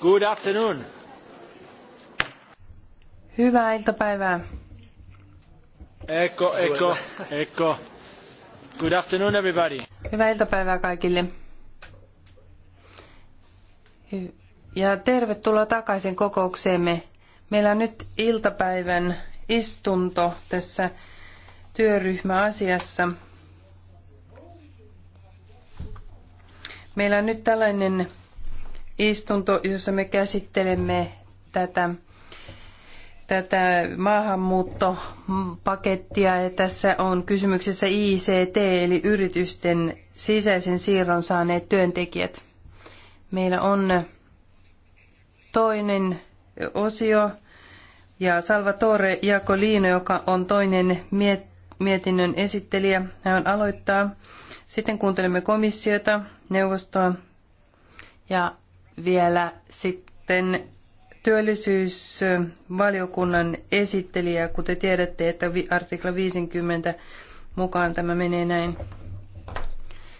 Good afternoon. Hyvää iltapäivää. Eko, eko, eko. Good afternoon everybody. Hyvää iltapäivää kaikille. Ja tervetuloa takaisin kokoukseemme. Meillä on nyt iltapäivän istunto tässä työryhmäasiassa. Meillä on nyt tällainen istunto, jossa me käsittelemme tätä, tätä maahanmuuttopakettia. Ja tässä on kysymyksessä ICT, eli yritysten sisäisen siirron saaneet työntekijät. Meillä on toinen osio ja Salvatore Jakolino, joka on toinen mietinnön esittelijä, hän aloittaa. Sitten kuuntelemme komissiota, neuvostoa ja vielä sitten työllisyysvaliokunnan esittelijä, kuten tiedätte, että artikla 50 mukaan tämä menee näin.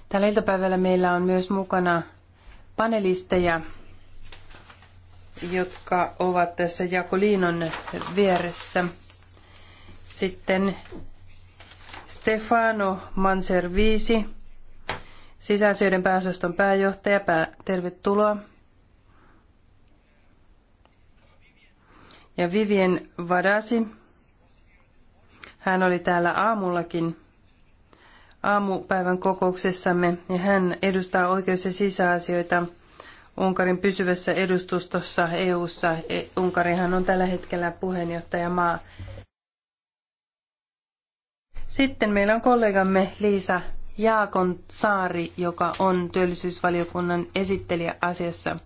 Tällä iltapäivällä meillä on myös mukana panelisteja, jotka ovat tässä Jakoliinon vieressä. Sitten Stefano Manservisi, sisäasioiden pääosaston pääjohtaja, pää, tervetuloa. Ja Vivien Vadasi, hän oli täällä aamullakin aamupäivän kokouksessamme ja hän edustaa oikeus- ja sisäasioita Unkarin pysyvässä edustustossa EU:ssa. E, Unkarihan on tällä hetkellä puheenjohtajamaa. Sitten meillä on kollegamme Liisa Jaakon Saari, joka on työllisyysvaliokunnan esittelijä asiassa.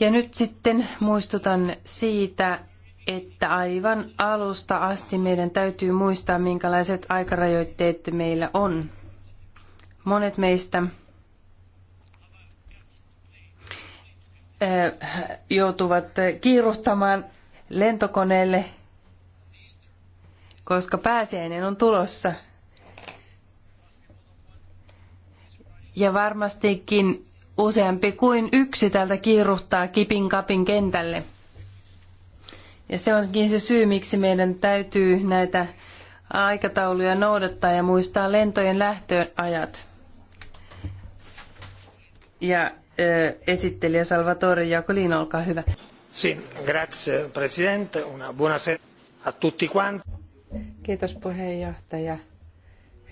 Ja nyt sitten muistutan siitä, että aivan alusta asti meidän täytyy muistaa, minkälaiset aikarajoitteet meillä on. Monet meistä eh, joutuvat kiiruhtamaan lentokoneelle, koska pääsiäinen on tulossa. Ja varmastikin useampi kuin yksi täältä kiiruhtaa kipin kapin kentälle. Ja se onkin se syy, miksi meidän täytyy näitä aikatauluja noudattaa ja muistaa lentojen lähtöajat. Ja äh, esittelijä Salvatore Jacolino, olkaa hyvä. Sì, grazie Presidente, una sera a tutti quanti. Kiitos puheenjohtaja.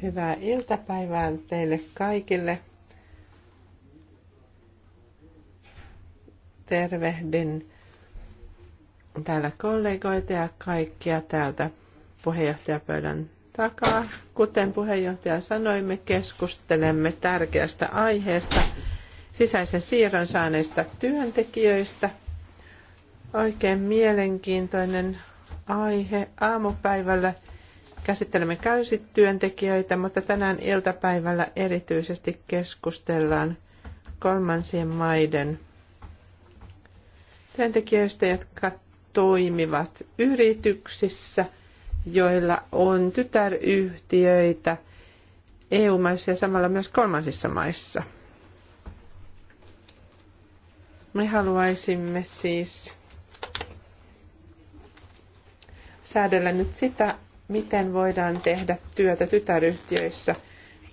Hyvää iltapäivää teille kaikille. tervehdin täällä kollegoita ja kaikkia täältä puheenjohtajapöydän takaa. Kuten puheenjohtaja sanoi, me keskustelemme tärkeästä aiheesta, sisäisen siirron saaneista työntekijöistä. Oikein mielenkiintoinen aihe. Aamupäivällä käsittelemme käysityöntekijöitä, mutta tänään iltapäivällä erityisesti keskustellaan kolmansien maiden työntekijöistä, jotka toimivat yrityksissä, joilla on tytäryhtiöitä EU-maissa ja samalla myös kolmansissa maissa. Me haluaisimme siis säädellä nyt sitä, miten voidaan tehdä työtä tytäryhtiöissä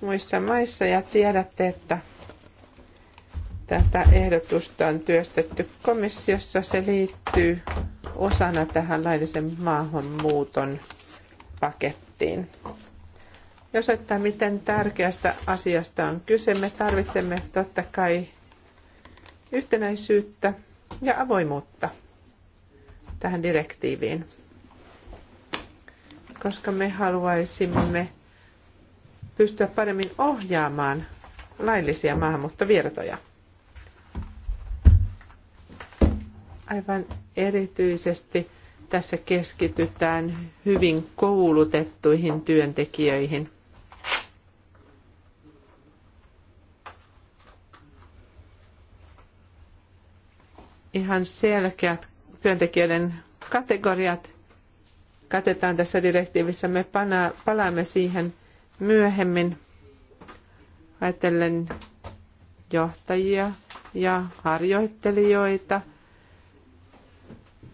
muissa maissa ja tiedätte, että Tätä ehdotusta on työstetty komissiossa. Se liittyy osana tähän laillisen maahanmuuton pakettiin. Jos että miten tärkeästä asiasta on kyse, me tarvitsemme totta kai yhtenäisyyttä ja avoimuutta tähän direktiiviin, koska me haluaisimme pystyä paremmin ohjaamaan laillisia maahanmuuttovirtoja. Aivan erityisesti tässä keskitytään hyvin koulutettuihin työntekijöihin. Ihan selkeät työntekijöiden kategoriat katetaan tässä direktiivissä. Me palaamme siihen myöhemmin ajatellen johtajia ja harjoittelijoita –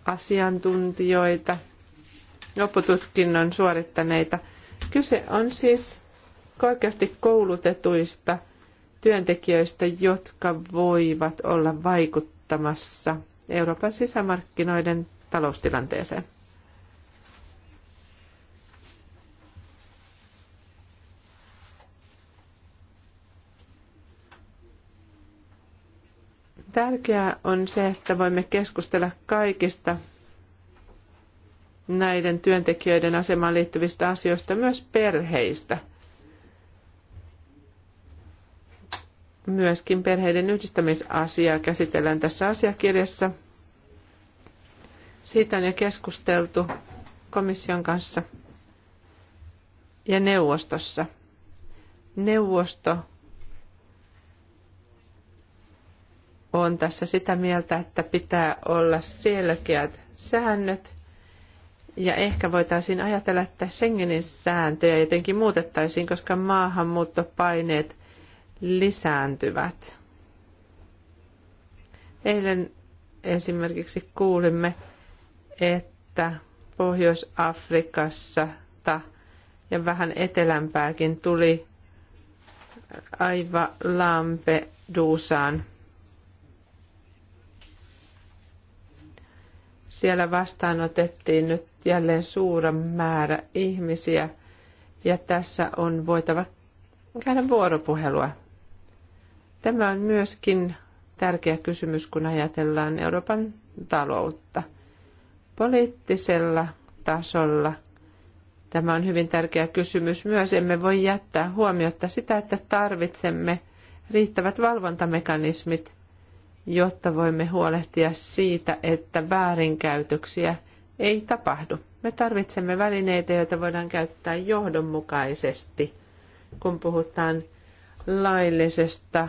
asiantuntijoita, loppututkinnon suorittaneita. Kyse on siis korkeasti koulutetuista työntekijöistä, jotka voivat olla vaikuttamassa Euroopan sisämarkkinoiden taloustilanteeseen. Tärkeää on se, että voimme keskustella kaikista näiden työntekijöiden asemaan liittyvistä asioista, myös perheistä. Myöskin perheiden yhdistämisasiaa käsitellään tässä asiakirjassa. Siitä on jo keskusteltu komission kanssa ja neuvostossa. Neuvosto on tässä sitä mieltä, että pitää olla selkeät säännöt. Ja ehkä voitaisiin ajatella, että Schengenin sääntöjä jotenkin muutettaisiin, koska maahanmuuttopaineet lisääntyvät. Eilen esimerkiksi kuulimme, että Pohjois-Afrikassa ja vähän etelämpääkin tuli aiva Lampedusaan Siellä vastaanotettiin nyt jälleen suuren määrä ihmisiä ja tässä on voitava käydä vuoropuhelua. Tämä on myöskin tärkeä kysymys, kun ajatellaan Euroopan taloutta. Poliittisella tasolla tämä on hyvin tärkeä kysymys myös. Emme voi jättää huomiota sitä, että tarvitsemme riittävät valvontamekanismit – jotta voimme huolehtia siitä, että väärinkäytöksiä ei tapahdu. Me tarvitsemme välineitä, joita voidaan käyttää johdonmukaisesti, kun puhutaan laillisesta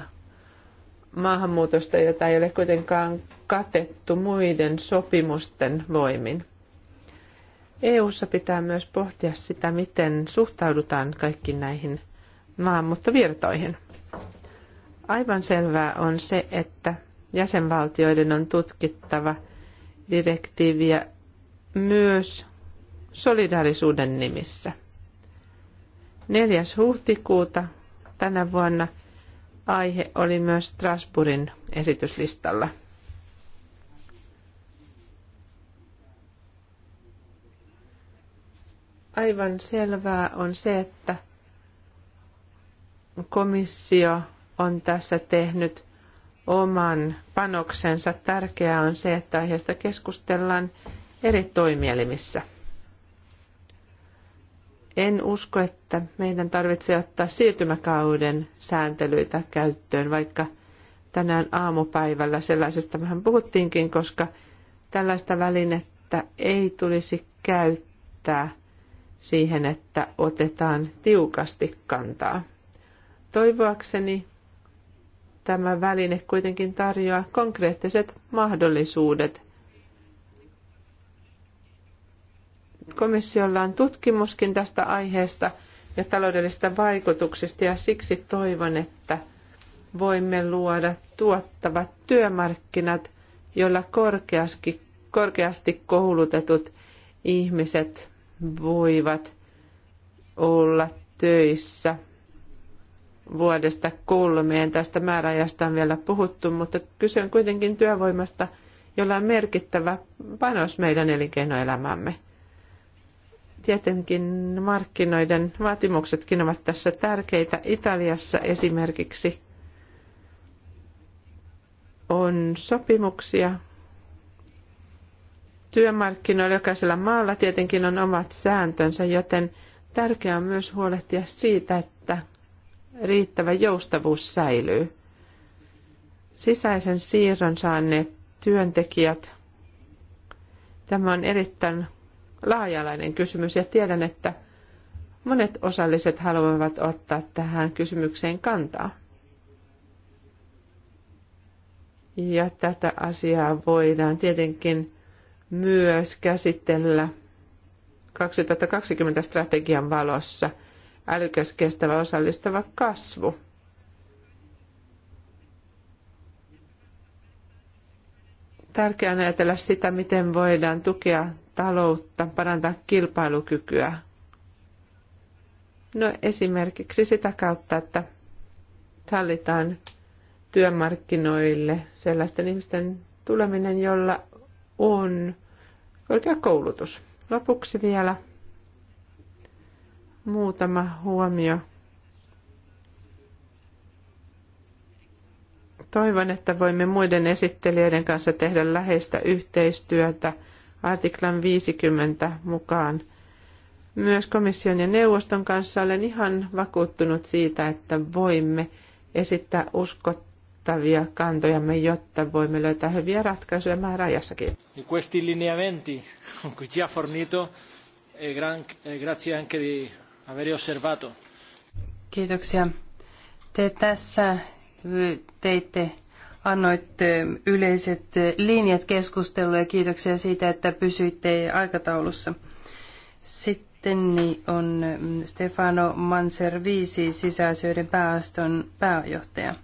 maahanmuutosta, jota ei ole kuitenkaan katettu muiden sopimusten voimin. EU:ssa pitää myös pohtia sitä, miten suhtaudutaan kaikkiin näihin maahanmuuttovirtoihin. Aivan selvää on se, että jäsenvaltioiden on tutkittava direktiiviä myös solidaarisuuden nimissä. 4. huhtikuuta tänä vuonna aihe oli myös Strasbourgin esityslistalla. Aivan selvää on se, että komissio on tässä tehnyt oman panoksensa. Tärkeää on se, että aiheesta keskustellaan eri toimielimissä. En usko, että meidän tarvitsee ottaa siirtymäkauden sääntelyitä käyttöön, vaikka tänään aamupäivällä sellaisesta vähän puhuttiinkin, koska tällaista välinettä ei tulisi käyttää siihen, että otetaan tiukasti kantaa. Toivoakseni tämä väline kuitenkin tarjoaa konkreettiset mahdollisuudet. Komissiolla on tutkimuskin tästä aiheesta ja taloudellisista vaikutuksista ja siksi toivon, että voimme luoda tuottavat työmarkkinat, joilla korkeasti, korkeasti koulutetut ihmiset voivat olla töissä vuodesta kolmeen. Tästä määräajasta on vielä puhuttu, mutta kyse on kuitenkin työvoimasta, jolla on merkittävä panos meidän elinkeinoelämämme. Tietenkin markkinoiden vaatimuksetkin ovat tässä tärkeitä. Italiassa esimerkiksi on sopimuksia työmarkkinoilla. Jokaisella maalla tietenkin on omat sääntönsä, joten tärkeää on myös huolehtia siitä, että riittävä joustavuus säilyy. Sisäisen siirron saaneet työntekijät. Tämä on erittäin laajalainen kysymys ja tiedän, että monet osalliset haluavat ottaa tähän kysymykseen kantaa. Ja tätä asiaa voidaan tietenkin myös käsitellä 2020 strategian valossa – älykäs, kestävä, osallistava kasvu. Tärkeää on ajatella sitä, miten voidaan tukea taloutta, parantaa kilpailukykyä. No esimerkiksi sitä kautta, että sallitaan työmarkkinoille sellaisten ihmisten tuleminen, jolla on korkea koulutus. Lopuksi vielä Muutama huomio. Toivon, että voimme muiden esittelijöiden kanssa tehdä läheistä yhteistyötä artiklan 50 mukaan. Myös komission ja neuvoston kanssa olen ihan vakuuttunut siitä, että voimme esittää uskottavia kantojamme, jotta voimme löytää hyviä ratkaisuja määräajassakin. Niin questi lineamenti, già fornito, e e grazie anche di averi osservato. Kiitoksia. Te tässä teitte, annoitte yleiset linjat keskustelulle ja kiitoksia siitä, että pysyitte aikataulussa. Sitten on Stefano Manservisi, sisäasioiden pääaston pääjohtaja.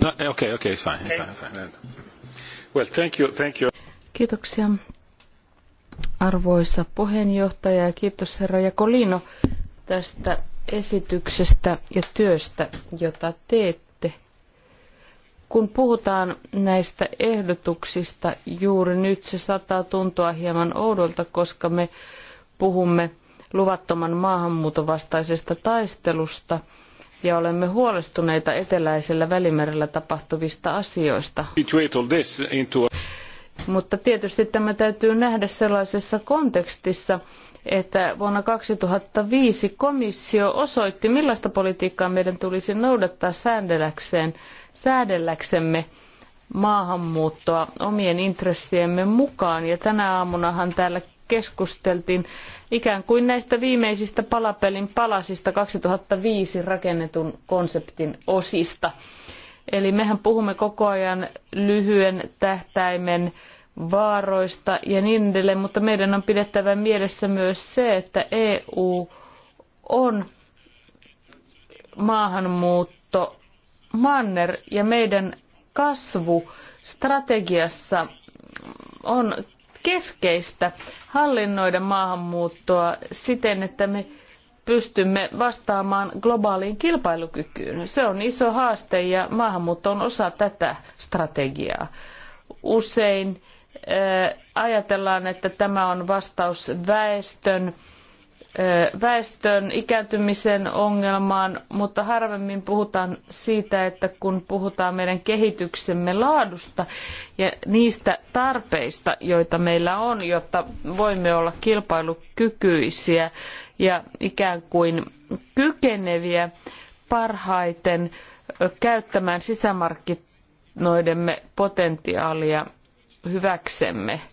No, eh, okay, okay, fine, fine, fine. Well, thank you, thank you. Kiitoksia arvoisa puheenjohtaja ja kiitos herra Jakolino tästä esityksestä ja työstä, jota teette. Kun puhutaan näistä ehdotuksista, juuri nyt se saattaa tuntua hieman oudolta, koska me puhumme luvattoman maahanmuuton vastaisesta taistelusta – ja olemme huolestuneita eteläisellä välimerellä tapahtuvista asioista. Mutta tietysti tämä täytyy nähdä sellaisessa kontekstissa, että vuonna 2005 komissio osoitti, millaista politiikkaa meidän tulisi noudattaa säädelläkseen, säädelläksemme maahanmuuttoa omien intressiemme mukaan. Ja tänä aamunahan täällä keskusteltiin ikään kuin näistä viimeisistä palapelin palasista 2005 rakennetun konseptin osista. Eli mehän puhumme koko ajan lyhyen tähtäimen vaaroista ja niin edelleen, mutta meidän on pidettävä mielessä myös se, että EU on maahanmuutto manner ja meidän kasvu strategiassa on keskeistä hallinnoida maahanmuuttoa siten, että me pystymme vastaamaan globaaliin kilpailukykyyn. Se on iso haaste ja maahanmuutto on osa tätä strategiaa. Usein ajatellaan, että tämä on vastaus väestön väestön ikääntymisen ongelmaan, mutta harvemmin puhutaan siitä, että kun puhutaan meidän kehityksemme laadusta ja niistä tarpeista, joita meillä on, jotta voimme olla kilpailukykyisiä ja ikään kuin kykeneviä parhaiten käyttämään sisämarkkinoidemme potentiaalia hyväksemme –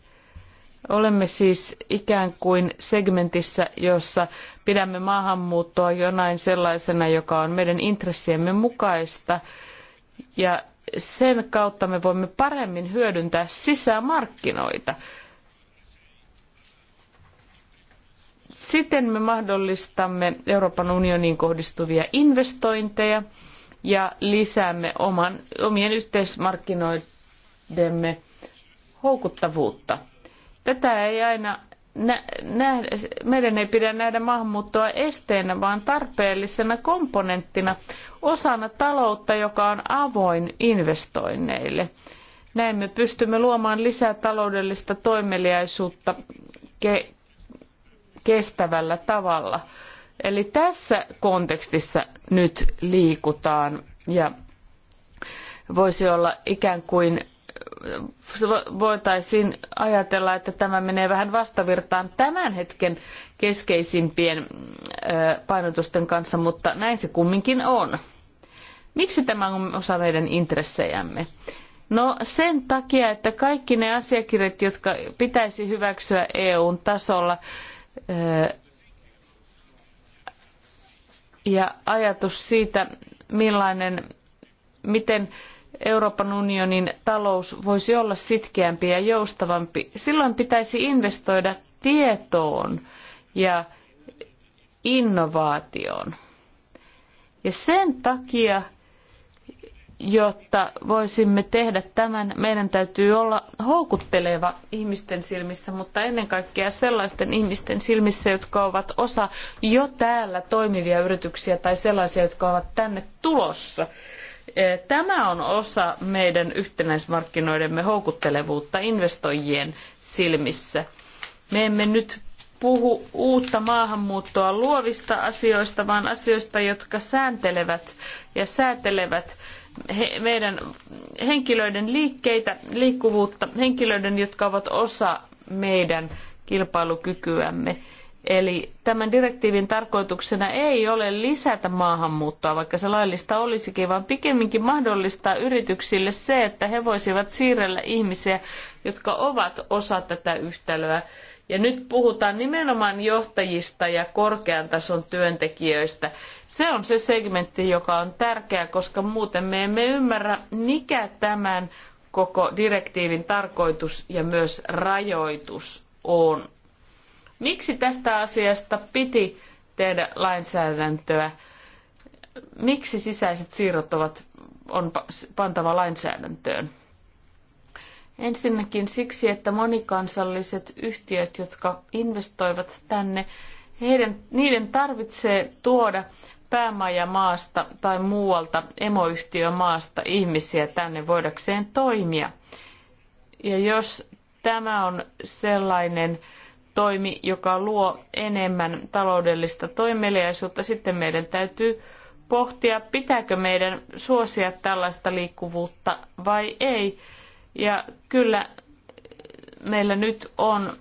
Olemme siis ikään kuin segmentissä, jossa pidämme maahanmuuttoa jonain sellaisena, joka on meidän intressiemme mukaista. Ja sen kautta me voimme paremmin hyödyntää sisämarkkinoita. Siten me mahdollistamme Euroopan unioniin kohdistuvia investointeja ja lisäämme oman, omien yhteismarkkinoidemme houkuttavuutta. Tätä ei aina nä- nähdä, meidän ei pidä nähdä maahanmuuttoa esteenä, vaan tarpeellisena komponenttina osana taloutta, joka on avoin investoinneille. Näin me pystymme luomaan lisää taloudellista toimeliaisuutta ke- kestävällä tavalla. Eli tässä kontekstissa nyt liikutaan ja voisi olla ikään kuin voitaisiin ajatella, että tämä menee vähän vastavirtaan tämän hetken keskeisimpien painotusten kanssa, mutta näin se kumminkin on. Miksi tämä on osa meidän intressejämme? No sen takia, että kaikki ne asiakirjat, jotka pitäisi hyväksyä EUn tasolla, ja ajatus siitä, millainen, miten Euroopan unionin talous voisi olla sitkeämpi ja joustavampi. Silloin pitäisi investoida tietoon ja innovaatioon. Ja sen takia, jotta voisimme tehdä tämän, meidän täytyy olla houkutteleva ihmisten silmissä, mutta ennen kaikkea sellaisten ihmisten silmissä, jotka ovat osa jo täällä toimivia yrityksiä tai sellaisia, jotka ovat tänne tulossa. Eh, tämä on osa meidän yhtenäismarkkinoidemme houkuttelevuutta investoijien silmissä. Me emme nyt puhu uutta maahanmuuttoa luovista asioista, vaan asioista, jotka sääntelevät ja säätelevät meidän henkilöiden liikkeitä, liikkuvuutta, henkilöiden, jotka ovat osa meidän kilpailukykyämme. Eli tämän direktiivin tarkoituksena ei ole lisätä maahanmuuttoa, vaikka se laillista olisikin, vaan pikemminkin mahdollistaa yrityksille se, että he voisivat siirrellä ihmisiä, jotka ovat osa tätä yhtälöä. Ja nyt puhutaan nimenomaan johtajista ja korkean tason työntekijöistä. Se on se segmentti, joka on tärkeä, koska muuten me emme ymmärrä, mikä tämän koko direktiivin tarkoitus ja myös rajoitus on. Miksi tästä asiasta piti tehdä lainsäädäntöä? Miksi sisäiset siirrot ovat, on pantava lainsäädäntöön? Ensinnäkin siksi, että monikansalliset yhtiöt, jotka investoivat tänne, heidän, niiden tarvitsee tuoda maasta tai muualta emoyhtiömaasta ihmisiä tänne voidakseen toimia. Ja jos tämä on sellainen äh, toimi, joka luo enemmän taloudellista toimeliaisuutta. Sitten meidän täytyy pohtia, pitääkö meidän suosia tällaista liikkuvuutta vai ei. Ja kyllä meillä nyt on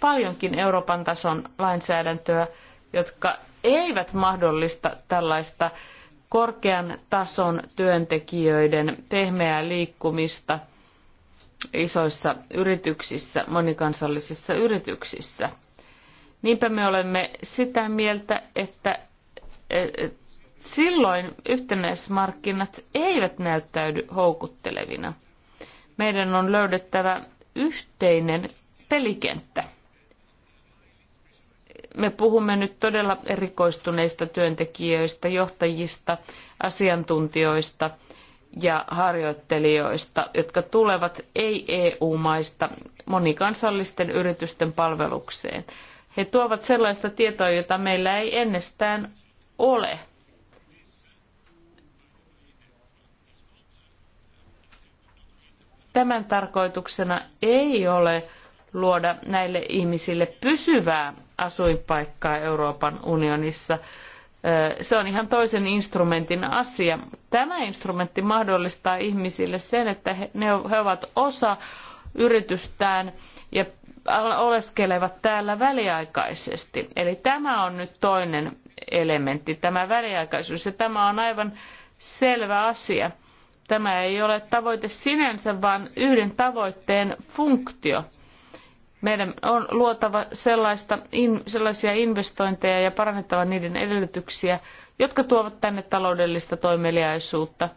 paljonkin Euroopan tason lainsäädäntöä, jotka eivät mahdollista tällaista korkean tason työntekijöiden pehmeää liikkumista – isoissa yrityksissä, monikansallisissa yrityksissä. Niinpä me olemme sitä mieltä, että e, e, silloin yhtenäismarkkinat eivät näyttäydy houkuttelevina. Meidän on löydettävä yhteinen pelikenttä. Me puhumme nyt todella erikoistuneista työntekijöistä, johtajista, asiantuntijoista – ja harjoittelijoista, jotka tulevat ei-EU-maista monikansallisten yritysten palvelukseen. He tuovat sellaista tietoa, jota meillä ei ennestään ole. Tämän tarkoituksena ei ole luoda näille ihmisille pysyvää asuinpaikkaa Euroopan unionissa, se on ihan toisen instrumentin asia. Tämä instrumentti mahdollistaa ihmisille sen, että he, ne, ovat osa yritystään ja oleskelevat täällä väliaikaisesti. Eli tämä on nyt toinen elementti, tämä väliaikaisuus, ja tämä on aivan selvä asia. Tämä ei ole tavoite sinänsä, vaan yhden tavoitteen funktio. Meidän on luotava sellaista, in, sellaisia investointeja ja parannettava niiden edellytyksiä, jotka tuovat tänne taloudellista toimeliaisuutta.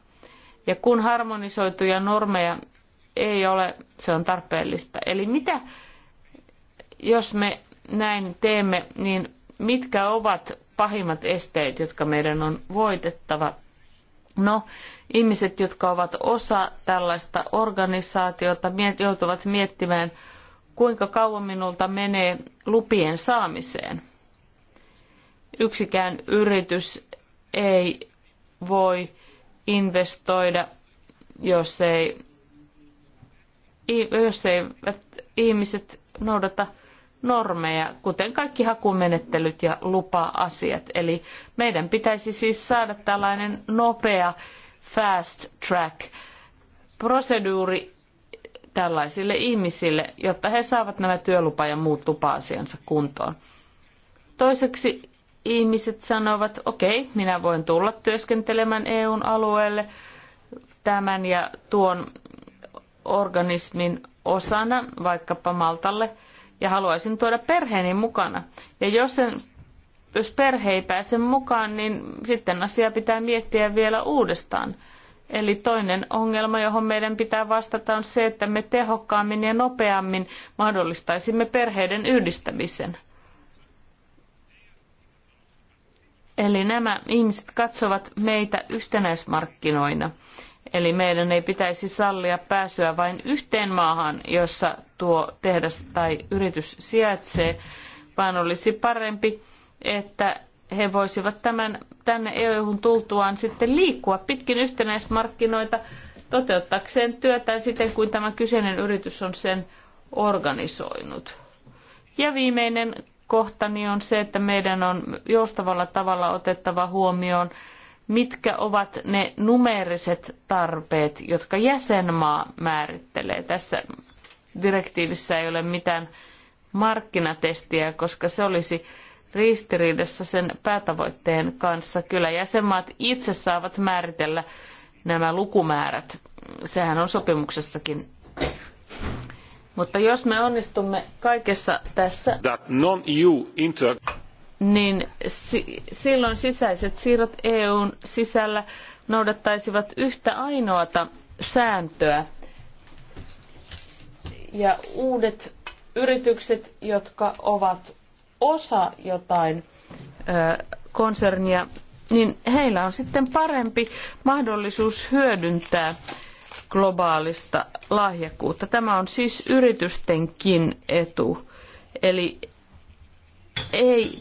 Ja kun harmonisoituja normeja ei ole, se on tarpeellista. Eli mitä, jos me näin teemme, niin mitkä ovat pahimmat esteet, jotka meidän on voitettava? No, ihmiset, jotka ovat osa tällaista organisaatiota, joutuvat miettimään, kuinka kauan minulta menee lupien saamiseen. Yksikään yritys ei voi investoida, jos ei, jos eivät ihmiset noudata normeja, kuten kaikki hakumenettelyt ja lupa-asiat. Eli meidän pitäisi siis saada tällainen nopea fast track proseduuri tällaisille ihmisille, jotta he saavat nämä työlupa- ja muut lupa-asiansa kuntoon. Toiseksi ihmiset sanovat, okei, okay, minä voin tulla työskentelemään EUn alueelle tämän ja tuon organismin osana vaikkapa Maltalle ja haluaisin tuoda perheeni mukana. Ja jos, en, jos perhe ei pääse mukaan, niin sitten asia pitää miettiä vielä uudestaan Eli toinen ongelma, johon meidän pitää vastata, on se, että me tehokkaammin ja nopeammin mahdollistaisimme perheiden yhdistämisen. Eli nämä ihmiset katsovat meitä yhtenäismarkkinoina. Eli meidän ei pitäisi sallia pääsyä vain yhteen maahan, jossa tuo tehdas tai yritys sijaitsee, vaan olisi parempi, että he voisivat tämän, tänne EU:hun tultuaan sitten liikkua pitkin yhtenäismarkkinoita toteuttakseen työtään siten kuin tämä kyseinen yritys on sen organisoinut. Ja viimeinen kohtani on se, että meidän on joustavalla tavalla otettava huomioon, mitkä ovat ne numeeriset tarpeet, jotka jäsenmaa määrittelee. Tässä direktiivissä ei ole mitään markkinatestiä, koska se olisi ristiriidassa sen päätavoitteen kanssa. Kyllä jäsenmaat itse saavat määritellä nämä lukumäärät. Sehän on sopimuksessakin. Mutta jos me onnistumme kaikessa tässä, niin si silloin sisäiset siirrot EUn sisällä noudattaisivat yhtä ainoata sääntöä. Ja uudet yritykset, jotka ovat osa jotain konsernia, niin heillä on sitten parempi mahdollisuus hyödyntää globaalista lahjakkuutta. Tämä on siis yritystenkin etu. Eli ei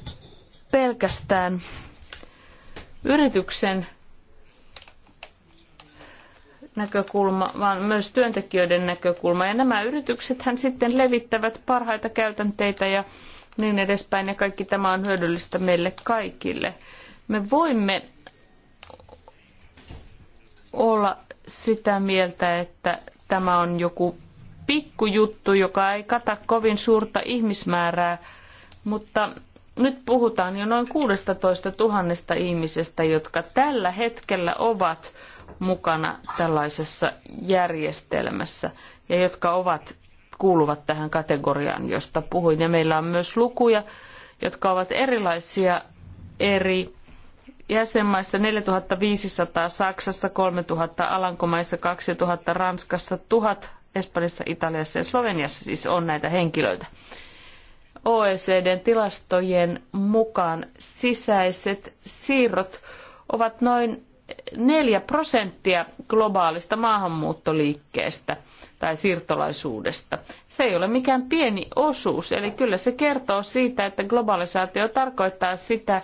pelkästään yrityksen näkökulma, vaan myös työntekijöiden näkökulma. Ja nämä yrityksethän sitten levittävät parhaita käytänteitä ja niin edespäin. Ja kaikki tämä on hyödyllistä meille kaikille. Me voimme olla sitä mieltä, että tämä on joku pikkujuttu, joka ei kata kovin suurta ihmismäärää, mutta nyt puhutaan jo noin 16 000 ihmisestä, jotka tällä hetkellä ovat mukana tällaisessa järjestelmässä ja jotka ovat kuuluvat tähän kategoriaan, josta puhuin. Ja meillä on myös lukuja, jotka ovat erilaisia eri jäsenmaissa 4500, Saksassa 3000, Alankomaissa 2000, Ranskassa 1000, Espanjassa, Italiassa ja Sloveniassa siis on näitä henkilöitä. OECDn tilastojen mukaan sisäiset siirrot ovat noin 4 prosenttia globaalista maahanmuuttoliikkeestä tai siirtolaisuudesta. Se ei ole mikään pieni osuus, eli kyllä se kertoo siitä, että globalisaatio tarkoittaa sitä,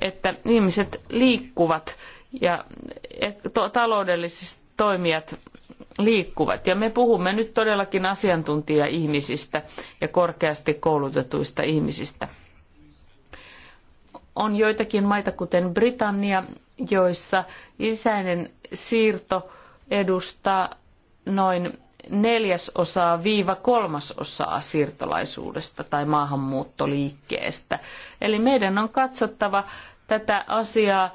että ihmiset liikkuvat ja eh, taloudelliset toimijat liikkuvat. Ja me puhumme nyt todellakin asiantuntija-ihmisistä ja korkeasti koulutetuista ihmisistä. On joitakin maita, kuten Britannia, joissa sisäinen siirto edustaa noin neljäsosaa viiva kolmasosaa siirtolaisuudesta tai maahanmuuttoliikkeestä. Eli meidän on katsottava tätä asiaa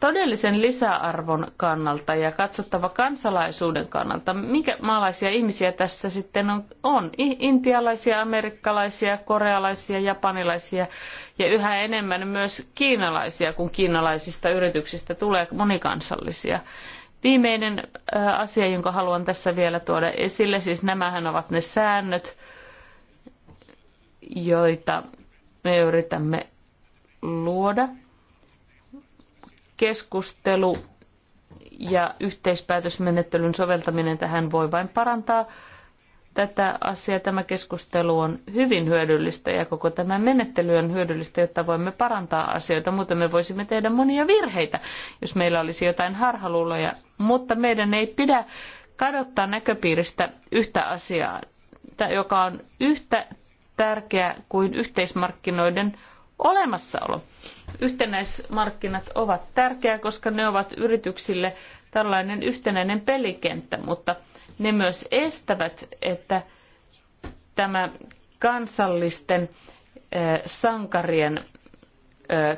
todellisen lisäarvon kannalta ja katsottava kansalaisuuden kannalta, minkä maalaisia ihmisiä tässä sitten on, on. Intialaisia, amerikkalaisia, korealaisia, japanilaisia ja yhä enemmän myös kiinalaisia, kun kiinalaisista yrityksistä tulee monikansallisia. Viimeinen asia, jonka haluan tässä vielä tuoda esille, siis nämähän ovat ne säännöt, joita me yritämme luoda keskustelu ja yhteispäätösmenettelyn soveltaminen tähän voi vain parantaa tätä asiaa. Tämä keskustelu on hyvin hyödyllistä ja koko tämä menettely on hyödyllistä, jotta voimme parantaa asioita. Muuten me voisimme tehdä monia virheitä, jos meillä olisi jotain harhaluuloja. Mutta meidän ei pidä kadottaa näköpiiristä yhtä asiaa, joka on yhtä tärkeä kuin yhteismarkkinoiden olemassaolo. Yhtenäismarkkinat ovat tärkeä, koska ne ovat yrityksille tällainen yhtenäinen pelikenttä, mutta ne myös estävät, että tämä kansallisten sankarien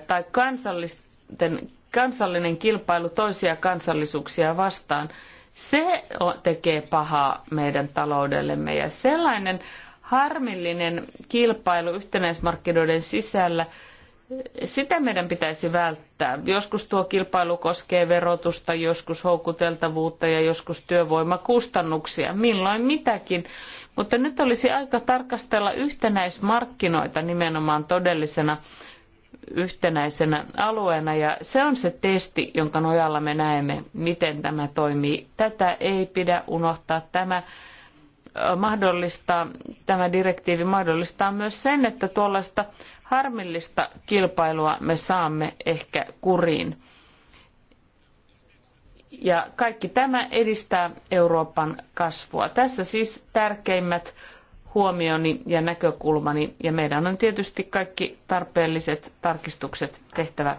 tai kansallisten, kansallinen kilpailu toisia kansallisuuksia vastaan, se tekee pahaa meidän taloudellemme ja sellainen harmillinen kilpailu yhtenäismarkkinoiden sisällä, sitä meidän pitäisi välttää. Joskus tuo kilpailu koskee verotusta, joskus houkuteltavuutta ja joskus työvoimakustannuksia, milloin mitäkin. Mutta nyt olisi aika tarkastella yhtenäismarkkinoita nimenomaan todellisena yhtenäisenä alueena ja se on se testi, jonka nojalla me näemme, miten tämä toimii. Tätä ei pidä unohtaa. Tämä mahdollistaa, tämä direktiivi mahdollistaa myös sen, että tuollaista harmillista kilpailua me saamme ehkä kuriin. Ja kaikki tämä edistää Euroopan kasvua. Tässä siis tärkeimmät huomioni ja näkökulmani. Ja meidän on tietysti kaikki tarpeelliset tarkistukset tehtävä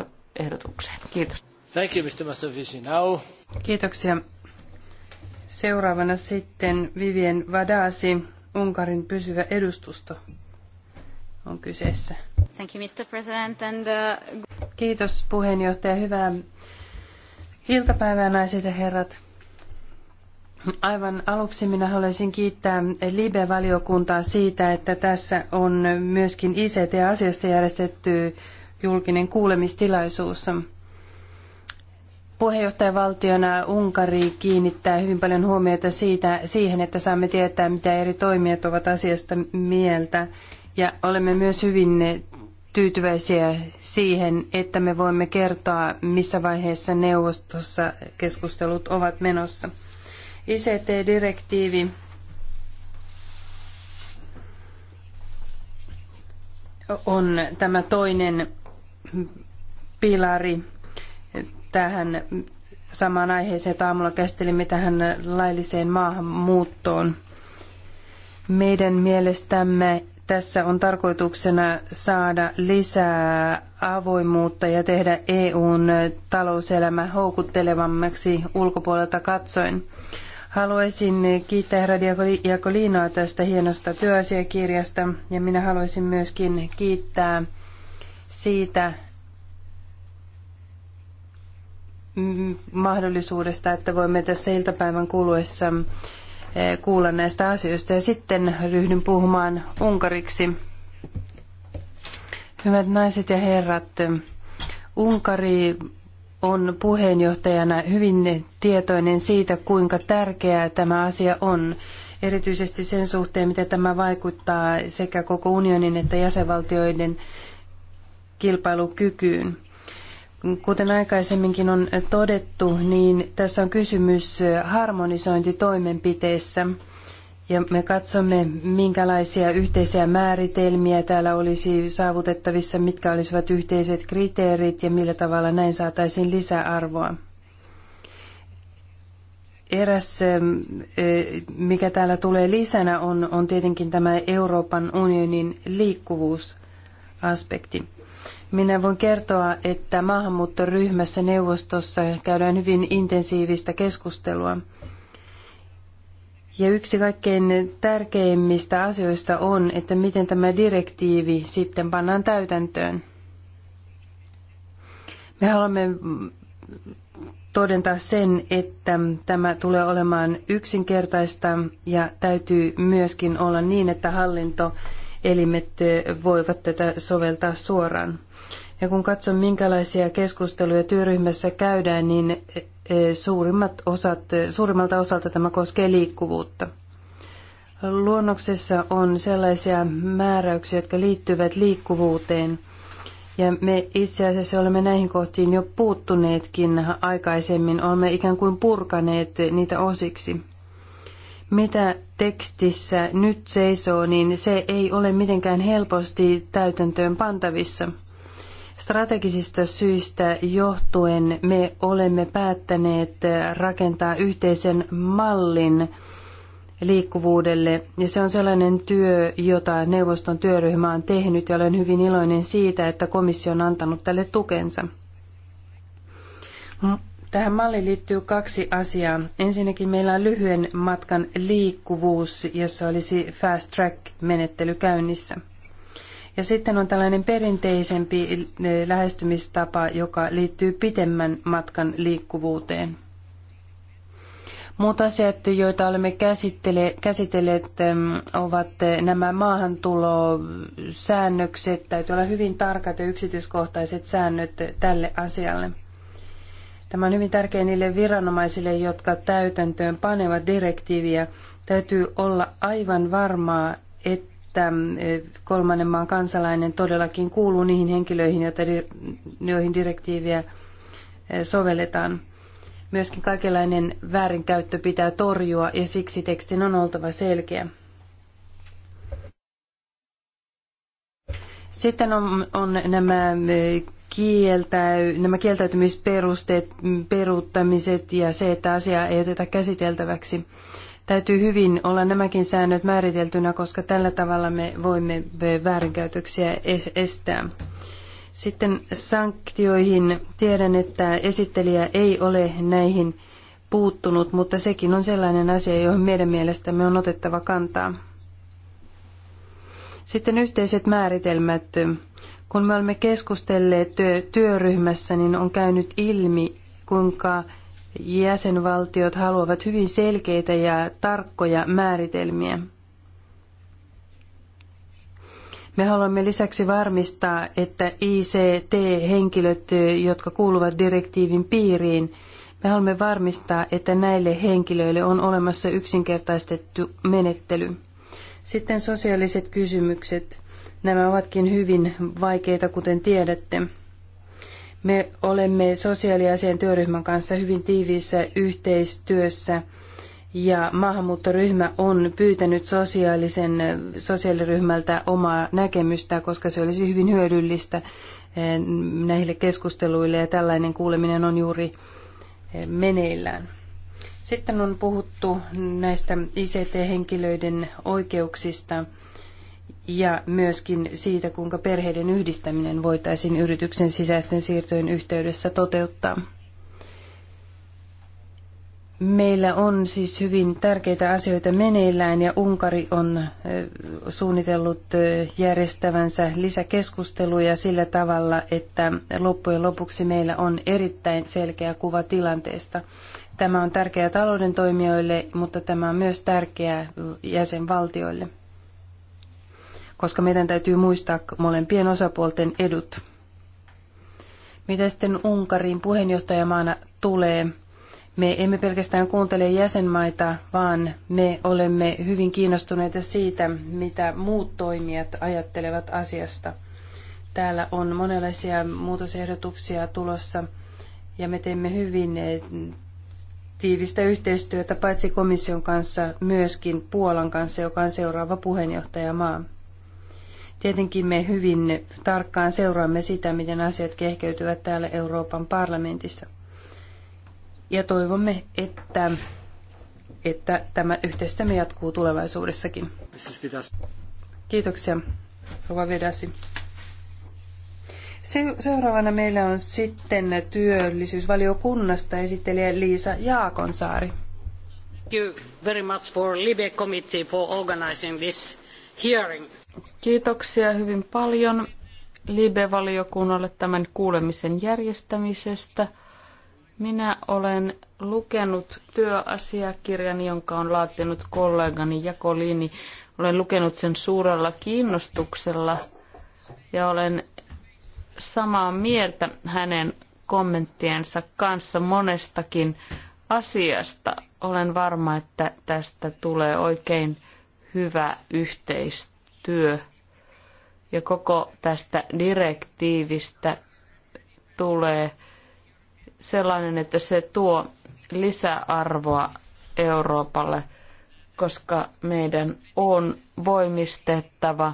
ö, ehdotukseen. Kiitos. Thank you, Mr. Kiitoksia, Seuraavana sitten Vivien Vadasi, Unkarin pysyvä edustusto on kyseessä. Thank you, Mr. President, and, uh... Kiitos puheenjohtaja. Hyvää iltapäivää naiset ja herrat. Aivan aluksi minä haluaisin kiittää Libe-valiokuntaa siitä, että tässä on myöskin ICT-asiasta järjestetty julkinen kuulemistilaisuus. Puheenjohtajavaltiona Unkari kiinnittää hyvin paljon huomiota siitä, siihen, että saamme tietää, mitä eri toimijat ovat asiasta mieltä. Ja olemme myös hyvin tyytyväisiä siihen, että me voimme kertoa, missä vaiheessa neuvostossa keskustelut ovat menossa. ICT-direktiivi on tämä toinen pilari tähän samaan aiheeseen, että aamulla käsittelimme tähän lailliseen maahanmuuttoon. Meidän mielestämme tässä on tarkoituksena saada lisää avoimuutta ja tehdä EUn talouselämä houkuttelevammaksi ulkopuolelta katsoen. Haluaisin kiittää herra Diakoliinoa tästä hienosta työasiakirjasta ja minä haluaisin myöskin kiittää siitä, Mm, mahdollisuudesta, että voimme tässä iltapäivän kuluessa eh, kuulla näistä asioista. Ja sitten ryhdyn puhumaan unkariksi. Hyvät naiset ja herrat, Unkari on puheenjohtajana hyvin tietoinen siitä, kuinka tärkeää tämä asia on, erityisesti sen suhteen, miten tämä vaikuttaa sekä koko unionin että jäsenvaltioiden kilpailukykyyn. Kuten aikaisemminkin on todettu, niin tässä on kysymys harmonisointitoimenpiteessä. Ja me katsomme, minkälaisia yhteisiä määritelmiä täällä olisi saavutettavissa, mitkä olisivat yhteiset kriteerit ja millä tavalla näin saataisiin lisäarvoa. Eräs, mikä täällä tulee lisänä, on, on tietenkin tämä Euroopan unionin liikkuvuusaspekti. Minä voin kertoa, että maahanmuuttoryhmässä neuvostossa käydään hyvin intensiivistä keskustelua. Ja yksi kaikkein tärkeimmistä asioista on, että miten tämä direktiivi sitten pannaan täytäntöön. Me haluamme todentaa sen, että tämä tulee olemaan yksinkertaista ja täytyy myöskin olla niin, että hallintoelimet voivat tätä soveltaa suoraan. Ja kun katson, minkälaisia keskusteluja työryhmässä käydään, niin e, e, suurimmat osat, e, suurimmalta osalta tämä koskee liikkuvuutta. Luonnoksessa on sellaisia määräyksiä, jotka liittyvät liikkuvuuteen. Ja me itse asiassa olemme näihin kohtiin jo puuttuneetkin aikaisemmin, olemme ikään kuin purkaneet niitä osiksi. Mitä tekstissä nyt seisoo, niin se ei ole mitenkään helposti täytäntöön pantavissa – Strategisista syistä johtuen me olemme päättäneet rakentaa yhteisen mallin liikkuvuudelle. Ja se on sellainen työ, jota neuvoston työryhmä on tehnyt ja olen hyvin iloinen siitä, että komissio on antanut tälle tukensa. Mm, tähän malliin liittyy kaksi asiaa. Ensinnäkin meillä on lyhyen matkan liikkuvuus, jossa olisi fast track-menettely käynnissä. Ja sitten on tällainen perinteisempi eh, lähestymistapa, joka liittyy pitemmän matkan liikkuvuuteen. Muut asiat, joita olemme käsittele- käsitelleet, ovat eh, nämä maahantulosäännökset. Täytyy olla hyvin tarkat ja yksityiskohtaiset säännöt tälle asialle. Tämä on hyvin tärkeä niille viranomaisille, jotka täytäntöön panevat direktiiviä. Täytyy olla aivan varmaa, että että kolmannen maan kansalainen todellakin kuuluu niihin henkilöihin, joihin direktiiviä sovelletaan. Myöskin kaikenlainen väärinkäyttö pitää torjua ja siksi tekstin on oltava selkeä. Sitten on, on nämä, kieltä, nämä kieltäytymisperusteet, peruuttamiset ja se, että asiaa ei oteta käsiteltäväksi täytyy hyvin olla nämäkin säännöt määriteltynä, koska tällä tavalla me voimme väärinkäytöksiä estää. Sitten sanktioihin. Tiedän, että esittelijä ei ole näihin puuttunut, mutta sekin on sellainen asia, johon meidän mielestämme on otettava kantaa. Sitten yhteiset määritelmät. Kun me olemme keskustelleet työryhmässä, niin on käynyt ilmi, kuinka jäsenvaltiot haluavat hyvin selkeitä ja tarkkoja määritelmiä. Me haluamme lisäksi varmistaa, että ICT-henkilöt, jotka kuuluvat direktiivin piiriin, me haluamme varmistaa, että näille henkilöille on olemassa yksinkertaistettu menettely. Sitten sosiaaliset kysymykset. Nämä ovatkin hyvin vaikeita, kuten tiedätte. Me olemme sosiaaliasian työryhmän kanssa hyvin tiiviissä yhteistyössä ja maahanmuuttoryhmä on pyytänyt sosiaalisen, sosiaaliryhmältä omaa näkemystä, koska se olisi hyvin hyödyllistä eh, näille keskusteluille ja tällainen kuuleminen on juuri eh, meneillään. Sitten on puhuttu näistä ICT-henkilöiden oikeuksista ja myöskin siitä, kuinka perheiden yhdistäminen voitaisiin yrityksen sisäisten siirtojen yhteydessä toteuttaa. Meillä on siis hyvin tärkeitä asioita meneillään ja Unkari on suunnitellut järjestävänsä lisäkeskusteluja sillä tavalla, että loppujen lopuksi meillä on erittäin selkeä kuva tilanteesta. Tämä on tärkeää talouden toimijoille, mutta tämä on myös tärkeää jäsenvaltioille koska meidän täytyy muistaa molempien osapuolten edut. Mitä sitten Unkarin puheenjohtajamaana tulee? Me emme pelkästään kuuntele jäsenmaita, vaan me olemme hyvin kiinnostuneita siitä, mitä muut toimijat ajattelevat asiasta. Täällä on monenlaisia muutosehdotuksia tulossa ja me teemme hyvin eh, tiivistä yhteistyötä paitsi komission kanssa myöskin Puolan kanssa, joka on seuraava puheenjohtajamaa. Tietenkin me hyvin tarkkaan seuraamme sitä, miten asiat kehkeytyvät täällä Euroopan parlamentissa. Ja toivomme, että, että tämä yhteistyömme jatkuu tulevaisuudessakin. Kiitoksia, Rova Vedasi. Seuraavana meillä on sitten työllisyysvaliokunnasta esittelijä Liisa Jaakonsaari. Thank you very much for Libe Committee for organizing this hearing. Kiitoksia hyvin paljon Libe-valiokunnalle tämän kuulemisen järjestämisestä. Minä olen lukenut työasiakirjan, jonka on laatinut kollegani Jakolini. Olen lukenut sen suurella kiinnostuksella ja olen samaa mieltä hänen kommenttiensa kanssa monestakin asiasta. Olen varma, että tästä tulee oikein hyvä yhteistyö työ ja koko tästä direktiivistä tulee sellainen, että se tuo lisäarvoa Euroopalle, koska meidän on voimistettava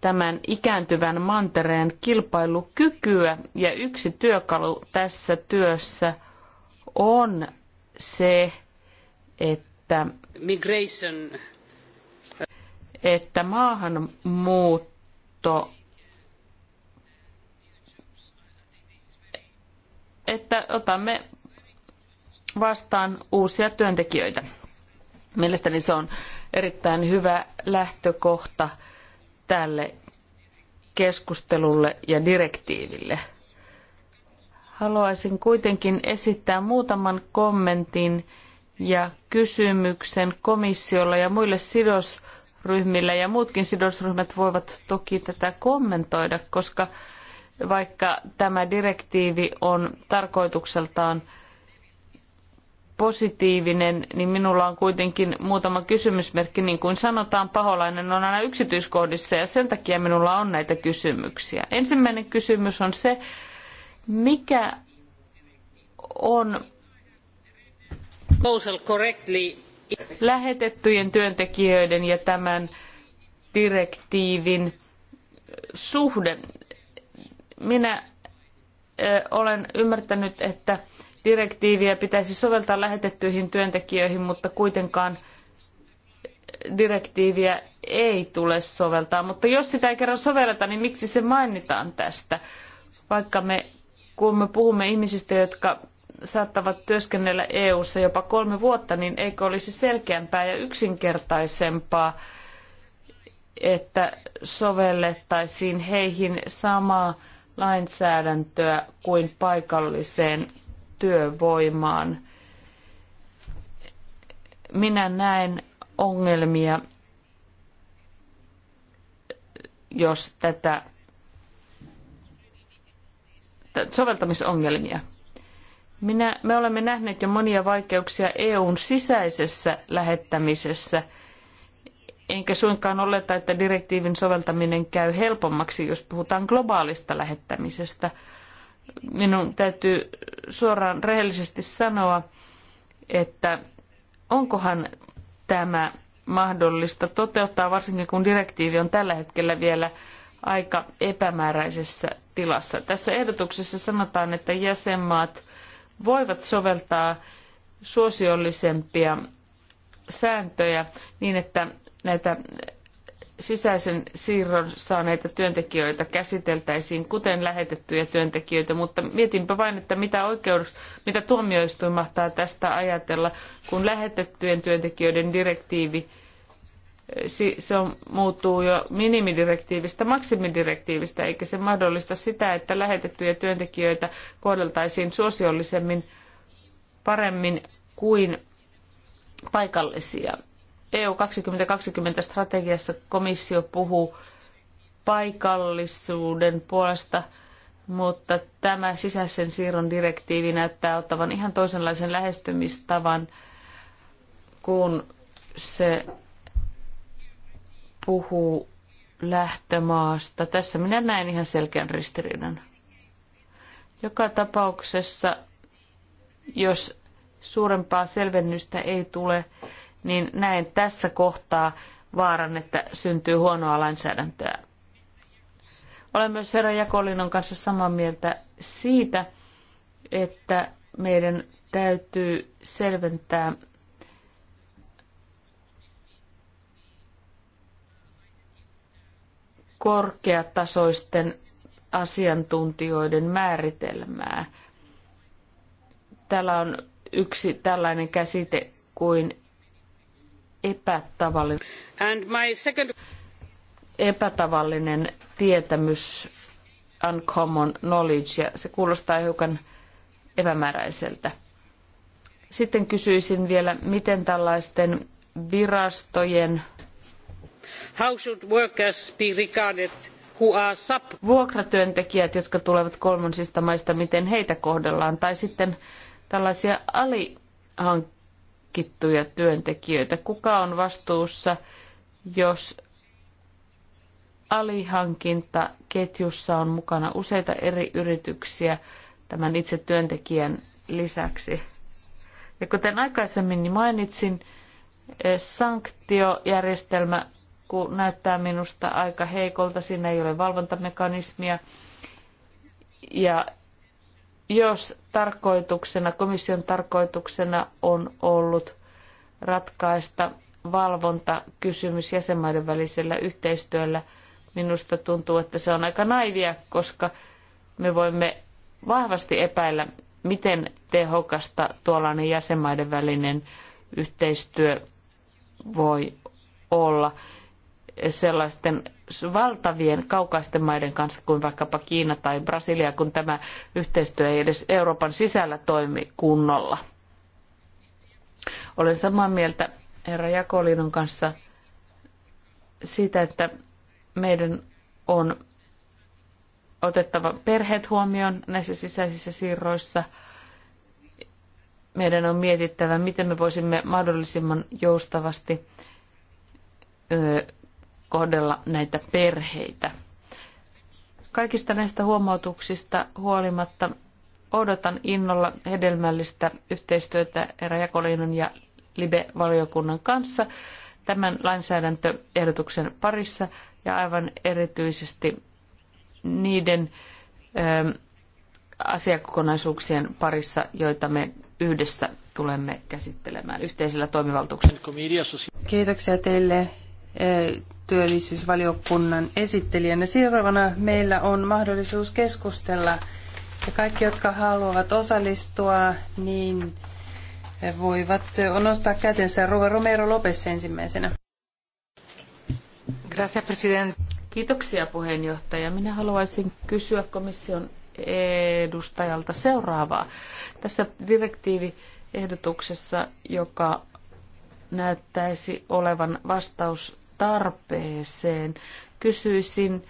tämän ikääntyvän mantereen kilpailukykyä. Ja yksi työkalu tässä työssä on se, että migration että maahanmuutto että otamme vastaan uusia työntekijöitä. Mielestäni se on erittäin hyvä lähtökohta tälle keskustelulle ja direktiiville. Haluaisin kuitenkin esittää muutaman kommentin ja kysymyksen komissiolle ja muille sidosryhmille ryhmillä ja muutkin sidosryhmät voivat toki tätä kommentoida, koska vaikka tämä direktiivi on tarkoitukseltaan positiivinen, niin minulla on kuitenkin muutama kysymysmerkki. Niin kuin sanotaan, paholainen on aina yksityiskohdissa ja sen takia minulla on näitä kysymyksiä. Ensimmäinen kysymys on se, mikä on... Proposal correctly lähetettyjen työntekijöiden ja tämän direktiivin suhde. Minä olen ymmärtänyt, että direktiiviä pitäisi soveltaa lähetettyihin työntekijöihin, mutta kuitenkaan direktiiviä ei tule soveltaa. Mutta jos sitä ei kerran sovelleta, niin miksi se mainitaan tästä? Vaikka me, kun me puhumme ihmisistä, jotka saattavat työskennellä EU:ssa jopa kolme vuotta, niin eikö olisi selkeämpää ja yksinkertaisempaa, että sovellettaisiin heihin samaa lainsäädäntöä kuin paikalliseen työvoimaan. Minä näen ongelmia, jos tätä soveltamisongelmia minä, me olemme nähneet jo monia vaikeuksia EUn sisäisessä lähettämisessä, enkä suinkaan oleta, että direktiivin soveltaminen käy helpommaksi, jos puhutaan globaalista lähettämisestä. Minun täytyy suoraan rehellisesti sanoa, että onkohan tämä mahdollista toteuttaa, varsinkin kun direktiivi on tällä hetkellä vielä aika epämääräisessä tilassa. Tässä ehdotuksessa sanotaan, että jäsenmaat – voivat soveltaa suosiollisempia sääntöjä niin, että näitä sisäisen siirron saaneita työntekijöitä käsiteltäisiin kuten lähetettyjä työntekijöitä, mutta mietinpä vain, että mitä, oikeus, mitä tuomioistuin mahtaa tästä ajatella, kun lähetettyjen työntekijöiden direktiivi se on, muuttuu jo minimidirektiivistä maksimidirektiivistä, eikä se mahdollista sitä, että lähetettyjä työntekijöitä kohdeltaisiin suosiollisemmin paremmin kuin paikallisia. EU 2020 strategiassa komissio puhuu paikallisuuden puolesta, mutta tämä sisäisen siirron direktiivi näyttää ottavan ihan toisenlaisen lähestymistavan, kun se puhuu lähtömaasta. Tässä minä näen ihan selkeän ristiriidan. Joka tapauksessa, jos suurempaa selvennystä ei tule, niin näen tässä kohtaa vaaran, että syntyy huonoa lainsäädäntöä. Olen myös herra Jakolinon kanssa samaa mieltä siitä, että meidän täytyy selventää korkeatasoisten asiantuntijoiden määritelmää. Täällä on yksi tällainen käsite kuin epätavallinen, And my second... epätavallinen tietämys, uncommon knowledge, ja se kuulostaa hiukan epämääräiseltä. Sitten kysyisin vielä, miten tällaisten virastojen How should workers be regarded who are sub... Vuokratyöntekijät, jotka tulevat kolmansista maista, miten heitä kohdellaan? Tai sitten tällaisia alihankittuja työntekijöitä. Kuka on vastuussa, jos alihankintaketjussa on mukana useita eri yrityksiä tämän itse työntekijän lisäksi? Ja kuten aikaisemmin niin mainitsin, eh, sanktiojärjestelmä Turkku näyttää minusta aika heikolta, siinä ei ole valvontamekanismia. Ja jos tarkoituksena, komission tarkoituksena on ollut ratkaista valvontakysymys jäsenmaiden välisellä yhteistyöllä, minusta tuntuu, että se on aika naivia, koska me voimme vahvasti epäillä, miten tehokasta tuollainen jäsenmaiden välinen yhteistyö voi olla sellaisten valtavien kaukaisten maiden kanssa kuin vaikkapa Kiina tai Brasilia, kun tämä yhteistyö ei edes Euroopan sisällä toimi kunnolla. Olen samaa mieltä herra Jakolinon kanssa siitä, että meidän on otettava perheet huomioon näissä sisäisissä siirroissa. Meidän on mietittävä, miten me voisimme mahdollisimman joustavasti kohdella näitä perheitä. Kaikista näistä huomautuksista huolimatta odotan innolla hedelmällistä yhteistyötä Eera ja Libe-valiokunnan kanssa tämän lainsäädäntöehdotuksen parissa ja aivan erityisesti niiden ö, ähm, asiakokonaisuuksien parissa, joita me yhdessä tulemme käsittelemään yhteisillä toimivaltuuksella. Kiitoksia teille työllisyysvaliokunnan esittelijänä. Seuraavana meillä on mahdollisuus keskustella ja kaikki, jotka haluavat osallistua, niin voivat nostaa kätensä Rova Romero Lopes ensimmäisenä. Gracias, president. Kiitoksia puheenjohtaja. Minä haluaisin kysyä komission edustajalta seuraavaa. Tässä direktiiviehdotuksessa, joka näyttäisi olevan vastaus tarpeeseen. Kysyisin,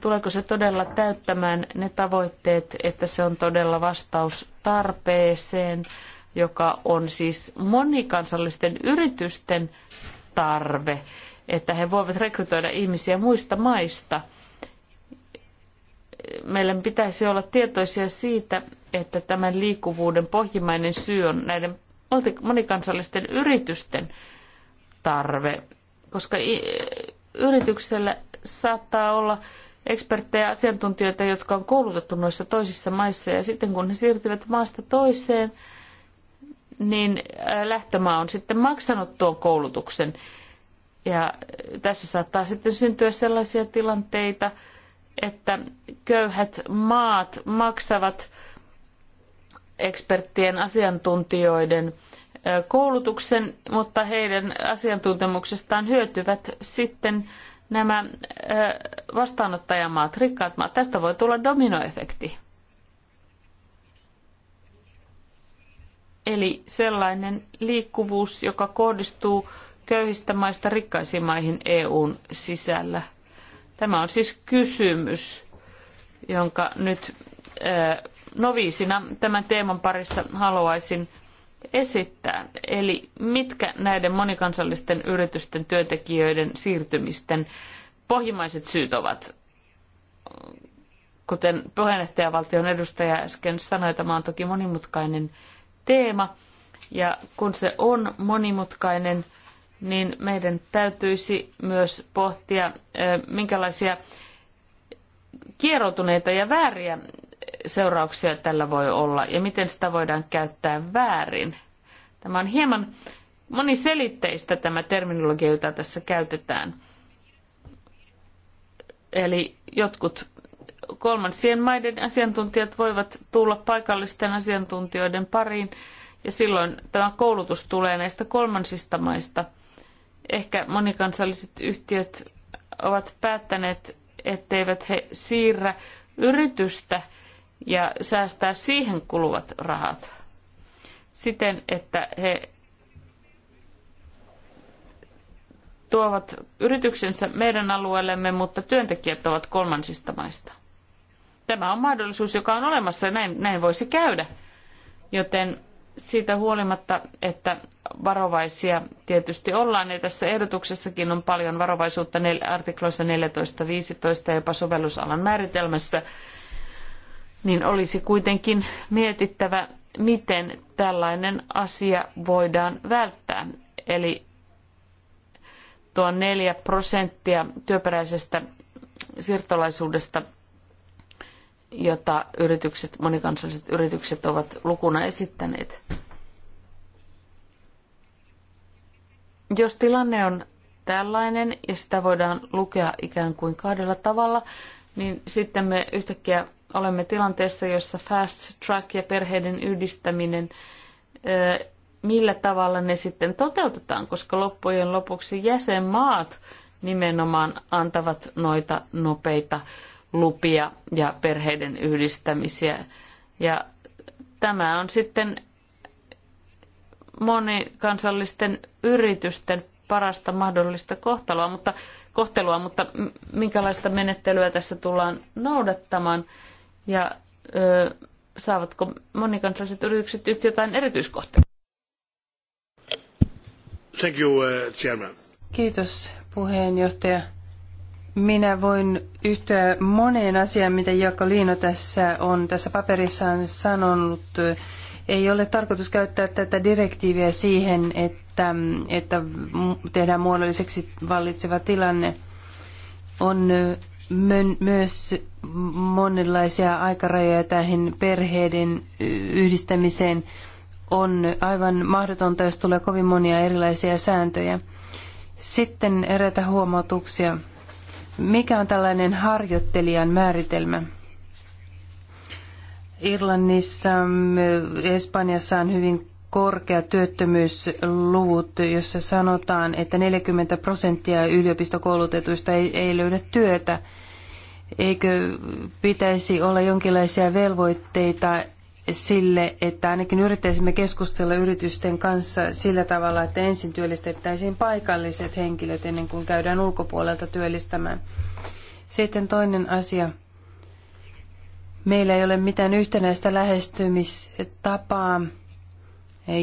tuleeko se todella täyttämään ne tavoitteet, että se on todella vastaus tarpeeseen, joka on siis monikansallisten yritysten tarve, että he voivat rekrytoida ihmisiä muista maista. Meidän pitäisi olla tietoisia siitä, että tämän liikkuvuuden pohjimmainen syy on näiden monikansallisten yritysten tarve koska yrityksellä saattaa olla eksperttejä, asiantuntijoita, jotka on koulutettu noissa toisissa maissa, ja sitten kun he siirtyvät maasta toiseen, niin äh, lähtömaa on sitten maksanut tuon koulutuksen. Ja äh, tässä saattaa sitten syntyä sellaisia tilanteita, että köyhät maat maksavat eksperttien asiantuntijoiden koulutuksen, mutta heidän asiantuntemuksestaan hyötyvät sitten nämä vastaanottajamaat, rikkaat maat. Tästä voi tulla dominoefekti. Eli sellainen liikkuvuus, joka kohdistuu köyhistä maista rikkaisiin maihin EUn sisällä. Tämä on siis kysymys, jonka nyt noviisina tämän teeman parissa haluaisin esittää. Eli mitkä näiden monikansallisten yritysten työntekijöiden siirtymisten pohjimmaiset syyt ovat? Kuten puheenjohtajavaltion edustaja äsken sanoi, tämä on toki monimutkainen teema. Ja kun se on monimutkainen, niin meidän täytyisi myös pohtia, minkälaisia kieroutuneita ja vääriä seurauksia tällä voi olla ja miten sitä voidaan käyttää väärin. Tämä on hieman moniselitteistä tämä terminologia, jota tässä käytetään. Eli jotkut kolmansien maiden asiantuntijat voivat tulla paikallisten asiantuntijoiden pariin ja silloin tämä koulutus tulee näistä kolmansista maista. Ehkä monikansalliset yhtiöt ovat päättäneet, etteivät he siirrä yritystä – ja säästää siihen kuluvat rahat siten, että he tuovat yrityksensä meidän alueellemme, mutta työntekijät ovat kolmansista maista. Tämä on mahdollisuus, joka on olemassa ja näin, näin voisi käydä. Joten siitä huolimatta, että varovaisia tietysti ollaan, ja tässä ehdotuksessakin on paljon varovaisuutta artikloissa 14.15 ja jopa sovellusalan määritelmässä – niin olisi kuitenkin mietittävä, miten tällainen asia voidaan välttää. Eli tuo neljä prosenttia työperäisestä siirtolaisuudesta, jota yritykset, monikansalliset yritykset ovat lukuna esittäneet. Jos tilanne on tällainen ja sitä voidaan lukea ikään kuin kahdella tavalla, niin sitten me yhtäkkiä olemme tilanteessa, jossa fast track ja perheiden yhdistäminen, millä tavalla ne sitten toteutetaan, koska loppujen lopuksi jäsenmaat nimenomaan antavat noita nopeita lupia ja perheiden yhdistämisiä. Ja tämä on sitten monikansallisten yritysten parasta mahdollista kohtelua, mutta, kohtelua, mutta minkälaista menettelyä tässä tullaan noudattamaan. Ja ö, saavatko monikansalliset yritykset nyt jotain erityiskohtaa? Thank you, uh, chairman. Kiitos puheenjohtaja. Minä voin yhtyä moneen asiaan, mitä liino tässä on tässä paperissaan sanonut. Ei ole tarkoitus käyttää tätä direktiiviä siihen, että, että tehdään muodolliseksi vallitseva tilanne. On myös monenlaisia aikarajoja tähän perheiden yhdistämiseen on aivan mahdotonta, jos tulee kovin monia erilaisia sääntöjä. Sitten eräitä huomautuksia. Mikä on tällainen harjoittelijan määritelmä? Irlannissa, Espanjassa on hyvin korkea työttömyysluvut, jossa sanotaan, että 40 prosenttia yliopistokoulutetuista ei, ei löydä työtä. Eikö pitäisi olla jonkinlaisia velvoitteita sille, että ainakin yrittäisimme keskustella yritysten kanssa sillä tavalla, että ensin työllistettäisiin paikalliset henkilöt ennen kuin käydään ulkopuolelta työllistämään. Sitten toinen asia. Meillä ei ole mitään yhtenäistä lähestymistapaa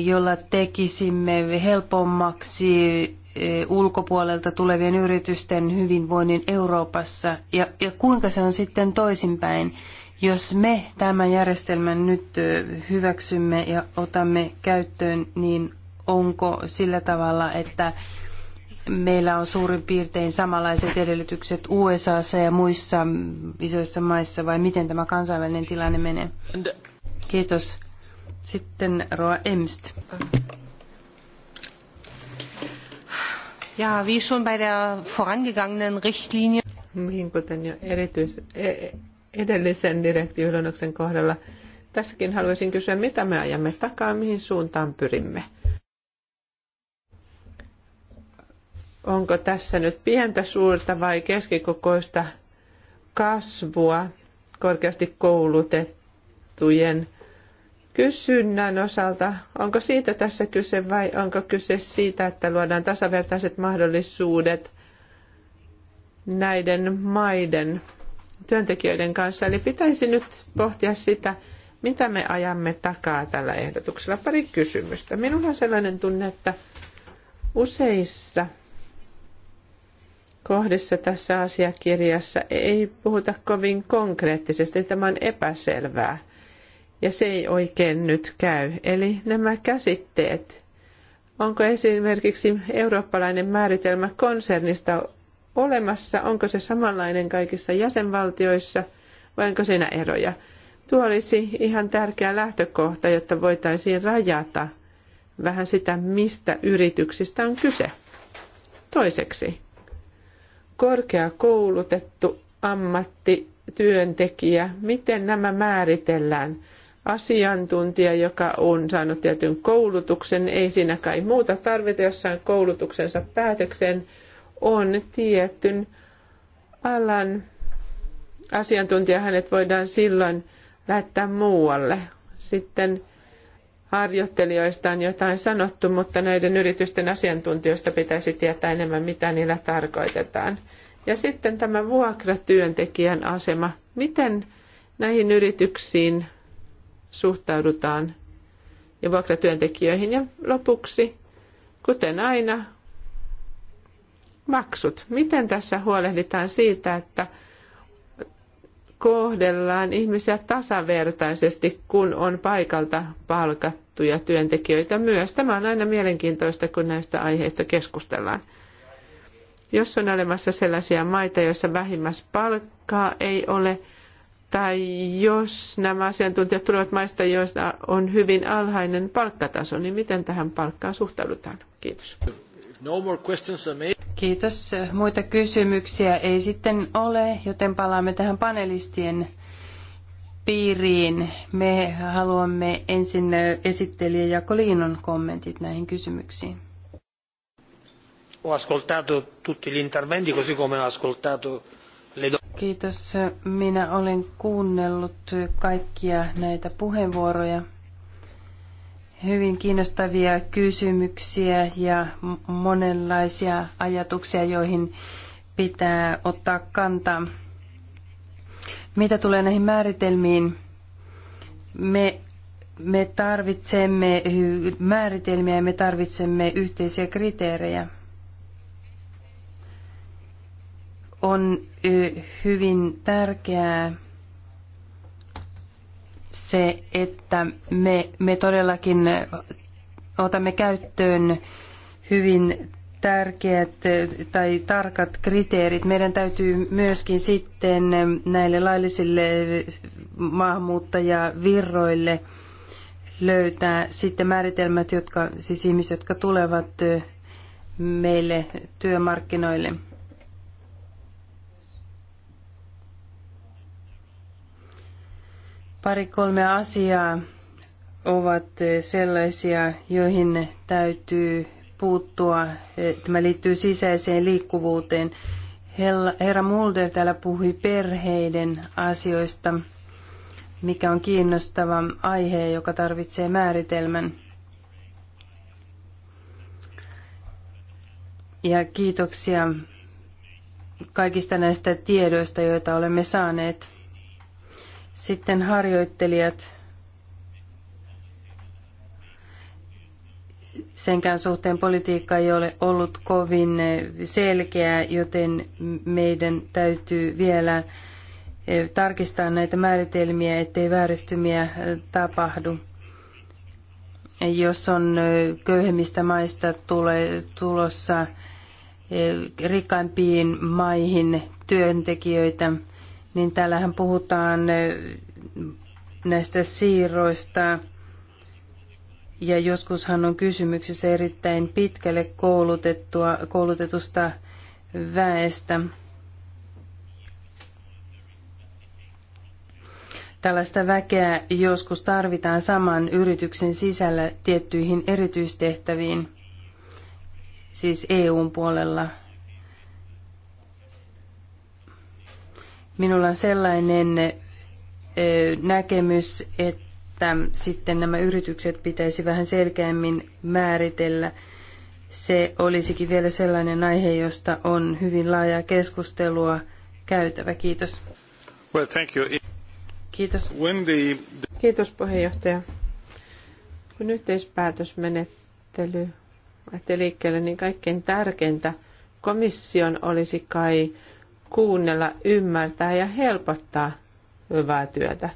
jolla tekisimme helpommaksi eh, ulkopuolelta tulevien yritysten hyvinvoinnin Euroopassa ja, ja kuinka se on sitten toisinpäin, jos me tämän järjestelmän nyt eh, hyväksymme ja otamme käyttöön, niin onko sillä tavalla, että meillä on suurin piirtein samanlaiset edellytykset USAssa ja muissa isoissa maissa vai miten tämä kansainvälinen tilanne menee? Kiitos. Sitten Roa Emst. Ja, wie schon bei der vorangegangenen Richtlinie. Mihin kuten jo erityis, e- e- edellisen direktiiviluonnoksen kohdalla. Tässäkin haluaisin kysyä, mitä me ajamme takaa, mihin suuntaan pyrimme. Onko tässä nyt pientä, suurta vai keskikokoista kasvua korkeasti koulutettujen – kysynnän osalta, onko siitä tässä kyse vai onko kyse siitä, että luodaan tasavertaiset mahdollisuudet näiden maiden työntekijöiden kanssa. Eli pitäisi nyt pohtia sitä, mitä me ajamme takaa tällä ehdotuksella. Pari kysymystä. Minulla on sellainen tunne, että useissa kohdissa tässä asiakirjassa ei puhuta kovin konkreettisesti. Tämä on epäselvää ja se ei oikein nyt käy. Eli nämä käsitteet. Onko esimerkiksi eurooppalainen määritelmä konsernista olemassa? Onko se samanlainen kaikissa jäsenvaltioissa vai onko siinä eroja? Tuo olisi ihan tärkeä lähtökohta, jotta voitaisiin rajata vähän sitä, mistä yrityksistä on kyse. Toiseksi, korkeakoulutettu ammattityöntekijä, miten nämä määritellään – asiantuntija, joka on saanut tietyn koulutuksen, ei siinä kai muuta tarvita, jos saa koulutuksensa päätöksen, on tietyn alan asiantuntija, hänet voidaan silloin lähettää muualle. Sitten harjoittelijoista on jotain sanottu, mutta näiden yritysten asiantuntijoista pitäisi tietää enemmän, mitä niillä tarkoitetaan. Ja sitten tämä vuokratyöntekijän asema. Miten näihin yrityksiin suhtaudutaan ja vuokratyöntekijöihin. Ja lopuksi, kuten aina, maksut. Miten tässä huolehditaan siitä, että kohdellaan ihmisiä tasavertaisesti, kun on paikalta palkattuja työntekijöitä myös. Tämä on aina mielenkiintoista, kun näistä aiheista keskustellaan. Jos on olemassa sellaisia maita, joissa vähimmäispalkkaa ei ole, tai jos nämä asiantuntijat tulevat maista, joista on hyvin alhainen palkkataso, niin miten tähän palkkaan suhtaudutaan? Kiitos. No Kiitos. Muita kysymyksiä ei sitten ole, joten palaamme tähän panelistien piiriin. Me haluamme ensin esittelijä Jako Liinon kommentit näihin kysymyksiin. Ho ascoltato tutti gli interventi così come ho ascoltato Kiitos. Minä olen kuunnellut kaikkia näitä puheenvuoroja. Hyvin kiinnostavia kysymyksiä ja monenlaisia ajatuksia, joihin pitää ottaa kantaa. Mitä tulee näihin määritelmiin? Me, me tarvitsemme määritelmiä ja me tarvitsemme yhteisiä kriteerejä. on hyvin tärkeää se, että me, me todellakin otamme käyttöön hyvin tärkeät tai tarkat kriteerit. Meidän täytyy myöskin sitten näille laillisille maahanmuuttajavirroille löytää sitten määritelmät, jotka, siis ihmiset, jotka tulevat meille työmarkkinoille. Pari kolme asiaa ovat sellaisia, joihin täytyy puuttua. Tämä liittyy sisäiseen liikkuvuuteen. Herra Mulder täällä puhui perheiden asioista, mikä on kiinnostava aihe, joka tarvitsee määritelmän. Ja kiitoksia kaikista näistä tiedoista, joita olemme saaneet. Sitten harjoittelijat senkään suhteen politiikka ei ole ollut kovin eh, selkeää, joten meidän täytyy vielä eh, tarkistaa näitä määritelmiä, ettei vääristymiä eh, tapahdu. Jos on köyhemmistä maista tule, tulossa rikkaimpiin maihin työntekijöitä, niin täällähän puhutaan näistä siirroista. Ja joskushan on kysymyksessä erittäin pitkälle koulutettua, koulutetusta väestä. Tällaista väkeä joskus tarvitaan saman yrityksen sisällä tiettyihin erityistehtäviin, siis EUn puolella Minulla on sellainen näkemys, että sitten nämä yritykset pitäisi vähän selkeämmin määritellä. Se olisikin vielä sellainen aihe, josta on hyvin laajaa keskustelua käytävä. Kiitos. Well, thank you. Kiitos. When the... Kiitos puheenjohtaja. Kun yhteispäätösmenettely lähtee liikkeelle, niin kaikkein tärkeintä komission olisi kai kuunnella, ymmärtää ja helpottaa hyvää työtä.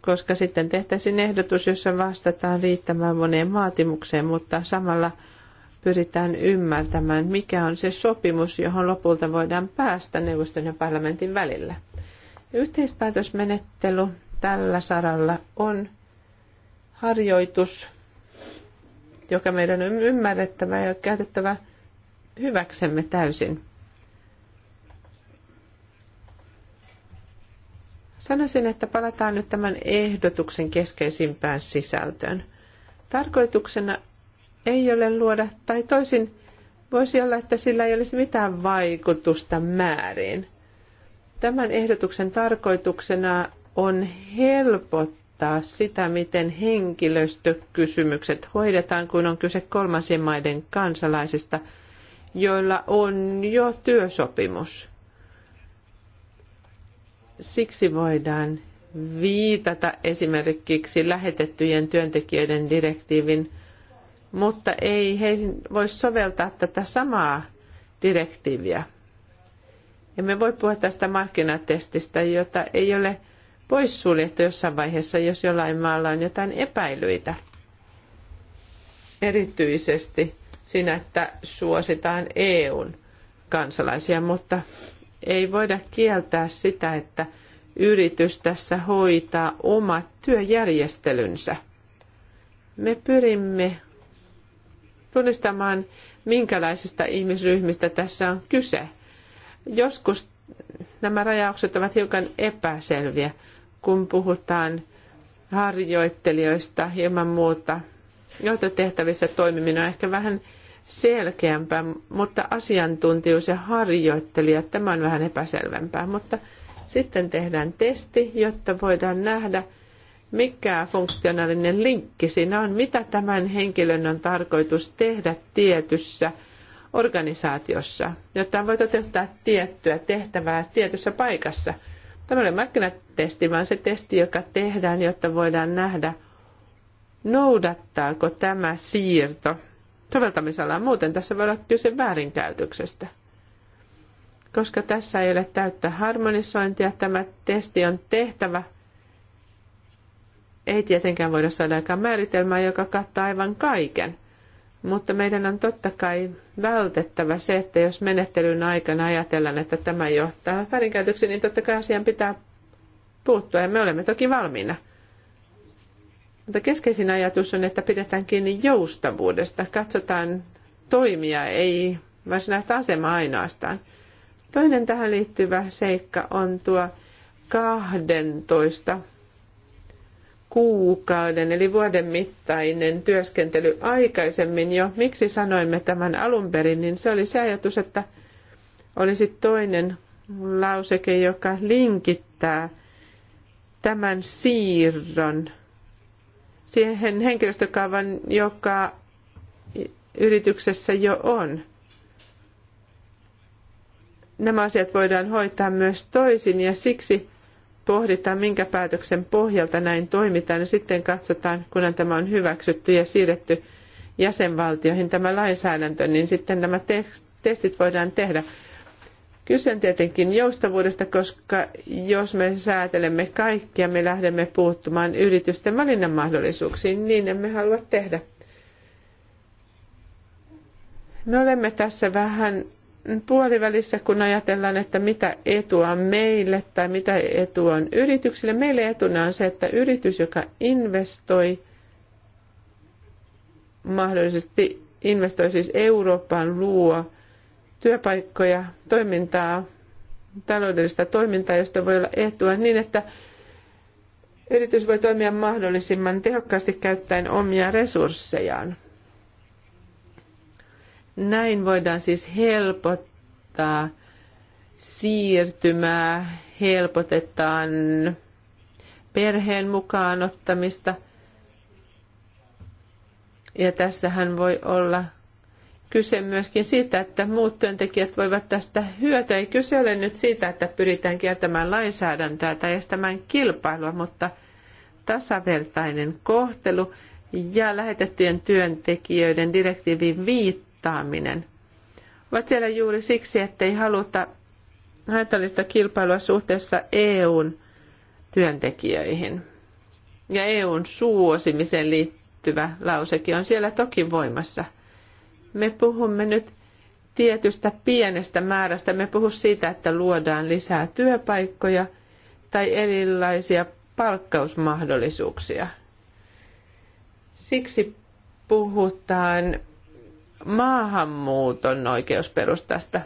Koska sitten tehtäisiin ehdotus, jossa vastataan riittämään moneen vaatimukseen, mutta samalla pyritään ymmärtämään, mikä on se sopimus, johon lopulta voidaan päästä neuvoston ja parlamentin välillä. Yhteispäätösmenettely tällä saralla on harjoitus, joka meidän on ymmärrettävä ja käytettävä hyväksemme täysin. Sanoisin, että palataan nyt tämän ehdotuksen keskeisimpään sisältöön. Tarkoituksena ei ole luoda, tai toisin voisi olla, että sillä ei olisi mitään vaikutusta määriin. Tämän ehdotuksen tarkoituksena on helpottaa sitä, miten henkilöstökysymykset hoidetaan, kun on kyse kolmansien maiden kansalaisista, joilla on jo työsopimus. Siksi voidaan viitata esimerkiksi lähetettyjen työntekijöiden direktiivin, mutta ei he voi soveltaa tätä samaa direktiiviä. Emme voi puhua tästä markkinatestistä, jota ei ole poissuljettu jossain vaiheessa, jos jollain maalla on jotain epäilyitä. Erityisesti siinä, että suositaan EUn kansalaisia, mutta ei voida kieltää sitä, että yritys tässä hoitaa omat työjärjestelynsä. Me pyrimme tunnistamaan, minkälaisista ihmisryhmistä tässä on kyse. Joskus nämä rajaukset ovat hiukan epäselviä, kun puhutaan harjoittelijoista ilman muuta johtotehtävissä toimiminen on ehkä vähän selkeämpää, mutta asiantuntijuus ja harjoittelijat, tämä on vähän epäselvempää, mutta sitten tehdään testi, jotta voidaan nähdä, mikä funktionaalinen linkki siinä on, mitä tämän henkilön on tarkoitus tehdä tietyssä organisaatiossa, jotta voi toteuttaa tiettyä tehtävää tietyssä paikassa. Tämä ei ole markkinatesti, vaan se testi, joka tehdään, jotta voidaan nähdä, noudattaako tämä siirto – soveltamisalaa. Muuten tässä voi olla kyse väärinkäytöksestä. Koska tässä ei ole täyttä harmonisointia, tämä testi on tehtävä. Ei tietenkään voida saada aikaan määritelmää, joka kattaa aivan kaiken. Mutta meidän on totta kai vältettävä se, että jos menettelyn aikana ajatellaan, että tämä johtaa väärinkäytöksiin, niin totta kai asian pitää puuttua ja me olemme toki valmiina – mutta keskeisin ajatus on, että pidetään kiinni joustavuudesta. Katsotaan toimia, ei varsinaista asemaa ainoastaan. Toinen tähän liittyvä seikka on tuo 12 kuukauden eli vuoden mittainen työskentely aikaisemmin jo. Miksi sanoimme tämän alun perin, niin se oli se ajatus, että olisi toinen lauseke, joka linkittää tämän siirron siihen henkilöstökaavan, joka yrityksessä jo on. Nämä asiat voidaan hoitaa myös toisin ja siksi pohditaan, minkä päätöksen pohjalta näin toimitaan ja sitten katsotaan, kun tämä on hyväksytty ja siirretty jäsenvaltioihin tämä lainsäädäntö, niin sitten nämä testit voidaan tehdä. Kyse on tietenkin joustavuudesta, koska jos me säätelemme kaikkia, me lähdemme puuttumaan yritysten valinnan mahdollisuuksiin, niin emme halua tehdä. Me olemme tässä vähän puolivälissä, kun ajatellaan, että mitä etua on meille tai mitä etua on yrityksille. Meille etuna on se, että yritys, joka investoi, mahdollisesti investoi siis Euroopan luo – työpaikkoja, toimintaa, taloudellista toimintaa, josta voi olla etua niin, että yritys voi toimia mahdollisimman tehokkaasti käyttäen omia resurssejaan. Näin voidaan siis helpottaa siirtymää, helpotetaan perheen mukaan ottamista. Ja tässähän voi olla kyse myöskin siitä, että muut työntekijät voivat tästä hyötyä. Ei kyse ole nyt siitä, että pyritään kiertämään lainsäädäntöä tai estämään kilpailua, mutta tasavertainen kohtelu ja lähetettyjen työntekijöiden direktiivin viittaaminen ovat siellä juuri siksi, ettei haluta haitallista kilpailua suhteessa EUn työntekijöihin. Ja EUn suosimiseen liittyvä lausekin on siellä toki voimassa – me puhumme nyt tietystä pienestä määrästä. Me puhu siitä, että luodaan lisää työpaikkoja tai erilaisia palkkausmahdollisuuksia. Siksi puhutaan maahanmuuton oikeusperustasta,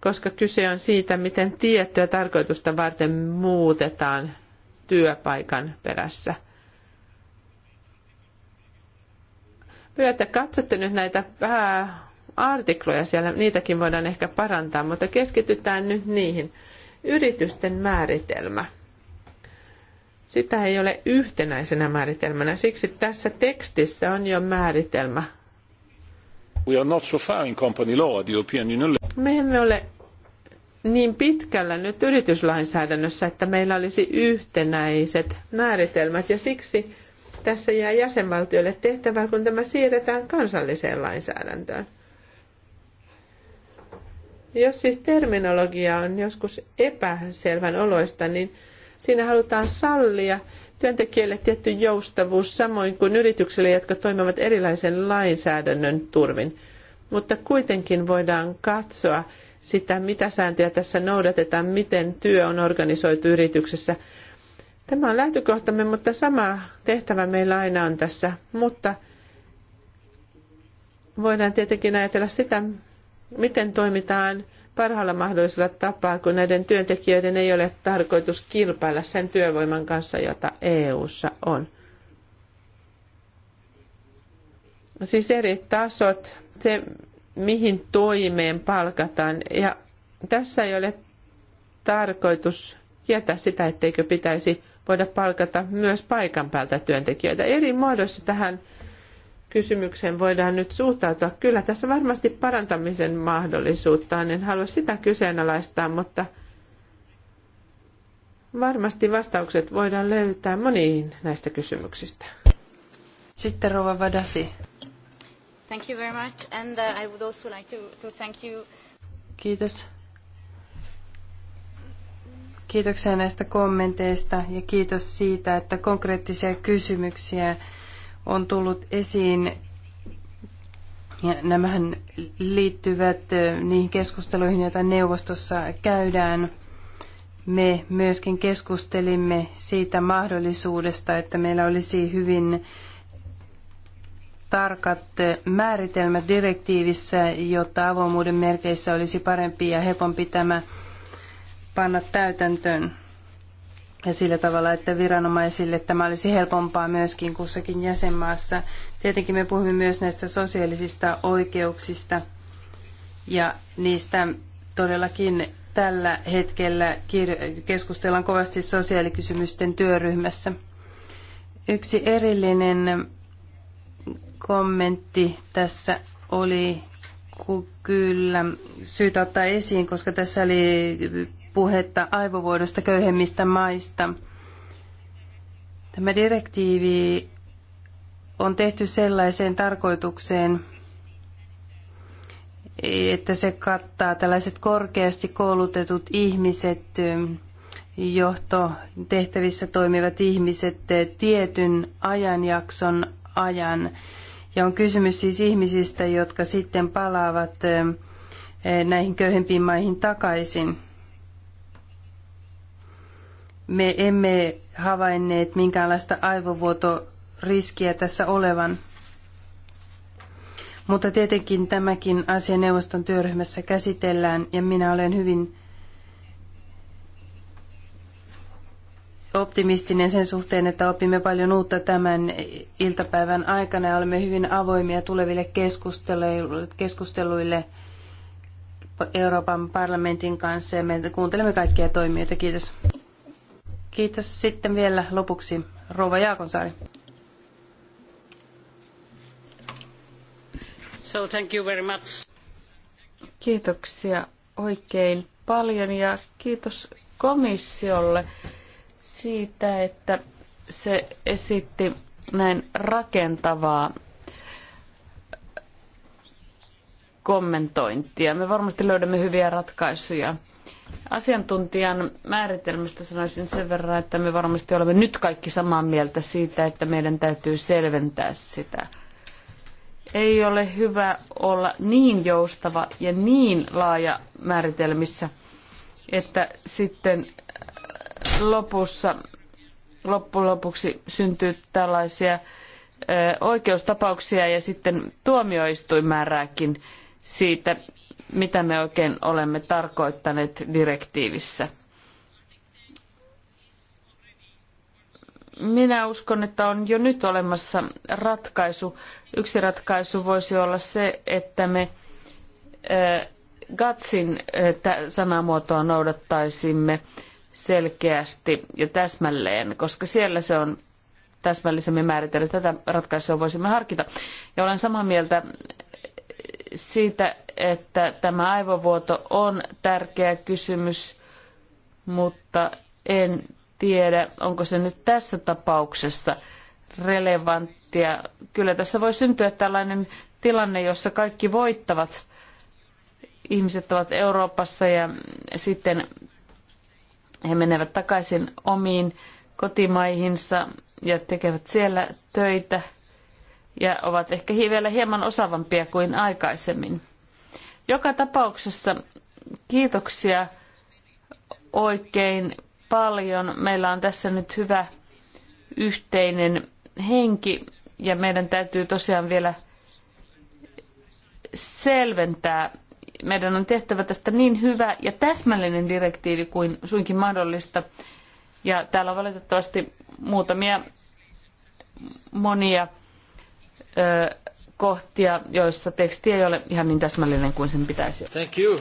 koska kyse on siitä, miten tiettyä tarkoitusta varten muutetaan työpaikan perässä – Pyydän, että katsotte nyt näitä pääartikloja siellä, niitäkin voidaan ehkä parantaa, mutta keskitytään nyt niihin. Yritysten määritelmä. Sitä ei ole yhtenäisenä määritelmänä, siksi tässä tekstissä on jo määritelmä. We are not so far in company law, the European Union. Me emme ole niin pitkällä nyt yrityslainsäädännössä, että meillä olisi yhtenäiset määritelmät ja siksi tässä jää jäsenvaltioille tehtävää, kun tämä siirretään kansalliseen lainsäädäntöön. Jos siis terminologia on joskus epäselvän oloista, niin siinä halutaan sallia työntekijöille tietty joustavuus, samoin kuin yrityksille, jotka toimivat erilaisen lainsäädännön turvin. Mutta kuitenkin voidaan katsoa sitä, mitä sääntöjä tässä noudatetaan, miten työ on organisoitu yrityksessä – Tämä on lähtökohtamme, mutta sama tehtävä meillä aina on tässä. Mutta voidaan tietenkin ajatella sitä, miten toimitaan parhaalla mahdollisella tapaa, kun näiden työntekijöiden ei ole tarkoitus kilpailla sen työvoiman kanssa, jota EU:ssa on. Siis eri tasot, se mihin toimeen palkataan. Ja tässä ei ole tarkoitus kieltää sitä, etteikö pitäisi voida palkata myös paikan päältä työntekijöitä. Eri muodoissa tähän kysymykseen voidaan nyt suhtautua. Kyllä tässä varmasti parantamisen mahdollisuutta on, en halua sitä kyseenalaistaa, mutta varmasti vastaukset voidaan löytää moniin näistä kysymyksistä. Sitten Rova Vadasi. Thank you very much and uh, I would also like to, to thank you. Kiitos. Kiitoksia näistä kommenteista ja kiitos siitä, että konkreettisia kysymyksiä on tullut esiin. Ja nämähän liittyvät eh, niihin keskusteluihin, joita neuvostossa käydään. Me myöskin keskustelimme siitä mahdollisuudesta, että meillä olisi hyvin tarkat eh, määritelmät direktiivissä, jotta avoimuuden merkeissä olisi parempi ja helpompi tämä panna täytäntöön ja sillä tavalla, että viranomaisille tämä olisi helpompaa myöskin kussakin jäsenmaassa. Tietenkin me puhumme myös näistä sosiaalisista oikeuksista ja niistä todellakin tällä hetkellä keskustellaan kovasti sosiaalikysymysten työryhmässä. Yksi erillinen kommentti tässä oli kyllä syytä ottaa esiin, koska tässä oli puhetta aivovuodosta köyhemmistä maista. Tämä direktiivi on tehty sellaiseen tarkoitukseen, että se kattaa tällaiset korkeasti koulutetut ihmiset, johtotehtävissä toimivat ihmiset tietyn ajanjakson ajan. Ja on kysymys siis ihmisistä, jotka sitten palaavat eh, näihin köyhempiin maihin takaisin me emme havainneet minkäänlaista aivovuotoriskiä tässä olevan. Mutta tietenkin tämäkin asia neuvoston työryhmässä käsitellään ja minä olen hyvin optimistinen sen suhteen, että opimme paljon uutta tämän iltapäivän aikana ja olemme hyvin avoimia tuleville keskusteluille Euroopan parlamentin kanssa ja me kuuntelemme kaikkia toimijoita. Kiitos. Kiitos sitten vielä lopuksi Rouva Jaakonsaari. So thank you very much. Kiitoksia oikein paljon ja kiitos komissiolle siitä, että se esitti näin rakentavaa kommentointia. Me varmasti löydämme hyviä ratkaisuja Asiantuntijan määritelmästä sanoisin sen verran, että me varmasti olemme nyt kaikki samaa mieltä siitä, että meidän täytyy selventää sitä. Ei ole hyvä olla niin joustava ja niin laaja määritelmissä, että sitten äh, lopussa, loppujen lopuksi syntyy tällaisia äh, oikeustapauksia ja sitten tuomioistuin määrääkin siitä, mitä me oikein olemme tarkoittaneet direktiivissä. Minä uskon, että on jo nyt olemassa ratkaisu. Yksi ratkaisu voisi olla se, että me GATSin sanamuotoa noudattaisimme selkeästi ja täsmälleen, koska siellä se on täsmällisemmin määritellyt. Tätä ratkaisua voisimme harkita. Ja olen samaa mieltä siitä, että tämä aivovuoto on tärkeä kysymys, mutta en tiedä, onko se nyt tässä tapauksessa relevanttia. Kyllä tässä voi syntyä tällainen tilanne, jossa kaikki voittavat ihmiset ovat Euroopassa ja sitten he menevät takaisin omiin kotimaihinsa ja tekevät siellä töitä – ja ovat ehkä vielä hieman osaavampia kuin aikaisemmin. Joka tapauksessa kiitoksia oikein paljon. Meillä on tässä nyt hyvä yhteinen henki ja meidän täytyy tosiaan vielä selventää. Meidän on tehtävä tästä niin hyvä ja täsmällinen direktiivi kuin suinkin mahdollista. Ja täällä on valitettavasti muutamia monia kohtia, joissa teksti ei ole ihan niin täsmällinen kuin sen pitäisi olla. Thank you.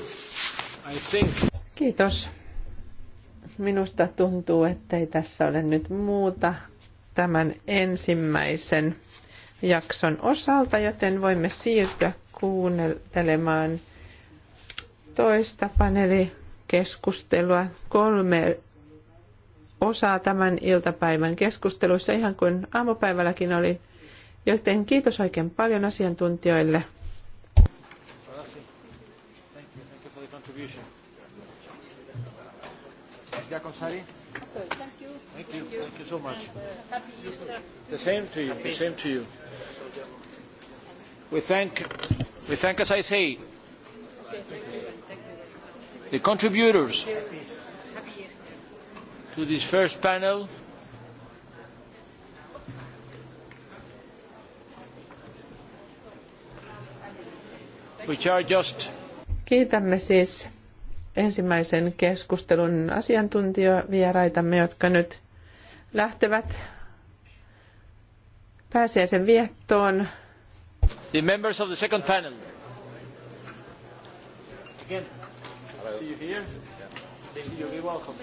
I think... Kiitos. Minusta tuntuu, ettei tässä ole nyt muuta tämän ensimmäisen jakson osalta, joten voimme siirtyä kuuntelemaan toista paneelikeskustelua. Kolme osaa tämän iltapäivän keskusteluissa, ihan kuin aamupäivälläkin oli Joten kiitos oikein paljon asiantuntijoille. we thank as I say, the contributors to this first panel. which are just... Kiitämme siis ensimmäisen keskustelun asiantuntijavieraitamme, jotka nyt lähtevät pääsiäisen viettoon. The members of the second panel. Again. See you here. Thank you. You're welcome.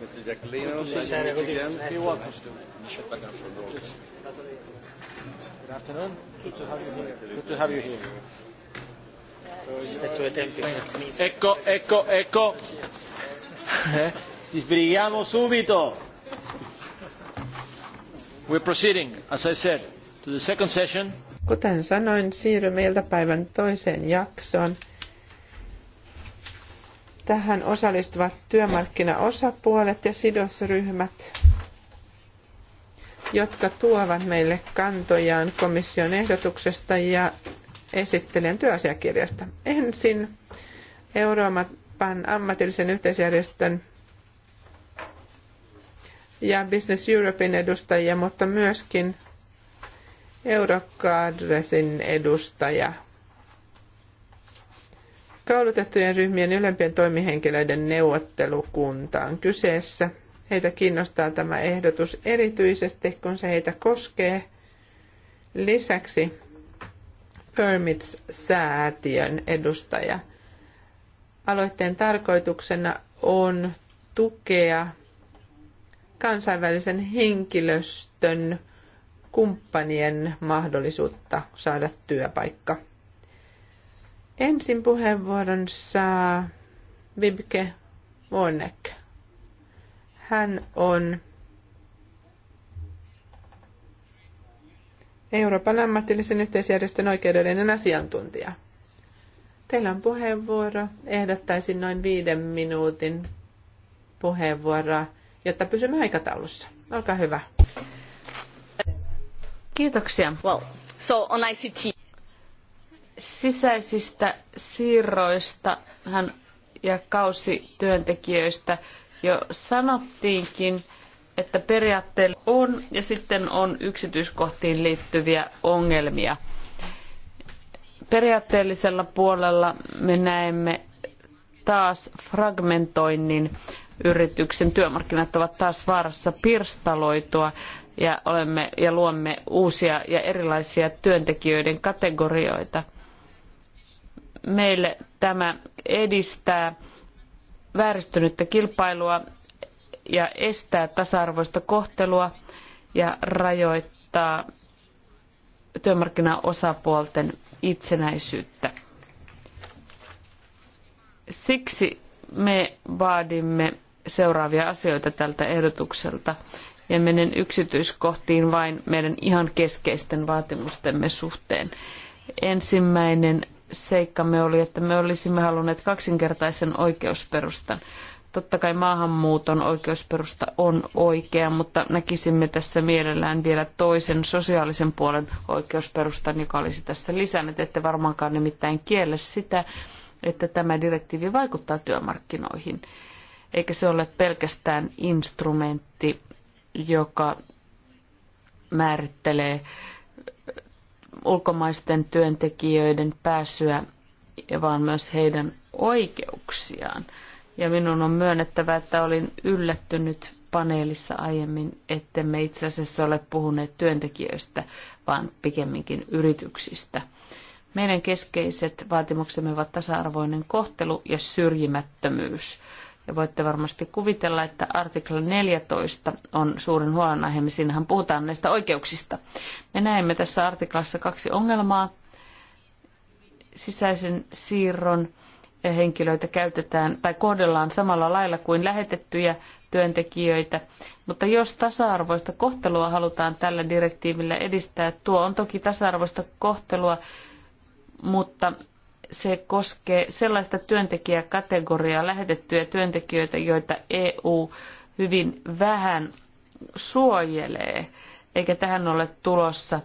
Mr. Jacqueline, you're Good afternoon. Good to have you here. Good to have you here. Ecco, ecco, ecco. Ci eh, sbrighiamo subito. We're proceeding, as I said, to the second session. Kuten sanoin, siirrymme iltapäivän toiseen jaksoon. Tähän osallistuvat työmarkkinaosapuolet ja sidosryhmät, jotka tuovat meille kantojaan komission ehdotuksesta ja esittelen työasiakirjasta. Ensin Euroopan ammatillisen yhteisjärjestön ja Business Europein edustajia, mutta myöskin Eurocadresin edustaja. Kaulutettujen ryhmien ylempien toimihenkilöiden neuvottelukuntaan kyseessä. Heitä kiinnostaa tämä ehdotus erityisesti, kun se heitä koskee. Lisäksi Permits-säätiön edustaja. Aloitteen tarkoituksena on tukea kansainvälisen henkilöstön kumppanien mahdollisuutta saada työpaikka. Ensin puheenvuoron saa Vibke Vonek. Hän on Euroopan ammatillisen yhteisjärjestön oikeudellinen asiantuntija. Teillä on puheenvuoro. Ehdottaisin noin viiden minuutin puheenvuoroa, jotta pysymme aikataulussa. Olkaa hyvä. Kiitoksia. Well, so on ICT. Sisäisistä siirroista hän ja kausityöntekijöistä jo sanottiinkin että periaatteella on ja sitten on yksityiskohtiin liittyviä ongelmia. Periaatteellisella puolella me näemme taas fragmentoinnin yrityksen työmarkkinat ovat taas vaarassa pirstaloitua ja, olemme, ja luomme uusia ja erilaisia työntekijöiden kategorioita. Meille tämä edistää vääristynyttä kilpailua ja estää tasa-arvoista kohtelua ja rajoittaa työmarkkinaosapuolten itsenäisyyttä. Siksi me vaadimme seuraavia asioita tältä ehdotukselta ja menen yksityiskohtiin vain meidän ihan keskeisten vaatimustemme suhteen. Ensimmäinen seikkamme oli, että me olisimme halunneet kaksinkertaisen oikeusperustan. Totta kai maahanmuuton oikeusperusta on oikea, mutta näkisimme tässä mielellään vielä toisen sosiaalisen puolen oikeusperustan, joka olisi tässä lisännyt. Ette varmaankaan nimittäin kiellä sitä, että tämä direktiivi vaikuttaa työmarkkinoihin. Eikä se ole pelkästään instrumentti, joka määrittelee ulkomaisten työntekijöiden pääsyä, vaan myös heidän oikeuksiaan. Ja minun on myönnettävä, että olin yllättynyt paneelissa aiemmin, että me itse asiassa ole puhuneet työntekijöistä, vaan pikemminkin yrityksistä. Meidän keskeiset vaatimuksemme ovat tasa-arvoinen kohtelu ja syrjimättömyys. Ja voitte varmasti kuvitella, että artikla 14 on suurin huolenaiheemme. Siinähän puhutaan näistä oikeuksista. Me näemme tässä artiklassa kaksi ongelmaa. Sisäisen siirron henkilöitä käytetään tai kohdellaan samalla lailla kuin lähetettyjä työntekijöitä. Mutta jos tasa-arvoista kohtelua halutaan tällä direktiivillä edistää, tuo on toki tasa-arvoista kohtelua, mutta se koskee sellaista työntekijäkategoriaa, lähetettyjä työntekijöitä, joita EU hyvin vähän suojelee, eikä tähän ole tulossa,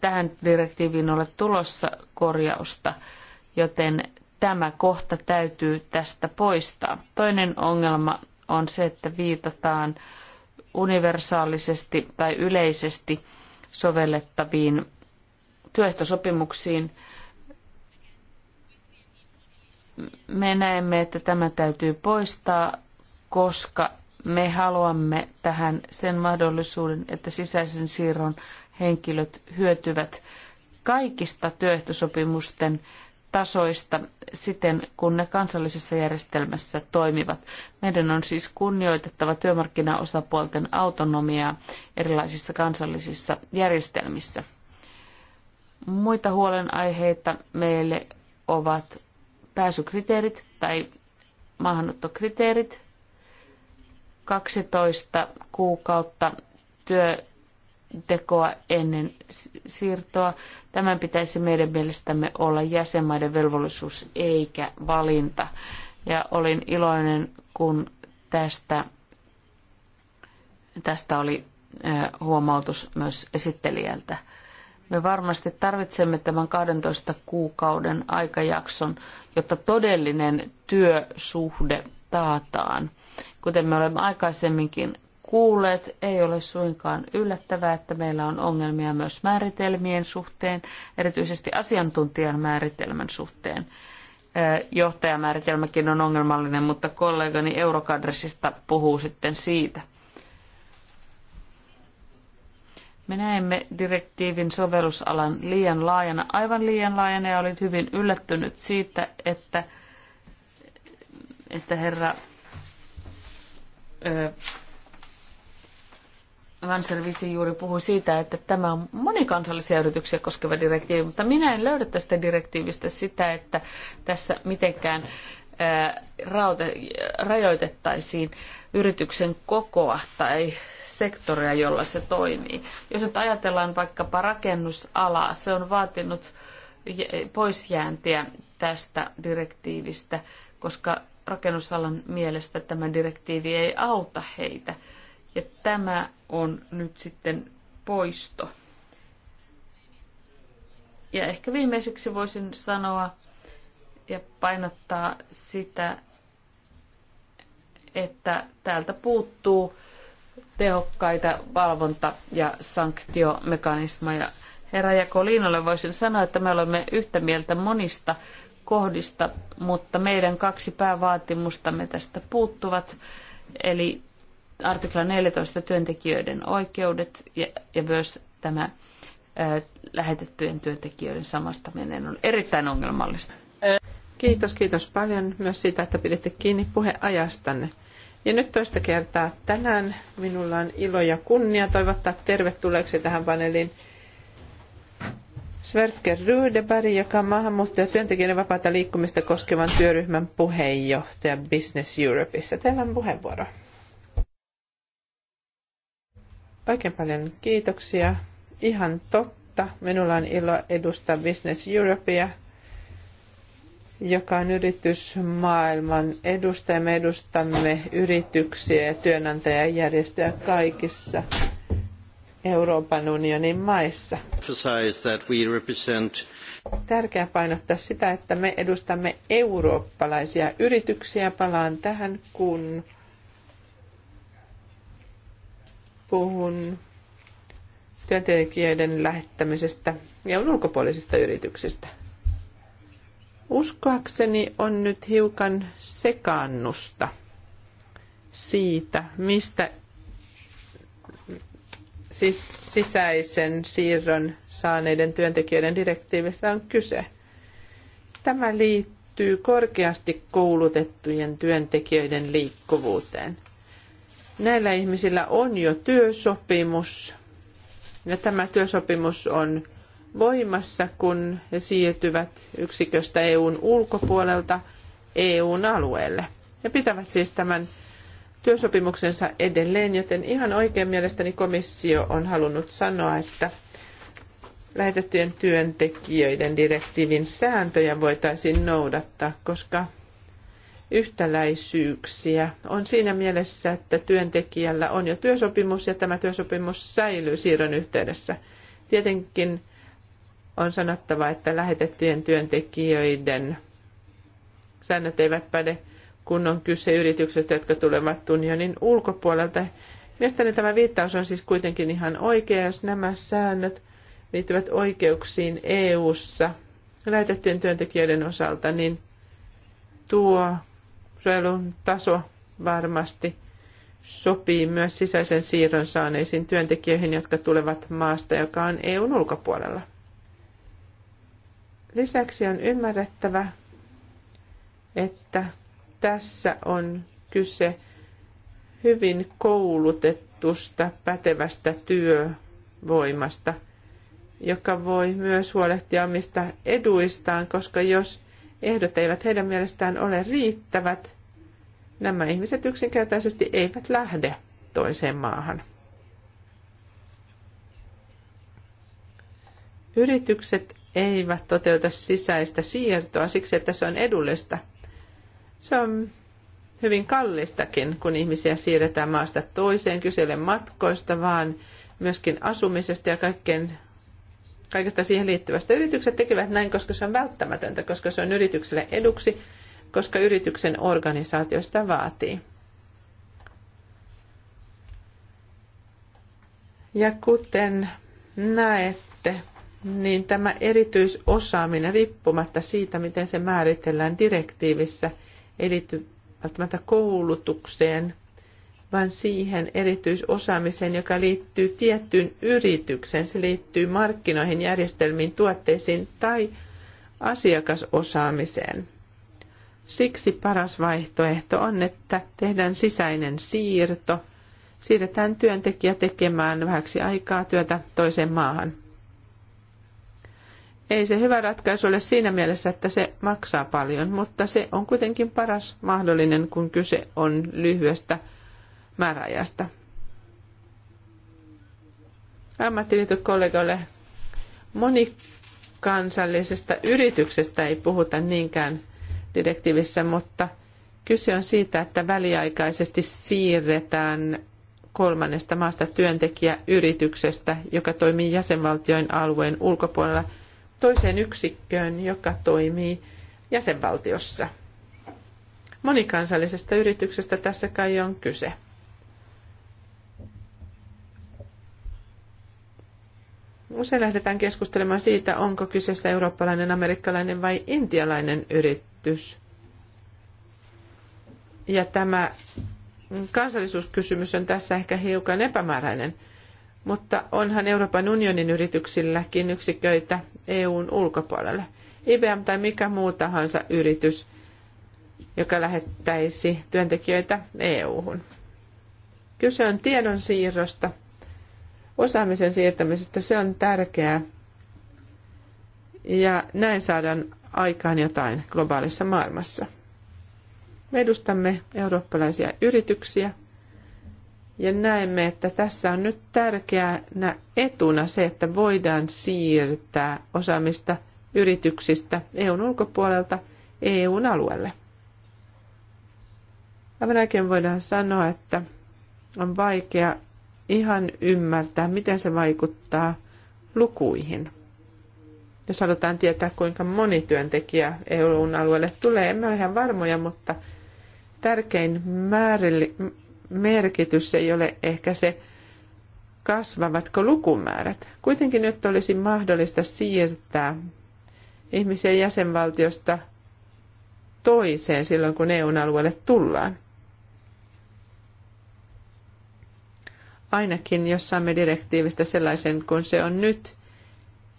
tähän direktiiviin ole tulossa korjausta, joten tämä kohta täytyy tästä poistaa. Toinen ongelma on se, että viitataan universaalisesti tai yleisesti sovellettaviin työehtosopimuksiin. Me näemme, että tämä täytyy poistaa, koska me haluamme tähän sen mahdollisuuden, että sisäisen siirron henkilöt hyötyvät kaikista työehtosopimusten tasoista siten, kun ne kansallisessa järjestelmässä toimivat. Meidän on siis kunnioitettava työmarkkinaosapuolten autonomiaa erilaisissa kansallisissa järjestelmissä. Muita huolenaiheita meille ovat pääsykriteerit tai maahanottokriteerit, 12 kuukautta työ tekoa ennen siirtoa. Tämän pitäisi meidän mielestämme olla jäsenmaiden velvollisuus eikä valinta. Ja olin iloinen, kun tästä, tästä oli huomautus myös esittelijältä. Me varmasti tarvitsemme tämän 12 kuukauden aikajakson, jotta todellinen työsuhde taataan. Kuten me olemme aikaisemminkin kuulleet, ei ole suinkaan yllättävää, että meillä on ongelmia myös määritelmien suhteen, erityisesti asiantuntijan määritelmän suhteen. Johtajamääritelmäkin on ongelmallinen, mutta kollegani Eurokadressista puhuu sitten siitä. Me näemme direktiivin sovellusalan liian laajana, aivan liian laajana ja olin hyvin yllättynyt siitä, että, että herra ö, Vanservisi juuri puhui siitä, että tämä on monikansallisia yrityksiä koskeva direktiivi, mutta minä en löydä tästä direktiivistä sitä, että tässä mitenkään rajoitettaisiin yrityksen kokoa tai sektoria, jolla se toimii. Jos nyt ajatellaan vaikkapa rakennusalaa, se on vaatinut poisjääntiä tästä direktiivistä, koska rakennusalan mielestä tämä direktiivi ei auta heitä. Ja tämä on nyt sitten poisto. Ja ehkä viimeiseksi voisin sanoa ja painottaa sitä, että täältä puuttuu tehokkaita valvonta- ja sanktiomekanismeja. Herra Jakoliinolle voisin sanoa, että me olemme yhtä mieltä monista kohdista, mutta meidän kaksi päävaatimustamme tästä puuttuvat. Eli artikla 14 työntekijöiden oikeudet ja, ja myös tämä ää, lähetettyjen työntekijöiden samastaminen on erittäin ongelmallista. Kiitos, kiitos paljon myös siitä, että piditte kiinni puheajastanne. Ja nyt toista kertaa tänään minulla on ilo ja kunnia toivottaa tervetulleeksi tähän paneeliin Sverker Rudeberg, joka on maahanmuuttaja työntekijöiden vapaata liikkumista koskevan työryhmän puheenjohtaja Business Europeissa. Teillä on puheenvuoro. Oikein paljon kiitoksia. Ihan totta. Minulla on ilo edustaa Business Europea, joka on yritysmaailman edustaja. Me edustamme yrityksiä ja työnantajajärjestöjä kaikissa Euroopan unionin maissa. Tärkeää painottaa sitä, että me edustamme eurooppalaisia yrityksiä. Palaan tähän, kun puhun työntekijöiden lähettämisestä ja ulkopuolisista yrityksistä. Uskoakseni on nyt hiukan sekaannusta siitä, mistä siis sisäisen siirron saaneiden työntekijöiden direktiivistä on kyse. Tämä liittyy korkeasti koulutettujen työntekijöiden liikkuvuuteen. Näillä ihmisillä on jo työsopimus ja tämä työsopimus on voimassa, kun he siirtyvät yksiköstä EUn ulkopuolelta EUn alueelle. He pitävät siis tämän työsopimuksensa edelleen, joten ihan oikein mielestäni komissio on halunnut sanoa, että lähetettyjen työntekijöiden direktiivin sääntöjä voitaisiin noudattaa, koska yhtäläisyyksiä on siinä mielessä, että työntekijällä on jo työsopimus ja tämä työsopimus säilyy siirron yhteydessä. Tietenkin on sanottava, että lähetettyjen työntekijöiden säännöt eivät päde, kun on kyse yrityksistä, jotka tulevat unionin ulkopuolelta. Mielestäni tämä viittaus on siis kuitenkin ihan oikea, jos nämä säännöt liittyvät oikeuksiin EU-ssa lähetettyjen työntekijöiden osalta, niin tuo suojelun taso varmasti sopii myös sisäisen siirron saaneisiin työntekijöihin, jotka tulevat maasta, joka on EUn ulkopuolella. Lisäksi on ymmärrettävä, että tässä on kyse hyvin koulutetusta, pätevästä työvoimasta, joka voi myös huolehtia omista eduistaan, koska jos ehdot eivät heidän mielestään ole riittävät, nämä ihmiset yksinkertaisesti eivät lähde toiseen maahan. Yritykset eivät toteuta sisäistä siirtoa siksi, että se on edullista. Se on hyvin kallistakin, kun ihmisiä siirretään maasta toiseen. kyselen matkoista, vaan myöskin asumisesta ja kaikkien kaikesta siihen liittyvästä. Yritykset tekevät näin, koska se on välttämätöntä, koska se on yritykselle eduksi, koska yrityksen organisaatio sitä vaatii. Ja kuten näette, niin tämä erityisosaaminen riippumatta siitä, miten se määritellään direktiivissä, ei liity välttämättä koulutukseen, vaan siihen erityisosaamiseen, joka liittyy tiettyyn yritykseen. Se liittyy markkinoihin, järjestelmiin, tuotteisiin tai asiakasosaamiseen. Siksi paras vaihtoehto on, että tehdään sisäinen siirto, siirretään työntekijä tekemään vähäksi aikaa työtä toiseen maahan. Ei se hyvä ratkaisu ole siinä mielessä, että se maksaa paljon, mutta se on kuitenkin paras mahdollinen, kun kyse on lyhyestä määräajasta. Ammattiliiton kollegoille monikansallisesta yrityksestä ei puhuta niinkään direktiivissä, mutta kyse on siitä, että väliaikaisesti siirretään kolmannesta maasta työntekijä yrityksestä, joka toimii jäsenvaltion alueen ulkopuolella, toiseen yksikköön, joka toimii jäsenvaltiossa. Monikansallisesta yrityksestä tässä kai on kyse. Usein lähdetään keskustelemaan siitä, onko kyseessä eurooppalainen, amerikkalainen vai intialainen yritys. Ja tämä kansallisuuskysymys on tässä ehkä hiukan epämääräinen, mutta onhan Euroopan unionin yrityksilläkin yksiköitä EUn ulkopuolelle. IBM tai mikä muu tahansa yritys, joka lähettäisi työntekijöitä EU-hun. Kyse on tiedonsiirrosta – osaamisen siirtämisestä. Se on tärkeää. Ja näin saadaan aikaan jotain globaalissa maailmassa. Me edustamme eurooppalaisia yrityksiä ja näemme, että tässä on nyt tärkeänä etuna se, että voidaan siirtää osaamista yrityksistä EUn ulkopuolelta EUn alueelle. Aivan oikein voidaan sanoa, että on vaikea ihan ymmärtää, miten se vaikuttaa lukuihin. Jos halutaan tietää, kuinka moni työntekijä EUn alueelle tulee, emme ole ihan varmoja, mutta tärkein määrill- merkitys ei ole ehkä se, kasvavatko lukumäärät. Kuitenkin nyt olisi mahdollista siirtää ihmisiä jäsenvaltiosta toiseen silloin, kun EUn alueelle tullaan. ainakin jos saamme direktiivistä sellaisen kuin se on nyt,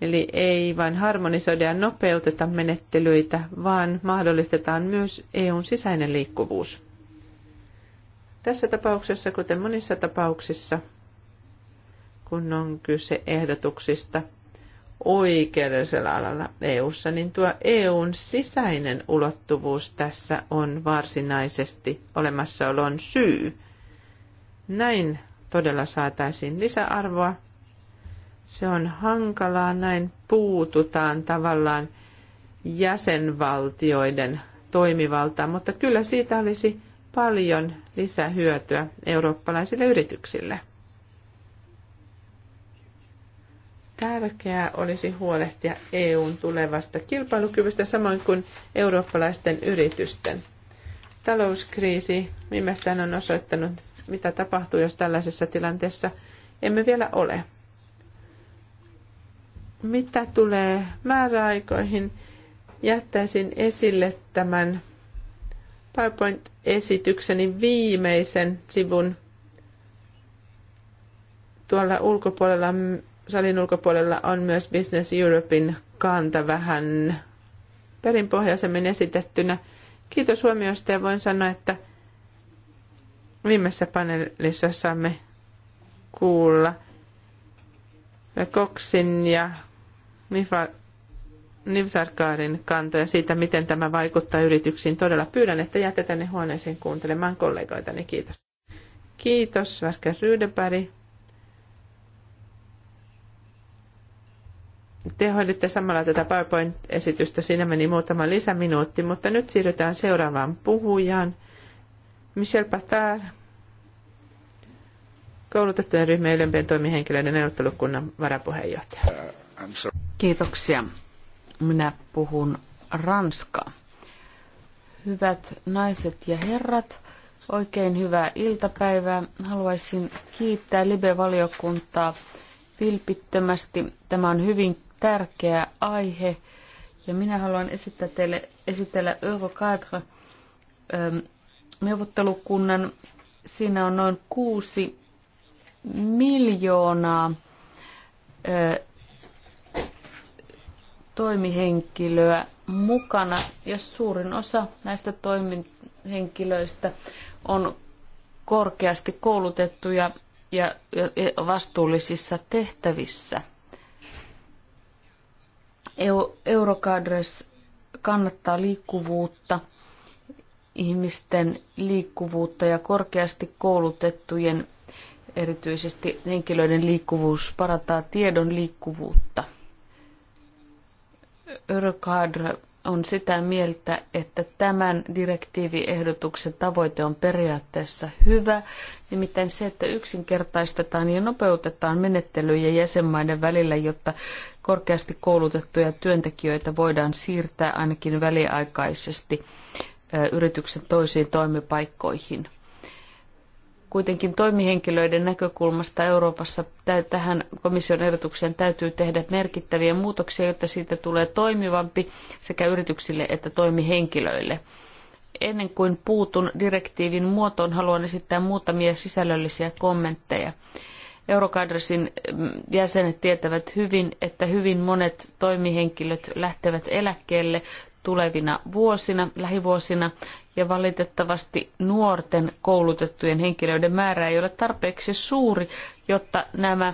eli ei vain harmonisoida ja nopeuteta menettelyitä, vaan mahdollistetaan myös EUn sisäinen liikkuvuus. Tässä tapauksessa, kuten monissa tapauksissa, kun on kyse ehdotuksista oikeudellisella alalla EU:ssa, niin tuo EUn sisäinen ulottuvuus tässä on varsinaisesti olemassaolon syy. Näin todella saataisiin lisäarvoa. Se on hankalaa, näin puututaan tavallaan jäsenvaltioiden toimivaltaan, mutta kyllä siitä olisi paljon lisähyötyä eurooppalaisille yrityksille. Tärkeää olisi huolehtia EUn tulevasta kilpailukyvystä samoin kuin eurooppalaisten yritysten. Talouskriisi viimeistään on osoittanut, mitä tapahtuu, jos tällaisessa tilanteessa emme vielä ole. Mitä tulee määräaikoihin, jättäisin esille tämän PowerPoint-esitykseni viimeisen sivun. Tuolla ulkopuolella, salin ulkopuolella on myös Business Europein kanta vähän perinpohjaisemmin esitettynä. Kiitos huomiosta ja voin sanoa, että – Viimeisessä paneelissa saamme kuulla Koksin ja Mifa Nivsarkaarin kantoja siitä, miten tämä vaikuttaa yrityksiin. Todella pyydän, että jäätte tänne huoneeseen kuuntelemaan kollegoitani. Kiitos. Kiitos, Värkä Ryydepäri. Te hoiditte samalla tätä PowerPoint-esitystä, siinä meni muutama lisäminuutti, mutta nyt siirrytään seuraavaan puhujaan – Michel Patar, koulutettujen ryhmien ylempien toimihenkilöiden neuvottelukunnan varapuheenjohtaja. Uh, Kiitoksia. Minä puhun ranskaa. Hyvät naiset ja herrat, oikein hyvää iltapäivää. Haluaisin kiittää Libe-valiokuntaa vilpittömästi. Tämä on hyvin tärkeä aihe ja minä haluan esittää teille, esitellä Euro 4 neuvottelukunnan. Siinä on noin kuusi miljoonaa ö, toimihenkilöä mukana ja suurin osa näistä toimihenkilöistä on korkeasti koulutettuja ja vastuullisissa tehtävissä. Eurocadres kannattaa liikkuvuutta – ihmisten liikkuvuutta ja korkeasti koulutettujen erityisesti henkilöiden liikkuvuus parantaa tiedon liikkuvuutta. Örkadr on sitä mieltä, että tämän direktiiviehdotuksen tavoite on periaatteessa hyvä, nimittäin se, että yksinkertaistetaan ja nopeutetaan menettelyjä jäsenmaiden välillä, jotta korkeasti koulutettuja työntekijöitä voidaan siirtää ainakin väliaikaisesti yrityksen toisiin toimipaikkoihin. Kuitenkin toimihenkilöiden näkökulmasta Euroopassa tähän komission ehdotukseen täytyy tehdä merkittäviä muutoksia, jotta siitä tulee toimivampi sekä yrityksille että toimihenkilöille. Ennen kuin puutun direktiivin muotoon, haluan esittää muutamia sisällöllisiä kommentteja. Eurokadresin mm, jäsenet tietävät hyvin, että hyvin monet toimihenkilöt lähtevät eläkkeelle tulevina vuosina, lähivuosina, ja valitettavasti nuorten koulutettujen henkilöiden määrä ei ole tarpeeksi suuri, jotta nämä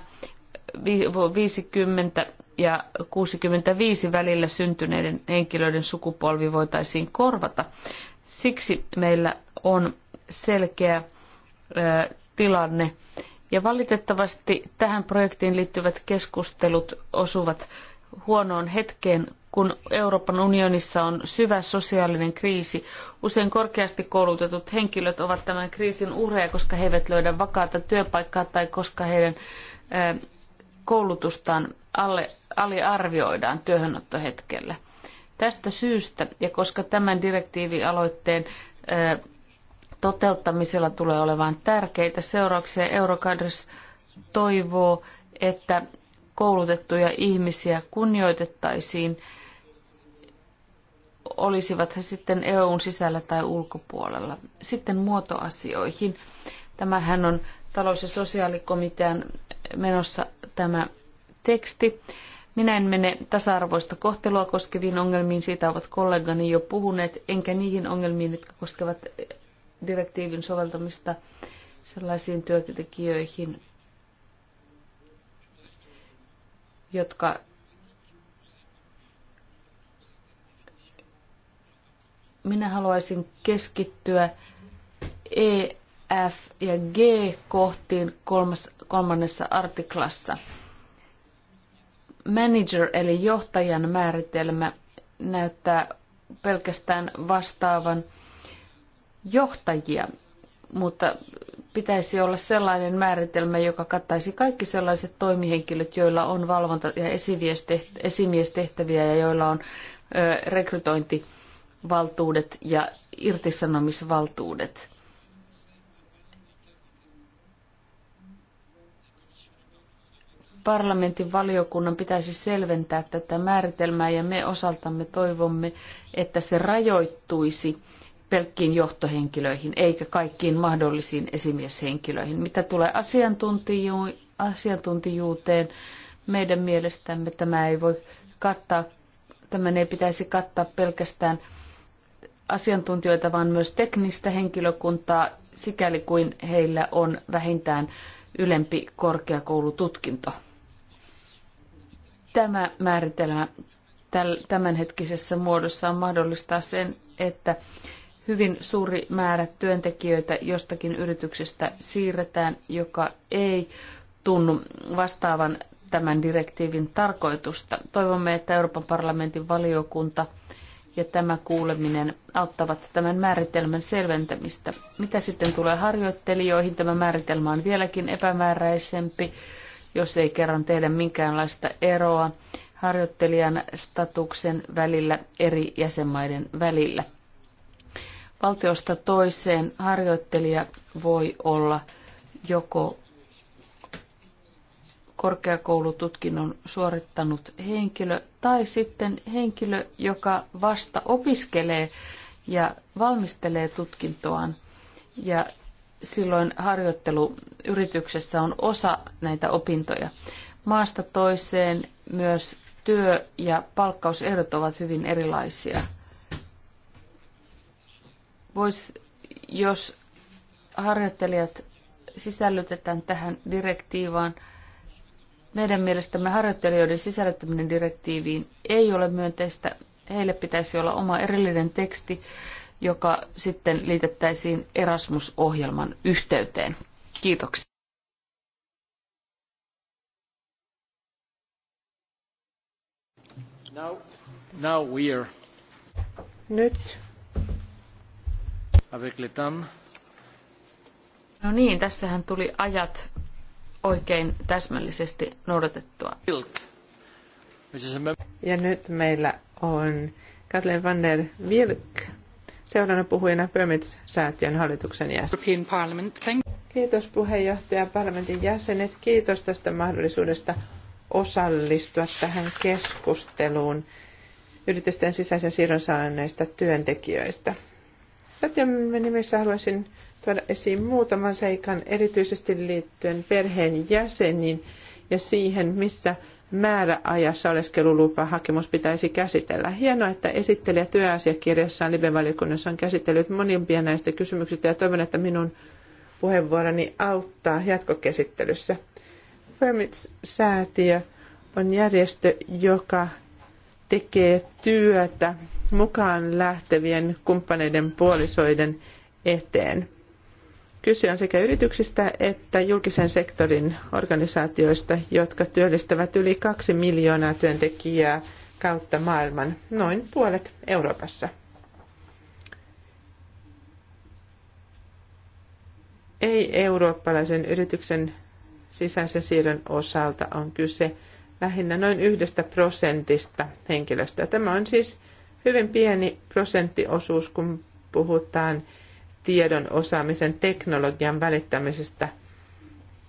50 ja 65 välillä syntyneiden henkilöiden sukupolvi voitaisiin korvata. Siksi meillä on selkeä tilanne. Ja valitettavasti tähän projektiin liittyvät keskustelut osuvat huonoon hetkeen, kun Euroopan unionissa on syvä sosiaalinen kriisi. Usein korkeasti koulutetut henkilöt ovat tämän kriisin uhreja, koska he eivät löydä vakaata työpaikkaa tai koska heidän koulutustaan alle, aliarvioidaan työhönottohetkellä. Tästä syystä, ja koska tämän direktiivialoitteen toteuttamisella tulee olemaan tärkeitä seurauksia, Eurocadres toivoo, että koulutettuja ihmisiä kunnioitettaisiin olisivat he sitten EUn sisällä tai ulkopuolella. Sitten muotoasioihin. Tämähän on talous- ja sosiaalikomitean menossa tämä teksti. Minä en mene tasa-arvoista kohtelua koskeviin ongelmiin, siitä ovat kollegani jo puhuneet, enkä niihin ongelmiin, jotka koskevat direktiivin soveltamista sellaisiin työntekijöihin, jotka Minä haluaisin keskittyä E, F ja G kohtiin kolmas, kolmannessa artiklassa. Manager eli johtajan määritelmä näyttää pelkästään vastaavan johtajia, mutta pitäisi olla sellainen määritelmä, joka kattaisi kaikki sellaiset toimihenkilöt, joilla on valvonta- ja esimiestehtäviä ja joilla on rekrytointi- valtuudet ja irtisanomisvaltuudet. Parlamentin valiokunnan pitäisi selventää tätä määritelmää ja me osaltamme toivomme, että se rajoittuisi pelkkiin johtohenkilöihin eikä kaikkiin mahdollisiin esimieshenkilöihin. Mitä tulee asiantuntijuuteen, meidän mielestämme tämä ei voi kattaa, tämän ei pitäisi kattaa pelkästään – asiantuntijoita, vaan myös teknistä henkilökuntaa, sikäli kuin heillä on vähintään ylempi korkeakoulututkinto. Tämä määritelmä tämänhetkisessä muodossa on mahdollistaa sen, että hyvin suuri määrä työntekijöitä jostakin yrityksestä siirretään, joka ei tunnu vastaavan tämän direktiivin tarkoitusta. Toivomme, että Euroopan parlamentin valiokunta ja tämä kuuleminen auttavat tämän määritelmän selventämistä. Mitä sitten tulee harjoittelijoihin, tämä määritelmä on vieläkin epämääräisempi, jos ei kerran tehdä minkäänlaista eroa harjoittelijan statuksen välillä eri jäsenmaiden välillä. Valtiosta toiseen harjoittelija voi olla joko korkeakoulututkinnon suorittanut henkilö tai sitten henkilö, joka vasta opiskelee ja valmistelee tutkintoaan. Ja silloin harjoittelu yrityksessä on osa näitä opintoja. Maasta toiseen myös työ- ja palkkausehdot ovat hyvin erilaisia. Vois, jos harjoittelijat sisällytetään tähän direktiivaan, meidän mielestämme harjoittelijoiden sisällyttäminen direktiiviin ei ole myönteistä. Heille pitäisi olla oma erillinen teksti, joka sitten liitettäisiin Erasmus-ohjelman yhteyteen. Kiitoksia. Now, now we are. Nyt. Avec le temps. No niin, tässähän tuli ajat oikein täsmällisesti noudatettua. Ja nyt meillä on Kathleen van der Wilk, seuraavana puhujana Permits-säätiön hallituksen jäsen. Kiitos puheenjohtaja parlamentin jäsenet. Kiitos tästä mahdollisuudesta osallistua tähän keskusteluun yritysten sisäisen siirron saaneista työntekijöistä. Säätiön nimissä haluaisin tuoda esiin muutaman seikan, erityisesti liittyen perheen jäseniin ja siihen, missä määräajassa oleskelulupahakemus pitäisi käsitellä. Hienoa, että esittelijä työasiakirjassaan live-valiokunnassa on käsitellyt monimpia näistä kysymyksistä ja toivon, että minun puheenvuoroni auttaa jatkokäsittelyssä. Permits-säätiö on järjestö, joka tekee työtä mukaan lähtevien kumppaneiden puolisoiden eteen. Kyse on sekä yrityksistä että julkisen sektorin organisaatioista, jotka työllistävät yli kaksi miljoonaa työntekijää kautta maailman, noin puolet Euroopassa. Ei-eurooppalaisen yrityksen sisäisen siirron osalta on kyse lähinnä noin yhdestä prosentista henkilöstä. Tämä on siis hyvin pieni prosenttiosuus, kun puhutaan tiedon osaamisen teknologian välittämisestä,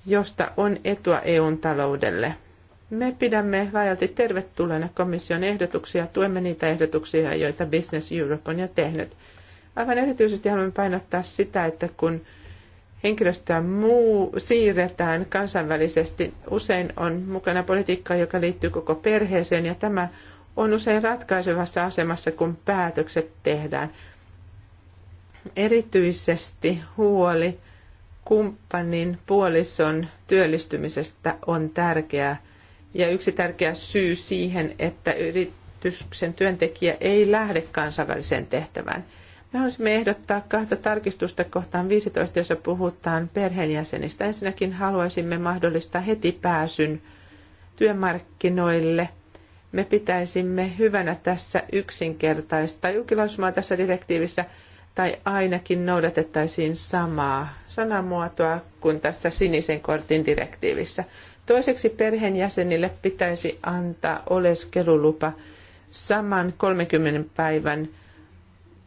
josta on etua EUn taloudelle. Me pidämme laajalti tervetulleena komission ehdotuksia, tuemme niitä ehdotuksia, joita Business Europe on jo tehnyt. Aivan erityisesti haluamme painottaa sitä, että kun henkilöstöä muu siirretään kansainvälisesti, usein on mukana politiikkaa, joka liittyy koko perheeseen, ja tämä on usein ratkaisevassa asemassa, kun päätökset tehdään erityisesti huoli kumppanin puolison työllistymisestä on tärkeää ja yksi tärkeä syy siihen, että yrityksen työntekijä ei lähde kansainväliseen tehtävään. Me haluaisimme ehdottaa kahta tarkistusta kohtaan 15, jossa puhutaan perheenjäsenistä. Ensinnäkin haluaisimme mahdollistaa heti pääsyn työmarkkinoille. Me pitäisimme hyvänä tässä yksinkertaista julkilausumaa tässä direktiivissä – tai ainakin noudatettaisiin samaa sanamuotoa kuin tässä sinisen kortin direktiivissä. Toiseksi perheenjäsenille pitäisi antaa oleskelulupa saman 30 päivän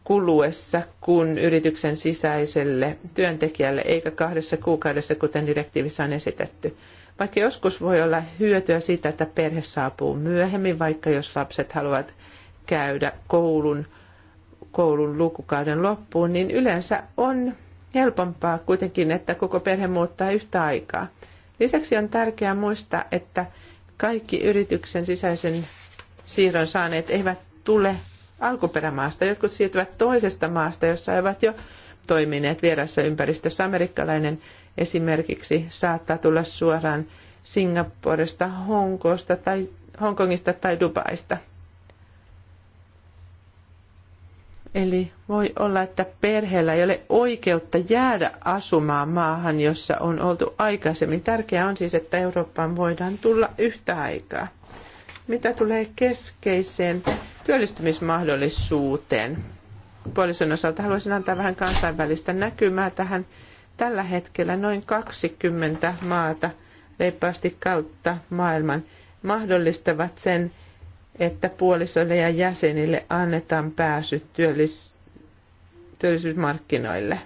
kuluessa kuin yrityksen sisäiselle työntekijälle, eikä kahdessa kuukaudessa, kuten direktiivissä on esitetty. Vaikka joskus voi olla hyötyä siitä, että perhe saapuu myöhemmin, vaikka jos lapset haluavat käydä koulun koulun lukukauden loppuun, niin yleensä on helpompaa kuitenkin, että koko perhe muuttaa yhtä aikaa. Lisäksi on tärkeää muistaa, että kaikki yrityksen sisäisen siirron saaneet eivät tule alkuperämaasta. Jotkut siirtyvät toisesta maasta, jossa ovat jo toimineet vierassa ympäristössä. Amerikkalainen esimerkiksi saattaa tulla suoraan Singaporesta, Hongkosta tai, Hongkongista tai Dubaista – Eli voi olla, että perheellä ei ole oikeutta jäädä asumaan maahan, jossa on oltu aikaisemmin. Tärkeää on siis, että Eurooppaan voidaan tulla yhtä aikaa. Mitä tulee keskeiseen työllistymismahdollisuuteen? Puolison osalta haluaisin antaa vähän kansainvälistä näkymää tähän. Tällä hetkellä noin 20 maata reippaasti kautta maailman mahdollistavat sen, että puolisoille ja jäsenille annetaan pääsy työllis- työllisyysmarkkinoille.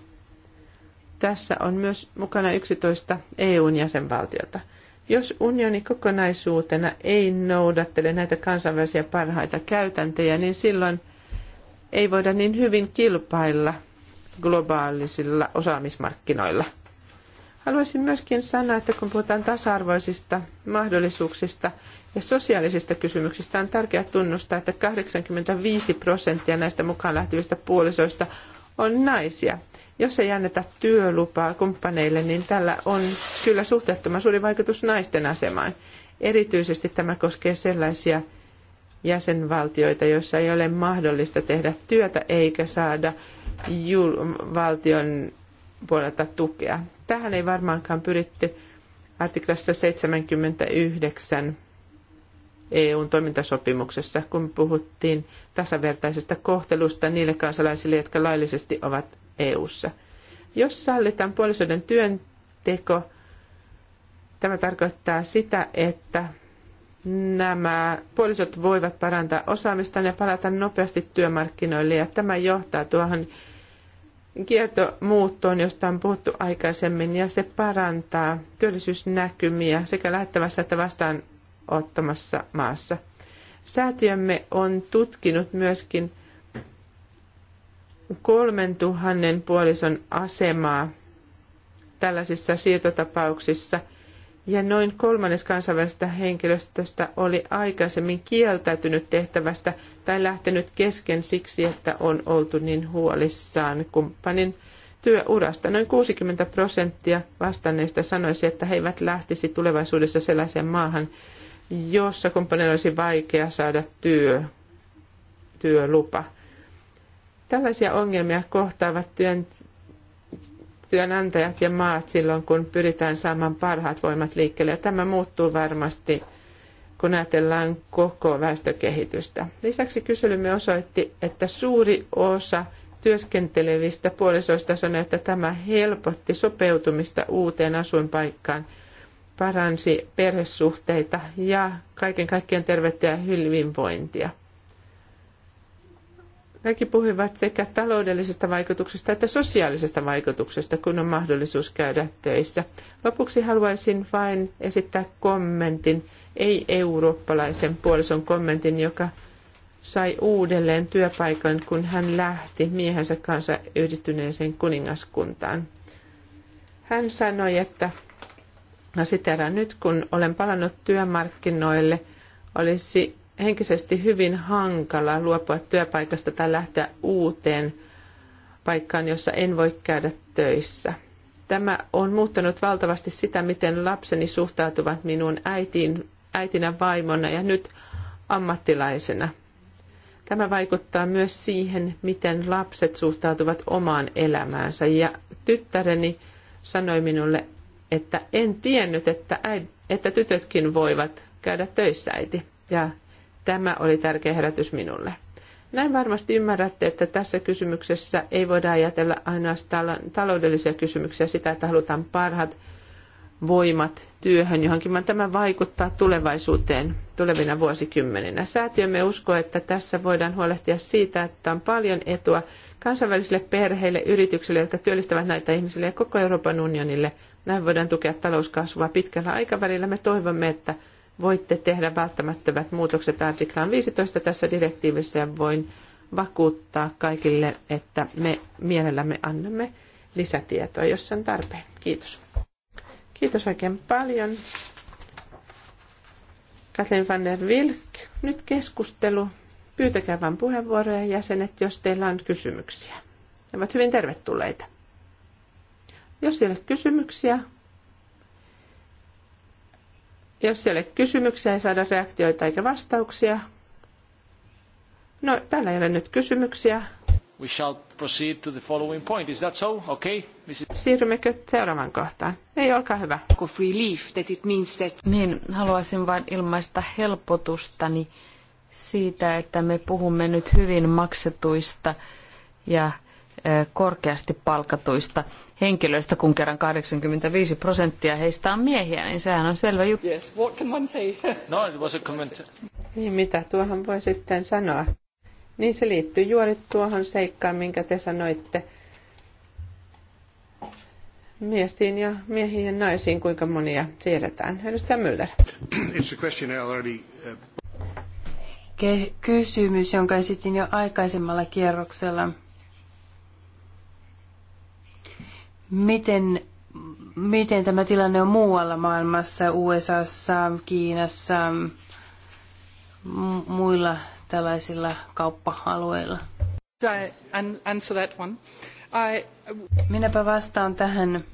Tässä on myös mukana 11 EUn jäsenvaltiota. Jos unioni kokonaisuutena ei noudattele näitä kansainvälisiä parhaita käytäntöjä, niin silloin ei voida niin hyvin kilpailla globaalisilla osaamismarkkinoilla. Haluaisin myöskin sanoa, että kun puhutaan tasa-arvoisista mahdollisuuksista, ja sosiaalisista kysymyksistä on tärkeää tunnustaa, että 85 prosenttia näistä mukaan lähtevistä puolisoista on naisia. Jos ei anneta työlupaa kumppaneille, niin tällä on kyllä suhteettoman suuri vaikutus naisten asemaan. Erityisesti tämä koskee sellaisia jäsenvaltioita, joissa ei ole mahdollista tehdä työtä eikä saada valtion puolelta tukea. Tähän ei varmaankaan pyritty artiklassa 79 EUn toimintasopimuksessa, kun puhuttiin tasavertaisesta kohtelusta niille kansalaisille, jotka laillisesti ovat EUssa. Jos sallitaan puolisoiden työnteko, tämä tarkoittaa sitä, että nämä puolisot voivat parantaa osaamistaan ja palata nopeasti työmarkkinoille, ja tämä johtaa tuohon kiertomuuttoon, josta on puhuttu aikaisemmin, ja se parantaa työllisyysnäkymiä sekä lähettävässä että vastaan ottamassa maassa. Säätiömme on tutkinut myöskin kolmen tuhannen puolison asemaa tällaisissa siirtotapauksissa ja noin kolmannes kansainvälisestä henkilöstöstä oli aikaisemmin kieltäytynyt tehtävästä tai lähtenyt kesken siksi, että on oltu niin huolissaan kumppanin työurasta. Noin 60 prosenttia vastanneista sanoisi, että he eivät lähtisi tulevaisuudessa sellaiseen maahan, jossa kumppanilla olisi vaikea saada työ, työlupa. Tällaisia ongelmia kohtaavat työn, työnantajat ja maat silloin, kun pyritään saamaan parhaat voimat liikkeelle. Ja tämä muuttuu varmasti, kun ajatellaan koko väestökehitystä. Lisäksi kyselymme osoitti, että suuri osa työskentelevistä puolisoista sanoi, että tämä helpotti sopeutumista uuteen asuinpaikkaan – paransi perhesuhteita ja kaiken kaikkiaan terveyttä ja hyvinvointia. Kaikki puhuivat sekä taloudellisesta vaikutuksesta että sosiaalisesta vaikutuksesta, kun on mahdollisuus käydä töissä. Lopuksi haluaisin vain esittää kommentin, ei-eurooppalaisen puolison kommentin, joka sai uudelleen työpaikan, kun hän lähti miehensä kanssa yhdistyneeseen kuningaskuntaan. Hän sanoi, että No siteraan, nyt kun olen palannut työmarkkinoille, olisi henkisesti hyvin hankala luopua työpaikasta tai lähteä uuteen paikkaan, jossa en voi käydä töissä. Tämä on muuttanut valtavasti sitä, miten lapseni suhtautuvat minuun äitiin, äitinä vaimona ja nyt ammattilaisena. Tämä vaikuttaa myös siihen, miten lapset suhtautuvat omaan elämäänsä ja tyttäreni sanoi minulle että en tiennyt, että, äid, että tytötkin voivat käydä töissä äiti. Ja tämä oli tärkeä herätys minulle. Näin varmasti ymmärrätte, että tässä kysymyksessä ei voida ajatella ainoastaan taloudellisia kysymyksiä, sitä, että halutaan parhaat voimat työhön johonkin, vaan tämä vaikuttaa tulevaisuuteen tulevina vuosikymmeninä. Säätiömme uskoo, että tässä voidaan huolehtia siitä, että on paljon etua kansainvälisille perheille, yrityksille, jotka työllistävät näitä ihmisille ja koko Euroopan unionille näin voidaan tukea talouskasvua pitkällä aikavälillä. Me toivomme, että voitte tehdä välttämättömät muutokset artiklaan 15 tässä direktiivissä ja voin vakuuttaa kaikille, että me mielellämme annamme lisätietoa, jos on tarpeen. Kiitos. Kiitos oikein paljon. Kathleen van der Wilk, nyt keskustelu. Pyytäkää vain puheenvuoroja jäsenet, jos teillä on kysymyksiä. Ne ovat hyvin tervetulleita. Jos ei ole kysymyksiä, jos ei ole kysymyksiä, ei saada reaktioita eikä vastauksia. No, täällä ei ole nyt kysymyksiä. We shall proceed to the following point. Is that so? Okay. Is... Siirrymmekö seuraavaan kohtaan? Ei, olkaa hyvä. Relief, that it means that... Niin, haluaisin vain ilmaista helpotustani siitä, että me puhumme nyt hyvin maksetuista ja eh, korkeasti palkatuista henkilöistä, kun kerran 85 prosenttia heistä on miehiä, niin sehän on selvä juttu. Yes, what can one say? no, it was a comment. Niin, mitä tuohon voi sitten sanoa? Niin se liittyy juuri tuohon seikkaan, minkä te sanoitte miestiin ja miehiin ja naisiin, kuinka monia siirretään. Edustaja Müller. Uh, kysymys, jonka esitin jo aikaisemmalla kierroksella. miten, miten tämä tilanne on muualla maailmassa, USAssa, Kiinassa, muilla tällaisilla kauppa-alueilla? Minäpä vastaan tähän.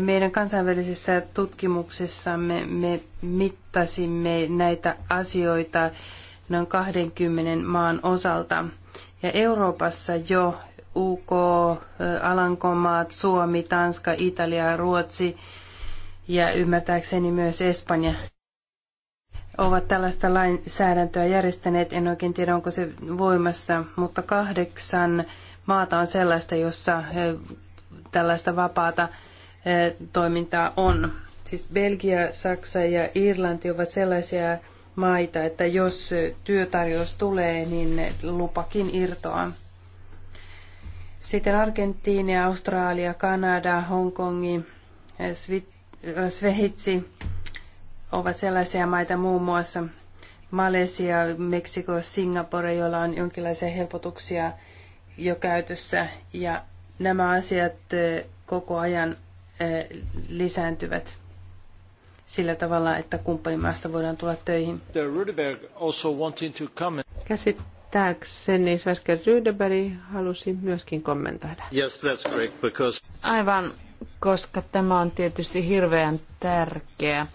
Meidän kansainvälisessä tutkimuksessamme me mittasimme näitä asioita noin 20 maan osalta. Ja Euroopassa jo UK, Alankomaat, Suomi, Tanska, Italia, Ruotsi ja ymmärtääkseni myös Espanja ovat tällaista lainsäädäntöä järjestäneet. En oikein tiedä, onko se voimassa, mutta kahdeksan maata on sellaista, jossa eh, tällaista vapaata eh, toimintaa on. Siis Belgia, Saksa ja Irlanti ovat sellaisia maita, että jos eh, työtarjous tulee, niin lupakin irtoaa. Sitten Argentiini, Australia, Kanada, Hongkongi, Sveitsi ovat sellaisia maita muun muassa Malesia, Meksiko, Singapore, joilla on jonkinlaisia helpotuksia jo käytössä. Ja nämä asiat koko ajan lisääntyvät sillä tavalla, että kumppanimaasta voidaan tulla töihin. Käsittää käsittääkseni Svenska Rydeberg halusi myöskin kommentoida. Yes, that's because... Aivan, koska tämä on tietysti hirveän tärkeä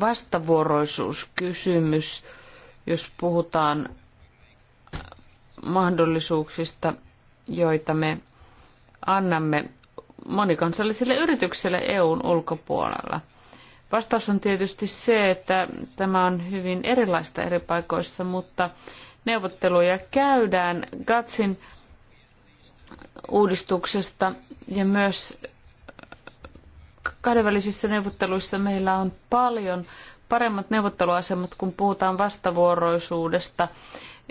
vastavuoroisuuskysymys, jos puhutaan mahdollisuuksista, joita me annamme monikansallisille yrityksille EUn ulkopuolella. Vastaus on tietysti se, että tämä on hyvin erilaista eri paikoissa, mutta neuvotteluja käydään Gatsin uudistuksesta ja myös kahdenvälisissä neuvotteluissa meillä on paljon paremmat neuvotteluasemat, kun puhutaan vastavuoroisuudesta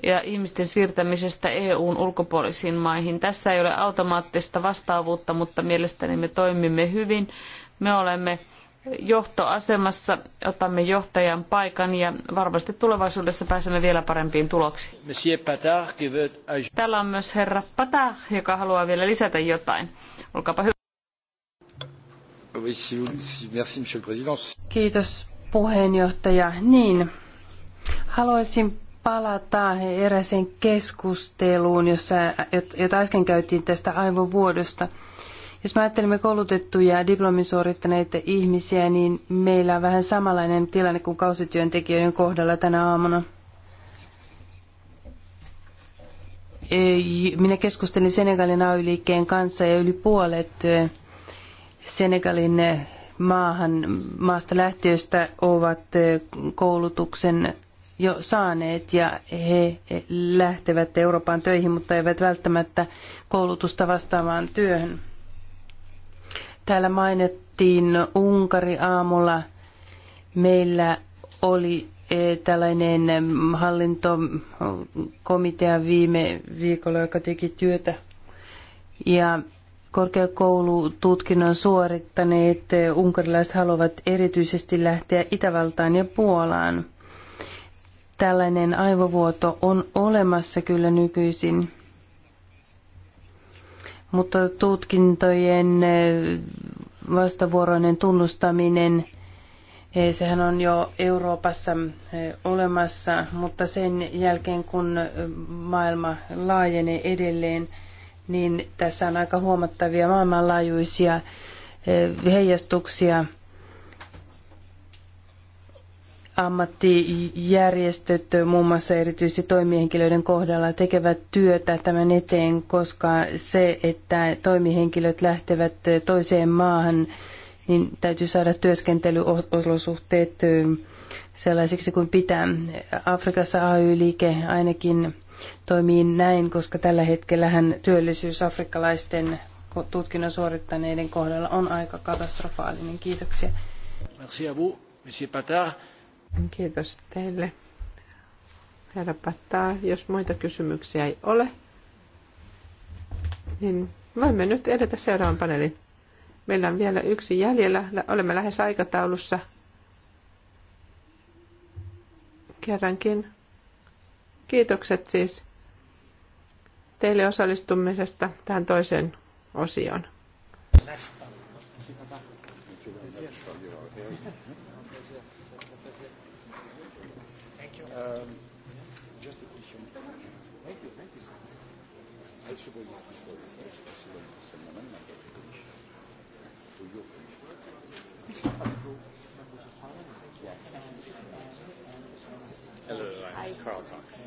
ja ihmisten siirtämisestä EUn ulkopuolisiin maihin. Tässä ei ole automaattista vastaavuutta, mutta mielestäni me toimimme hyvin. Me olemme johtoasemassa, otamme johtajan paikan ja varmasti tulevaisuudessa pääsemme vielä parempiin tuloksiin. Täällä on myös herra Patah, joka haluaa vielä lisätä jotain. Olkaapa hyvä. Kiitos puheenjohtaja. Niin, haluaisin palata eräseen keskusteluun, jossa, jota äsken käytiin tästä aivovuodosta. Jos me ajattelemme koulutettuja diplomin suorittaneita ihmisiä, niin meillä on vähän samanlainen tilanne kuin kausityöntekijöiden kohdalla tänä aamuna. Minä keskustelin Senegalin AY-liikkeen kanssa ja yli puolet Senegalin maahan, maasta lähtiöstä ovat koulutuksen jo saaneet ja he lähtevät Euroopan töihin, mutta eivät välttämättä koulutusta vastaavaan työhön. Täällä mainittiin Unkari aamulla. Meillä oli eh, tällainen hallintokomitea viime viikolla, joka teki työtä. Ja korkeakoulututkinnon suorittaneet eh, unkarilaiset haluavat erityisesti lähteä Itävaltaan ja Puolaan. Tällainen aivovuoto on olemassa kyllä nykyisin mutta tutkintojen eh, vastavuoroinen tunnustaminen, eh, sehän on jo Euroopassa eh, olemassa, mutta sen jälkeen kun maailma laajenee edelleen, niin tässä on aika huomattavia maailmanlaajuisia heijastuksia – ammattijärjestöt muun muassa erityisesti toimihenkilöiden kohdalla tekevät työtä tämän eteen, koska se, että toimihenkilöt lähtevät toiseen maahan, niin täytyy saada työskentelyolosuhteet sellaisiksi kuin pitää. Afrikassa AY-liike ainakin toimii näin, koska tällä hetkellähän työllisyys afrikkalaisten tutkinnon suorittaneiden kohdalla on aika katastrofaalinen. Kiitoksia. Merci à vous, monsieur Patard. Kiitos teille. Herra Pattaa, jos muita kysymyksiä ei ole, niin voimme nyt edetä seuraavan paneelin. Meillä on vielä yksi jäljellä. Olemme lähes aikataulussa. Kerrankin. Kiitokset siis teille osallistumisesta tähän toiseen osioon. Um, just a question. Thank you, thank you. Отсюда есть история, спасибо за момент, for your Hello, I'm Carl Cox.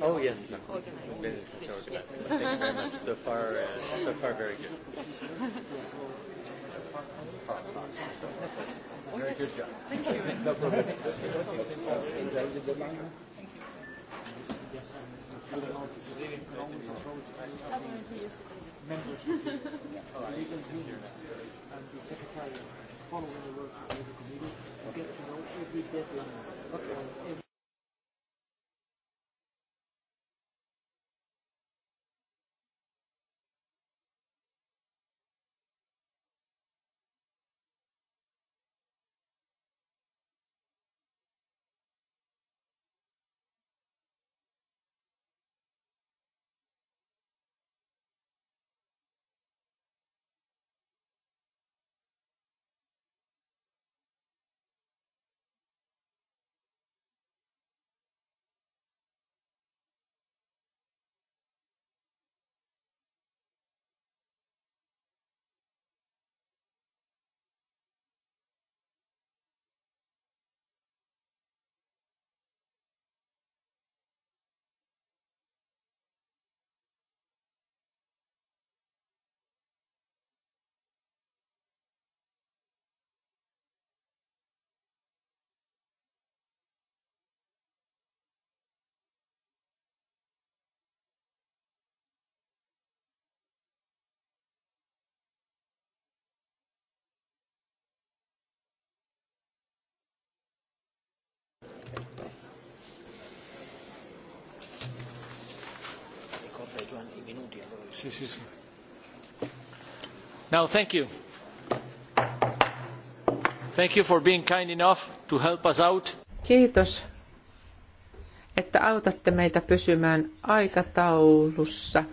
Oh yes, no, Thank you very much. So far, uh, so far, very good. Yes. Very good job. Thank you. No problem. Is that the deadline? Membership. All right. And the secretary following the work of the committee to get to know every deadline. Okay. yes, yes. Now, thank you. Thank you for being kind enough to help us out. Kiitos, että autatte meitä pysymään aikataulussa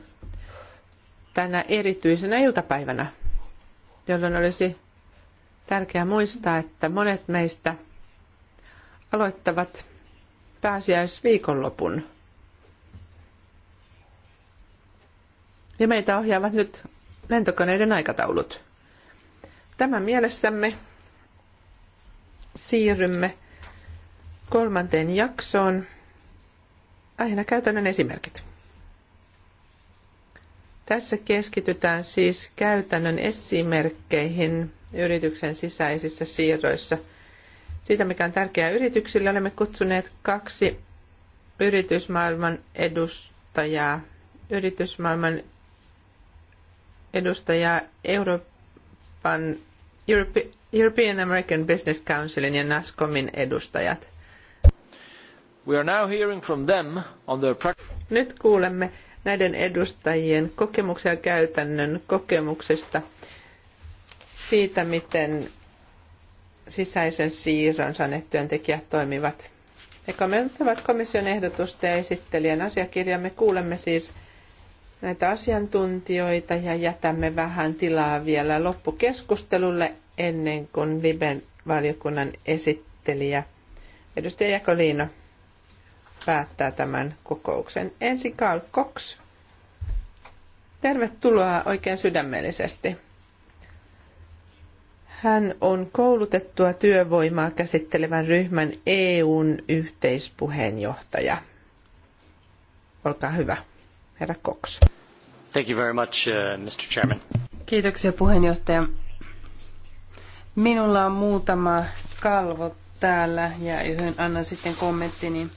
tänä erityisenä iltapäivänä, jolloin olisi tärkeää muistaa, että monet meistä aloittavat pääsiäisviikonlopun ja meitä ohjaavat nyt lentokoneiden aikataulut. Tämän mielessämme siirrymme kolmanteen jaksoon. Aina käytännön esimerkit. Tässä keskitytään siis käytännön esimerkkeihin yrityksen sisäisissä siirroissa. Siitä, mikä on tärkeää yrityksille, olemme kutsuneet kaksi yritysmaailman edustajaa. Yritysmaailman edustaja Euroopan, Europe, European American Business Councilin ja NASCOMin edustajat. We are now hearing from them on their... Nyt kuulemme näiden edustajien kokemuksia käytännön kokemuksesta siitä, miten sisäisen siirron saaneet työntekijät toimivat. Ja kommentoivat komission ehdotusta ja esittelijän Me kuulemme siis näitä asiantuntijoita ja jätämme vähän tilaa vielä loppukeskustelulle ennen kuin Liben valiokunnan esittelijä edustaja Jakoliino päättää tämän kokouksen. Ensin Carl Cox. Tervetuloa oikein sydämellisesti. Hän on koulutettua työvoimaa käsittelevän ryhmän EUn yhteispuheenjohtaja. Olkaa hyvä herra Cox. Thank you very much, uh, Mr. Chairman. Kiitoksia puheenjohtaja. Minulla on muutama kalvo täällä ja yhden annan sitten kommenttini.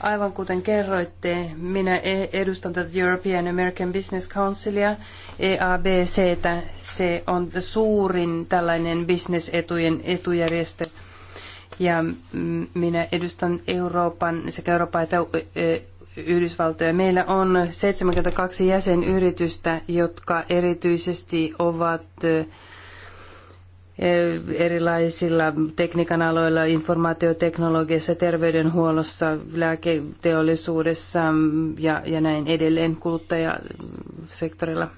Aivan kuten kerroitte, minä e- edustan tätä European American Business Councilia, EABCtä. Se on suurin tällainen bisnesetujen etujärjestö. Ja minä edustan Euroopan, sekä Euroopan että Yhdysvaltoja. Meillä on 72 jäsenyritystä, jotka erityisesti ovat erilaisilla tekniikan aloilla, informaatioteknologiassa, terveydenhuollossa, lääketeollisuudessa ja, ja näin edelleen kuluttajasektorilla.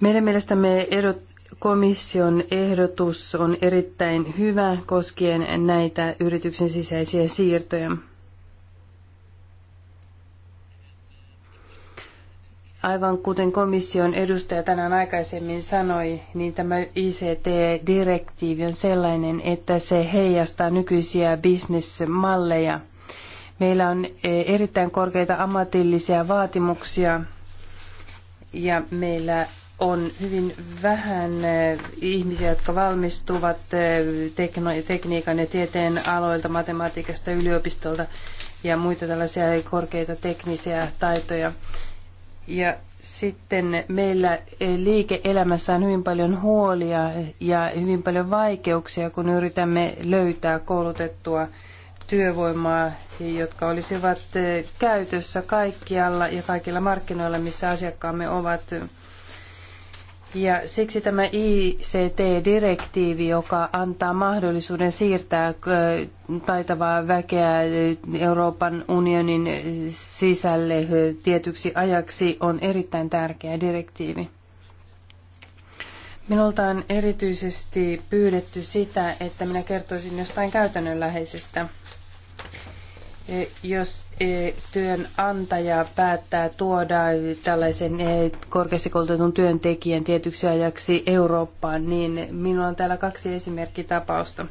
Meidän mielestämme edot, komission ehdotus on erittäin hyvä koskien näitä yrityksen sisäisiä siirtoja. Aivan kuten komission edustaja tänään aikaisemmin sanoi, niin tämä ICT-direktiivi on sellainen, että se heijastaa nykyisiä bisnesmalleja. Meillä on e, erittäin korkeita ammatillisia vaatimuksia ja meillä on hyvin vähän e, ihmisiä, jotka valmistuvat e, tekniikan ja tieteen aloilta, matematiikasta, yliopistolta ja muita tällaisia korkeita teknisiä taitoja. Ja sitten meillä eh, liike-elämässä on hyvin paljon huolia ja hyvin paljon vaikeuksia, kun yritämme löytää koulutettua työvoimaa, jotka olisivat eh, käytössä kaikkialla ja kaikilla markkinoilla, missä asiakkaamme ovat. Ja siksi tämä ICT-direktiivi, joka antaa mahdollisuuden siirtää taitavaa väkeä Euroopan unionin sisälle tietyksi ajaksi, on erittäin tärkeä direktiivi. Minulta on erityisesti pyydetty sitä, että minä kertoisin jostain käytännönläheisestä E, jos e, työnantaja päättää tuoda tällaisen e, korkeasti koulutetun työntekijän tietyksi ajaksi Eurooppaan, niin minulla on täällä kaksi esimerkkitapausta.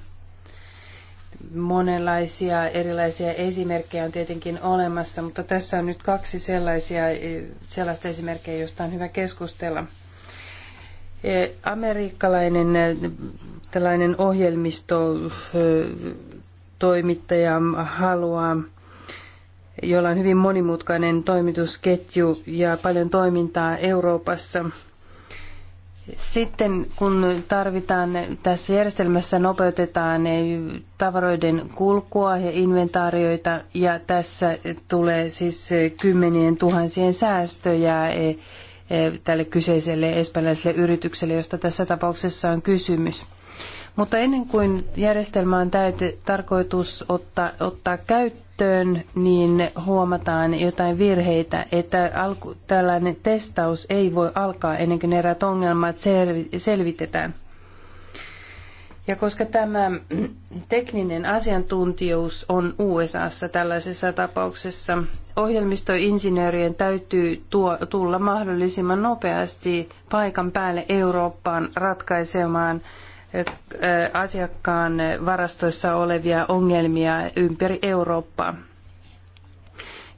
Monenlaisia erilaisia esimerkkejä on tietenkin olemassa, mutta tässä on nyt kaksi sellaisia, sellaista esimerkkejä, josta on hyvä keskustella. Amerikkalainen tällainen ohjelmisto toimittaja haluaa, jolla on hyvin monimutkainen toimitusketju ja paljon toimintaa Euroopassa. Sitten kun tarvitaan, tässä järjestelmässä nopeutetaan tavaroiden kulkua ja inventaarioita ja tässä tulee siis kymmenien tuhansien säästöjä e, e, tälle kyseiselle espanjalaiselle yritykselle, josta tässä tapauksessa on kysymys. Mutta ennen kuin järjestelmä on täyty, tarkoitus ottaa, ottaa käyttöön, niin huomataan jotain virheitä, että alku, tällainen testaus ei voi alkaa ennen kuin eräät ongelmat selvitetään. Ja koska tämä tekninen asiantuntijuus on USAssa tällaisessa tapauksessa, ohjelmistoinsinöörien täytyy tuo, tulla mahdollisimman nopeasti paikan päälle Eurooppaan ratkaisemaan asiakkaan varastoissa olevia ongelmia ympäri Eurooppaa.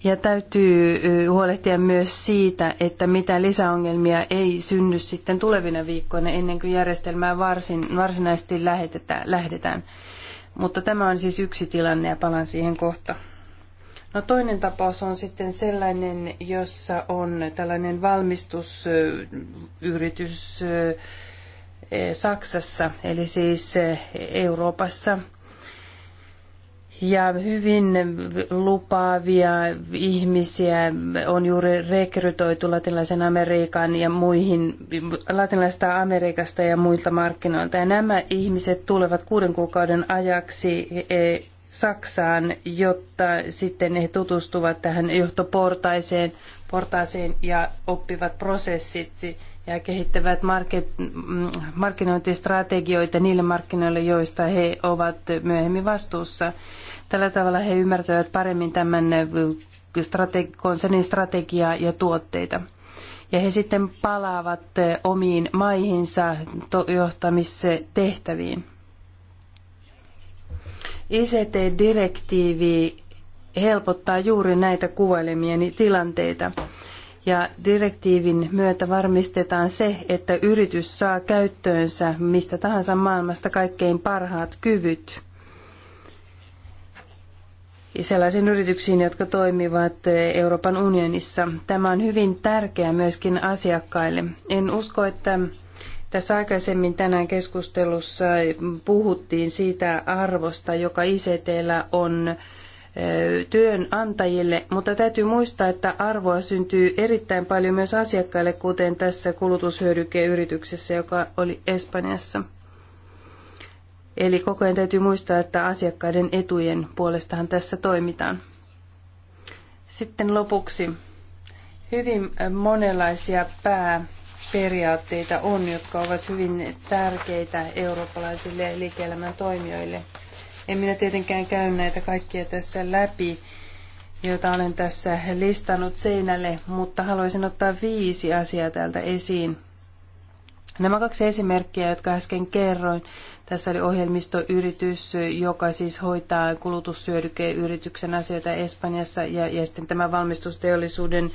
Ja täytyy huolehtia myös siitä, että mitään lisäongelmia ei synny sitten tulevina viikkoina ennen kuin järjestelmää varsin, varsinaisesti lähetetään, lähdetään. Mutta tämä on siis yksi tilanne ja palaan siihen kohta. No toinen tapaus on sitten sellainen, jossa on tällainen valmistusyritys E, Saksassa, eli siis e, Euroopassa. Ja hyvin lupaavia ihmisiä on juuri rekrytoitu latinalaisen Amerikan ja muihin, latinalaisesta Amerikasta ja muilta markkinoilta. Ja nämä ihmiset tulevat kuuden kuukauden ajaksi e, Saksaan, jotta sitten he tutustuvat tähän johtoportaiseen portaaseen ja oppivat prosessit ja kehittävät market, mm, markkinointistrategioita niille markkinoille, joista he ovat myöhemmin vastuussa. Tällä tavalla he ymmärtävät paremmin tämän äh, strategi- konsernin strategiaa ja tuotteita. Ja he sitten palaavat äh, omiin maihinsa johtamistehtäviin. ICT-direktiivi helpottaa juuri näitä kuvailemieni tilanteita. Ja direktiivin myötä varmistetaan se, että yritys saa käyttöönsä mistä tahansa maailmasta kaikkein parhaat kyvyt. Ja sellaisiin yrityksiin, jotka toimivat Euroopan unionissa. Tämä on hyvin tärkeää myöskin asiakkaille. En usko, että tässä aikaisemmin tänään keskustelussa puhuttiin siitä arvosta, joka ICTllä on työnantajille, mutta täytyy muistaa, että arvoa syntyy erittäin paljon myös asiakkaille, kuten tässä kulutushyödykeyrityksessä, joka oli Espanjassa. Eli koko ajan täytyy muistaa, että asiakkaiden etujen puolestahan tässä toimitaan. Sitten lopuksi hyvin monenlaisia pääperiaatteita on, jotka ovat hyvin tärkeitä eurooppalaisille liike-elämän toimijoille – en minä tietenkään käy näitä kaikkia tässä läpi, joita olen tässä listannut seinälle, mutta haluaisin ottaa viisi asiaa täältä esiin. Nämä kaksi esimerkkiä, jotka äsken kerroin, tässä oli ohjelmistoyritys, joka siis hoitaa kulutussyödykeyrityksen asioita Espanjassa ja, ja sitten tämä valmistusteollisuuden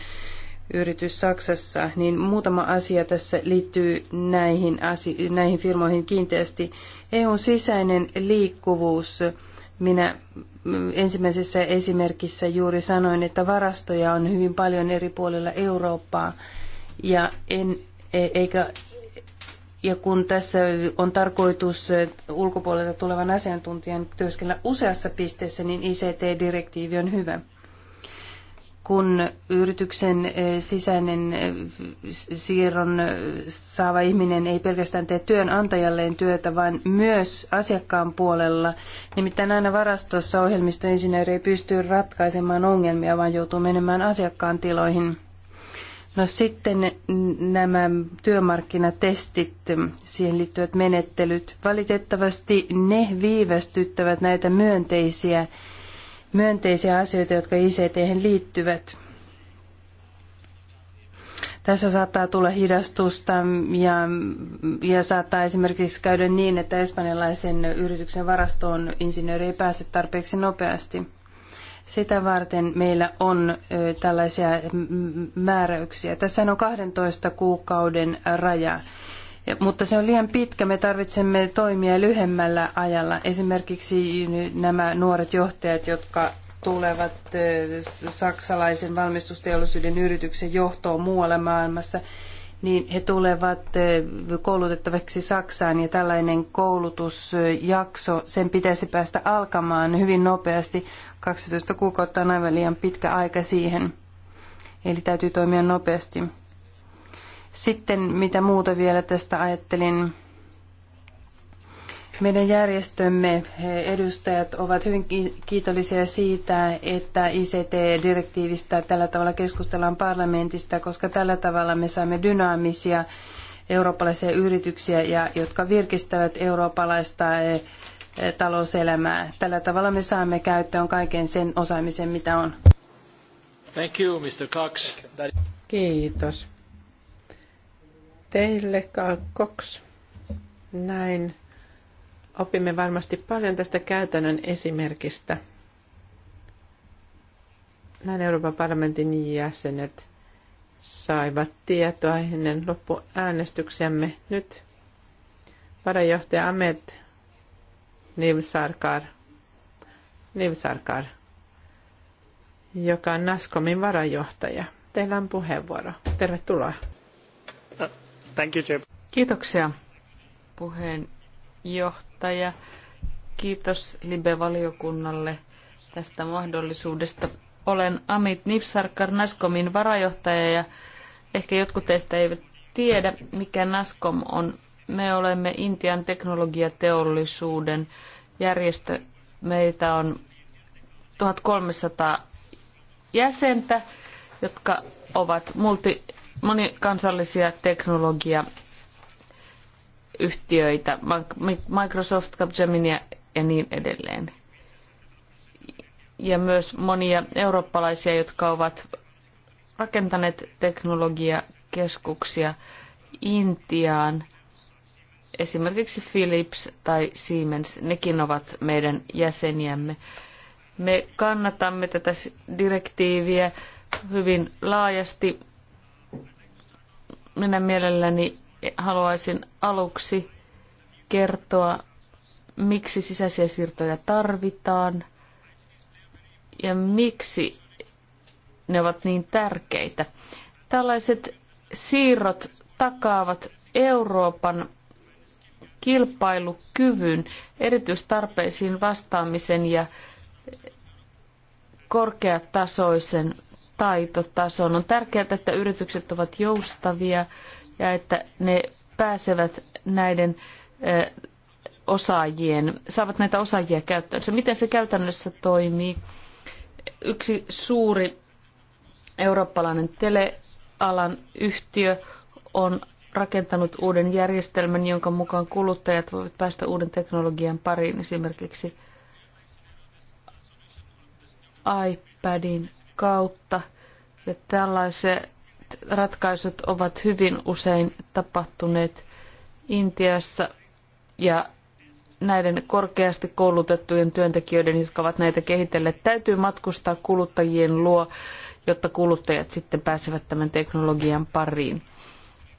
yritys Saksassa, niin muutama asia tässä liittyy näihin, asio- näihin firmoihin kiinteästi. EUn sisäinen liikkuvuus. Minä ensimmäisessä esimerkissä juuri sanoin, että varastoja on hyvin paljon eri puolilla Eurooppaa. Ja, en, e, eikä, ja kun tässä on tarkoitus ulkopuolelta tulevan asiantuntijan työskennellä useassa pisteessä, niin ICT-direktiivi on hyvä kun yrityksen eh, sisäinen eh, siirron eh, saava ihminen ei pelkästään tee työnantajalleen työtä, vaan myös asiakkaan puolella. Nimittäin aina varastossa ohjelmistoinsinööri ei pysty ratkaisemaan ongelmia, vaan joutuu menemään asiakkaan tiloihin. No sitten nämä työmarkkinatestit, siihen liittyvät menettelyt, valitettavasti ne viivästyttävät näitä myönteisiä myönteisiä asioita, jotka ict liittyvät. Tässä saattaa tulla hidastusta ja, ja saattaa esimerkiksi käydä niin, että espanjalaisen yrityksen varastoon insinööri ei pääse tarpeeksi nopeasti. Sitä varten meillä on tällaisia määräyksiä. Tässä on 12 kuukauden raja mutta se on liian pitkä. Me tarvitsemme toimia lyhyemmällä ajalla. Esimerkiksi nämä nuoret johtajat, jotka tulevat saksalaisen valmistusteollisuuden yrityksen johtoon muualla maailmassa, niin he tulevat koulutettavaksi Saksaan ja tällainen koulutusjakso, sen pitäisi päästä alkamaan hyvin nopeasti. 12 kuukautta on aivan liian pitkä aika siihen. Eli täytyy toimia nopeasti. Sitten mitä muuta vielä tästä ajattelin. Meidän järjestömme edustajat ovat hyvin kiitollisia siitä, että ICT-direktiivistä tällä tavalla keskustellaan parlamentista, koska tällä tavalla me saamme dynaamisia eurooppalaisia yrityksiä, ja, jotka virkistävät eurooppalaista eh, eh, talouselämää. Tällä tavalla me saamme käyttöön kaiken sen osaamisen, mitä on. Thank you, Mr. Cox. Kiitos teille, kaksi. Näin opimme varmasti paljon tästä käytännön esimerkistä. Näin Euroopan parlamentin jäsenet saivat tietoa ennen loppuäänestyksiämme. Nyt varajohtaja Ahmed Nivsarkar, Nivsarkar joka on Naskomin varajohtaja. Teillä on puheenvuoro. Tervetuloa. Thank you, Jeb. Kiitoksia puheenjohtaja. Kiitos Libe-valiokunnalle tästä mahdollisuudesta. Olen Amit Nifsarkar, Naskomin varajohtaja ja ehkä jotkut teistä eivät tiedä, mikä Naskom on. Me olemme Intian teknologiateollisuuden järjestö. Meitä on 1300 jäsentä, jotka ovat multi monikansallisia teknologiayhtiöitä, Microsoft, Capgemini ja niin edelleen. Ja myös monia eurooppalaisia, jotka ovat rakentaneet teknologiakeskuksia Intiaan. Esimerkiksi Philips tai Siemens, nekin ovat meidän jäseniämme. Me kannatamme tätä direktiiviä hyvin laajasti minä mielelläni haluaisin aluksi kertoa, miksi sisäisiä siirtoja tarvitaan ja miksi ne ovat niin tärkeitä. Tällaiset siirrot takaavat Euroopan kilpailukyvyn, erityistarpeisiin vastaamisen ja korkeatasoisen taitotason. On tärkeää, että yritykset ovat joustavia ja että ne pääsevät näiden eh, osaajien, saavat näitä osaajia käyttöön. Se, miten se käytännössä toimii? Yksi suuri eurooppalainen telealan yhtiö on rakentanut uuden järjestelmän, jonka mukaan kuluttajat voivat päästä uuden teknologian pariin, esimerkiksi iPadin kautta. Ja tällaiset ratkaisut ovat hyvin usein tapahtuneet Intiassa ja näiden korkeasti koulutettujen työntekijöiden, jotka ovat näitä kehitelleet, täytyy matkustaa kuluttajien luo, jotta kuluttajat sitten pääsevät tämän teknologian pariin.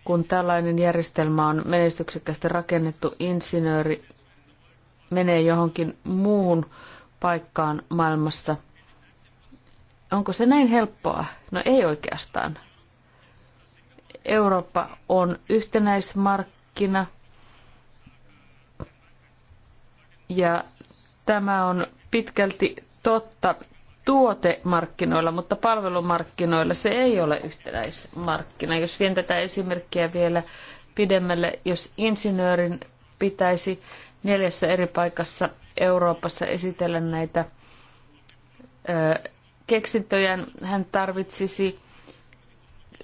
Kun tällainen järjestelmä on menestyksekkästi rakennettu, insinööri menee johonkin muuhun paikkaan maailmassa – Onko se näin helppoa? No ei oikeastaan. Eurooppa on yhtenäismarkkina ja tämä on pitkälti totta tuotemarkkinoilla, mutta palvelumarkkinoilla se ei ole yhtenäismarkkina. Jos vien tätä esimerkkiä vielä pidemmälle, jos insinöörin pitäisi neljässä eri paikassa Euroopassa esitellä näitä ö, keksintöjään hän tarvitsisi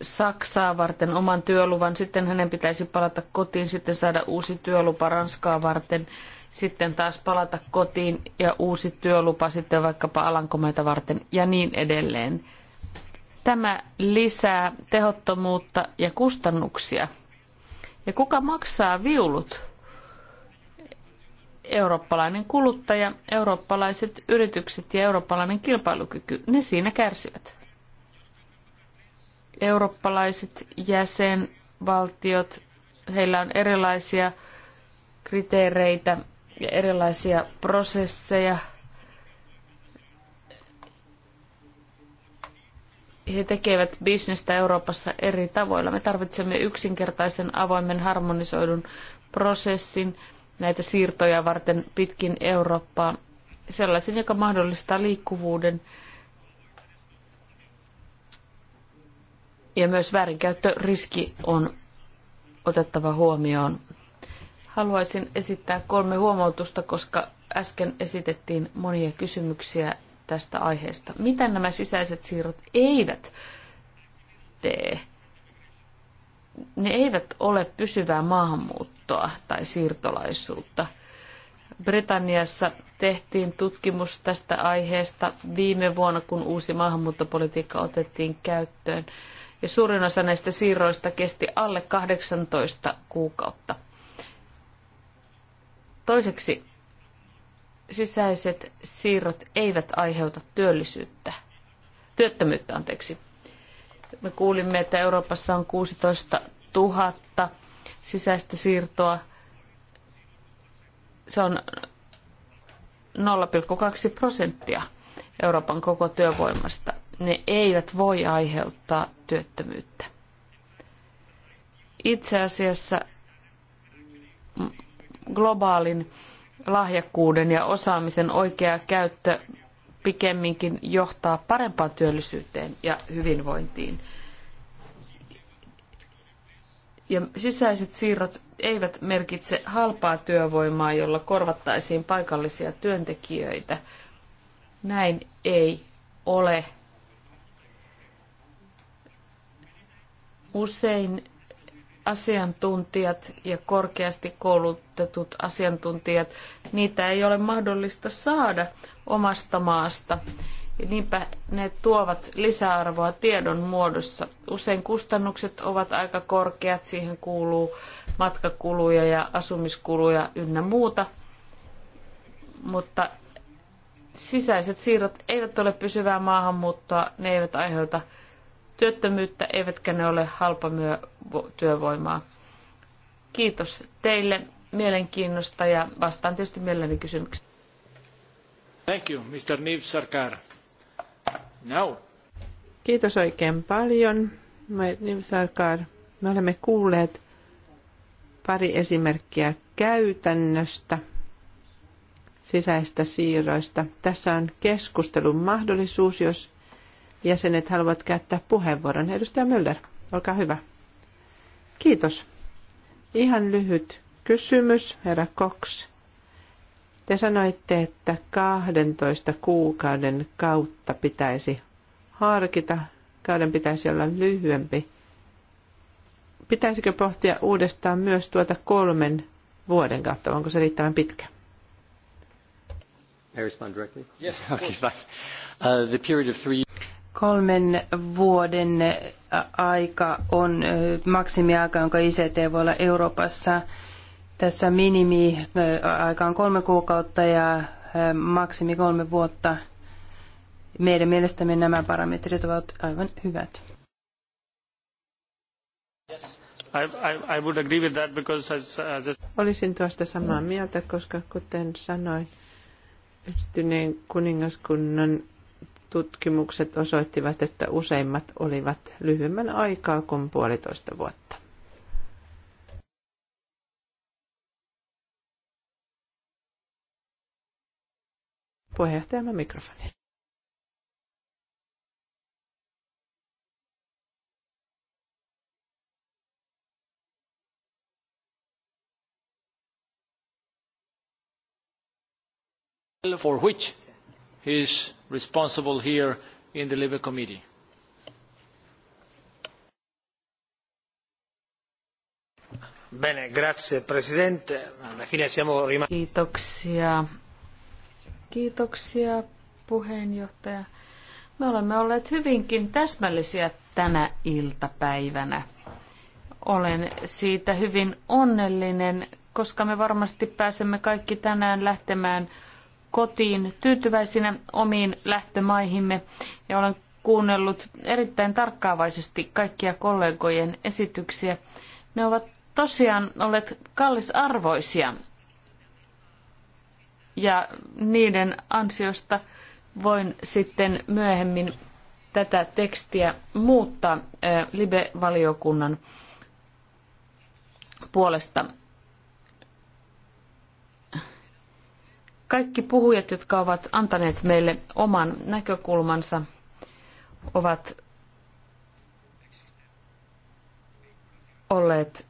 Saksaa varten oman työluvan, sitten hänen pitäisi palata kotiin, sitten saada uusi työlupa Ranskaa varten, sitten taas palata kotiin ja uusi työlupa sitten vaikkapa Alankomaita varten ja niin edelleen. Tämä lisää tehottomuutta ja kustannuksia. Ja kuka maksaa viulut? eurooppalainen kuluttaja, eurooppalaiset yritykset ja eurooppalainen kilpailukyky, ne siinä kärsivät. Eurooppalaiset jäsenvaltiot, heillä on erilaisia kriteereitä ja erilaisia prosesseja. He tekevät bisnestä Euroopassa eri tavoilla. Me tarvitsemme yksinkertaisen, avoimen, harmonisoidun prosessin, näitä siirtoja varten pitkin Eurooppaa sellaisen, joka mahdollistaa liikkuvuuden ja myös väärinkäyttöriski on otettava huomioon. Haluaisin esittää kolme huomautusta, koska äsken esitettiin monia kysymyksiä tästä aiheesta. Mitä nämä sisäiset siirrot eivät tee? ne eivät ole pysyvää maahanmuuttoa tai siirtolaisuutta. Britanniassa tehtiin tutkimus tästä aiheesta viime vuonna, kun uusi maahanmuuttopolitiikka otettiin käyttöön. Ja suurin osa näistä siirroista kesti alle 18 kuukautta. Toiseksi sisäiset siirrot eivät aiheuta työllisyyttä, työttömyyttä anteeksi. Me kuulimme, että Euroopassa on 16 000 sisäistä siirtoa. Se on 0,2 prosenttia Euroopan koko työvoimasta. Ne eivät voi aiheuttaa työttömyyttä. Itse asiassa globaalin lahjakkuuden ja osaamisen oikea käyttö pikemminkin johtaa parempaan työllisyyteen ja hyvinvointiin. Ja sisäiset siirrot eivät merkitse halpaa työvoimaa, jolla korvattaisiin paikallisia työntekijöitä. Näin ei ole. Usein asiantuntijat ja korkeasti koulutetut asiantuntijat, niitä ei ole mahdollista saada omasta maasta. Ja niinpä ne tuovat lisäarvoa tiedon muodossa. Usein kustannukset ovat aika korkeat, siihen kuuluu matkakuluja ja asumiskuluja ynnä muuta. Mutta sisäiset siirrot eivät ole pysyvää maahanmuuttoa, ne eivät aiheuta työttömyyttä, eivätkä ne ole halpa työvoimaa. Kiitos teille mielenkiinnosta ja vastaan tietysti mielelläni kysymyksiin. Thank you, Mr. Niv Sarkar. Now. Kiitos oikein paljon, Niv Sarkar. Me olemme kuulleet pari esimerkkiä käytännöstä, sisäistä siirroista. Tässä on keskustelun mahdollisuus, jos jäsenet haluavat käyttää puheenvuoron. Edustaja Müller, olkaa hyvä. Kiitos. Ihan lyhyt kysymys, herra Cox. Te sanoitte, että 12 kuukauden kautta pitäisi harkita, kauden pitäisi olla lyhyempi. Pitäisikö pohtia uudestaan myös tuota kolmen vuoden kautta, onko se riittävän pitkä? I respond directly? Yes. Okay, fine. Uh, the period of three Kolmen vuoden aika on maksimiaika, jonka ICT voi olla Euroopassa. Tässä minimiaika on kolme kuukautta ja maksimi kolme vuotta. Meidän mielestämme nämä parametrit ovat aivan hyvät. Olisin tuosta samaa mieltä, koska kuten sanoin, yksityinen kuningaskunnan tutkimukset osoittivat, että useimmat olivat lyhyemmän aikaa kuin puolitoista vuotta. Puheenjohtajamme mikrofoni. For which is responsible here in the Labour Committee. Bene, grazie Presidente. Alla fine siamo rimasti... Kiitoksia. Kiitoksia puheenjohtaja. Me olemme olleet hyvinkin täsmällisiä tänä iltapäivänä. Olen siitä hyvin onnellinen, koska me varmasti pääsemme kaikki tänään lähtemään kotiin tyytyväisinä omiin lähtömaihimme ja olen kuunnellut erittäin tarkkaavaisesti kaikkia kollegojen esityksiä. Ne ovat tosiaan olleet kallisarvoisia ja niiden ansiosta voin sitten myöhemmin tätä tekstiä muuttaa Libe-valiokunnan puolesta. Kaikki puhujat, jotka ovat antaneet meille oman näkökulmansa, ovat olleet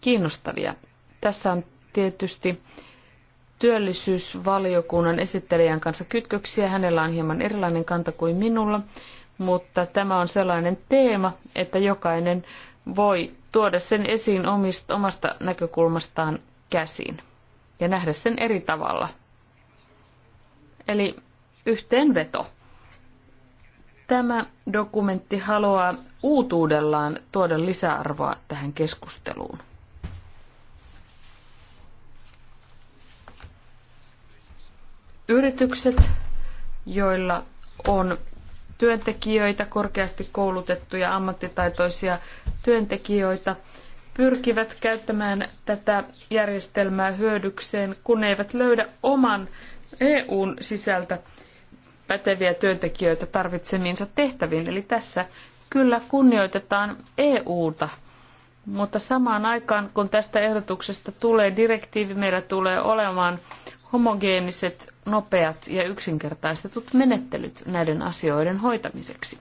kiinnostavia. Tässä on tietysti työllisyysvaliokunnan esittelijän kanssa kytköksiä. Hänellä on hieman erilainen kanta kuin minulla, mutta tämä on sellainen teema, että jokainen voi tuoda sen esiin omasta näkökulmastaan käsin ja nähdä sen eri tavalla. Eli yhteenveto. Tämä dokumentti haluaa uutuudellaan tuoda lisäarvoa tähän keskusteluun. Yritykset, joilla on työntekijöitä, korkeasti koulutettuja ammattitaitoisia työntekijöitä, pyrkivät käyttämään tätä järjestelmää hyödykseen, kun eivät löydä oman EUn sisältä päteviä työntekijöitä tarvitsemiinsa tehtäviin. Eli tässä kyllä kunnioitetaan EUta. Mutta samaan aikaan, kun tästä ehdotuksesta tulee direktiivi, meillä tulee olemaan homogeeniset, nopeat ja yksinkertaistetut menettelyt näiden asioiden hoitamiseksi.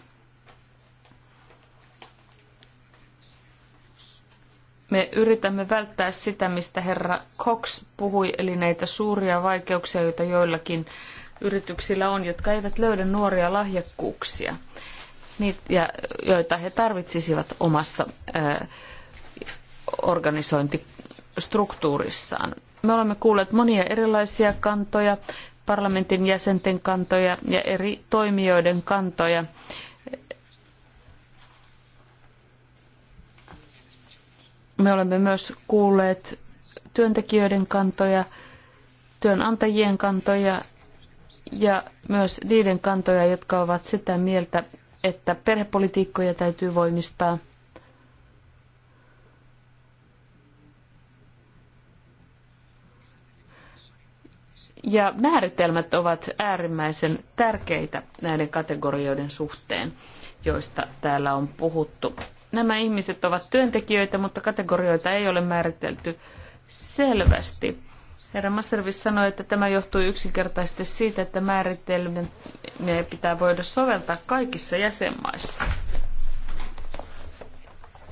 me yritämme välttää sitä, mistä herra Cox puhui, eli näitä suuria vaikeuksia, joita joillakin yrityksillä on, jotka eivät löydä nuoria lahjakkuuksia, joita he tarvitsisivat omassa ää, organisointistruktuurissaan. Me olemme kuulleet monia erilaisia kantoja, parlamentin jäsenten kantoja ja eri toimijoiden kantoja Me olemme myös kuulleet työntekijöiden kantoja, työnantajien kantoja ja myös niiden kantoja, jotka ovat sitä mieltä, että perhepolitiikkoja täytyy voimistaa. Ja määritelmät ovat äärimmäisen tärkeitä näiden kategorioiden suhteen, joista täällä on puhuttu. Nämä ihmiset ovat työntekijöitä, mutta kategorioita ei ole määritelty selvästi. Herra Masservis sanoi, että tämä johtuu yksinkertaisesti siitä, että määritelmiä pitää voida soveltaa kaikissa jäsenmaissa.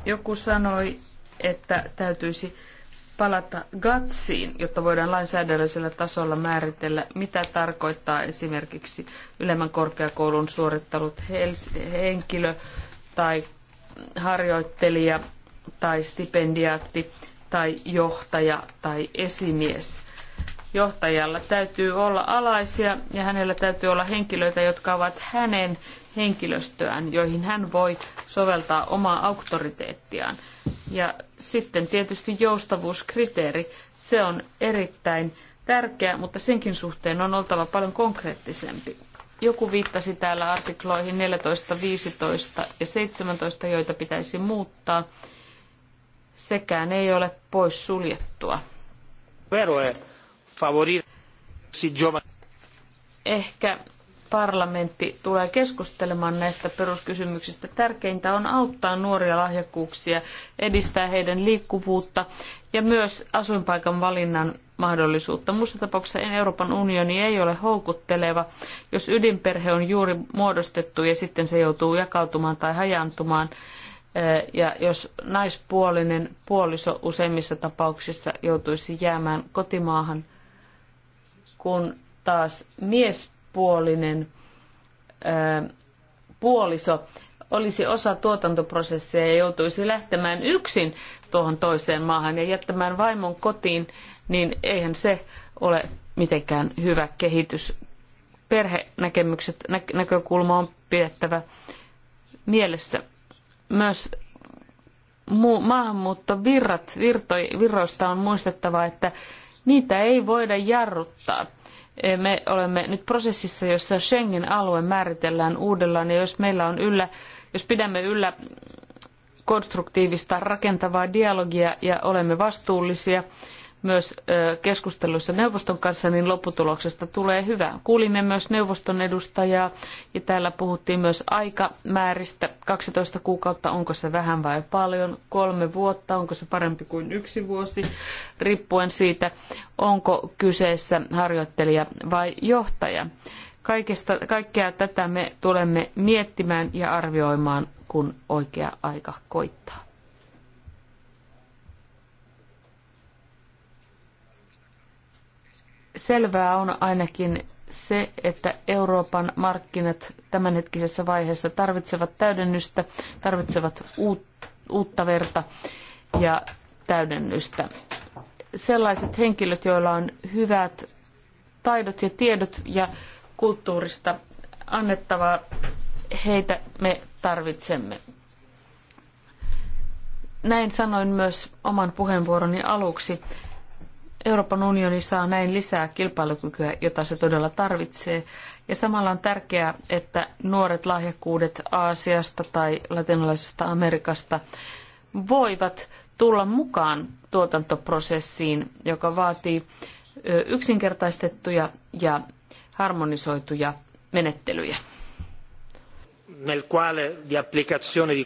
Joku sanoi, että täytyisi palata GATSiin, jotta voidaan lainsäädännöllisellä tasolla määritellä, mitä tarkoittaa esimerkiksi ylemmän korkeakoulun suorittanut henkilö tai harjoittelija tai stipendiaatti tai johtaja tai esimies. Johtajalla täytyy olla alaisia ja hänellä täytyy olla henkilöitä, jotka ovat hänen henkilöstöään, joihin hän voi soveltaa omaa auktoriteettiaan. Ja sitten tietysti joustavuuskriteeri, se on erittäin tärkeä, mutta senkin suhteen on oltava paljon konkreettisempi. Joku viittasi täällä artikloihin 14, 15 ja 17, joita pitäisi muuttaa. Sekään ei ole pois suljettua. Ehkä parlamentti tulee keskustelemaan näistä peruskysymyksistä. Tärkeintä on auttaa nuoria lahjakkuuksia, edistää heidän liikkuvuutta ja myös asuinpaikan valinnan mahdollisuutta. Muussa tapauksessa Euroopan unioni ei ole houkutteleva, jos ydinperhe on juuri muodostettu ja sitten se joutuu jakautumaan tai hajantumaan, eh, Ja jos naispuolinen puoliso useimmissa tapauksissa joutuisi jäämään kotimaahan, kun taas miespuolinen eh, puoliso olisi osa tuotantoprosessia ja joutuisi lähtemään yksin tuohon toiseen maahan ja jättämään vaimon kotiin, niin eihän se ole mitenkään hyvä kehitys. Perhenäkemykset, nä- näkökulma on pidettävä mielessä. Myös mu- maahanmuuttovirrat, virto- virroista on muistettava, että niitä ei voida jarruttaa. E, me olemme nyt prosessissa, jossa Schengen-alue määritellään uudellaan, ja jos meillä on yllä, jos pidämme yllä konstruktiivista rakentavaa dialogia ja olemme vastuullisia myös keskusteluissa neuvoston kanssa, niin lopputuloksesta tulee hyvä. Kuulimme myös neuvoston edustajaa ja täällä puhuttiin myös aikamääristä. 12 kuukautta, onko se vähän vai paljon? Kolme vuotta, onko se parempi kuin yksi vuosi? Riippuen siitä, onko kyseessä harjoittelija vai johtaja. Kaikesta, kaikkea tätä me tulemme miettimään ja arvioimaan, kun oikea aika koittaa. Selvää on ainakin se, että Euroopan markkinat tämänhetkisessä vaiheessa tarvitsevat täydennystä, tarvitsevat uutta verta ja täydennystä. Sellaiset henkilöt, joilla on hyvät taidot ja tiedot ja kulttuurista annettavaa. Heitä me tarvitsemme. Näin sanoin myös oman puheenvuoroni aluksi. Euroopan unioni saa näin lisää kilpailukykyä, jota se todella tarvitsee. Ja samalla on tärkeää, että nuoret lahjakkuudet Aasiasta tai latinalaisesta Amerikasta voivat tulla mukaan tuotantoprosessiin, joka vaatii yksinkertaistettuja ja harmonisoituja menettelyjä. Nel quale di applicazione di...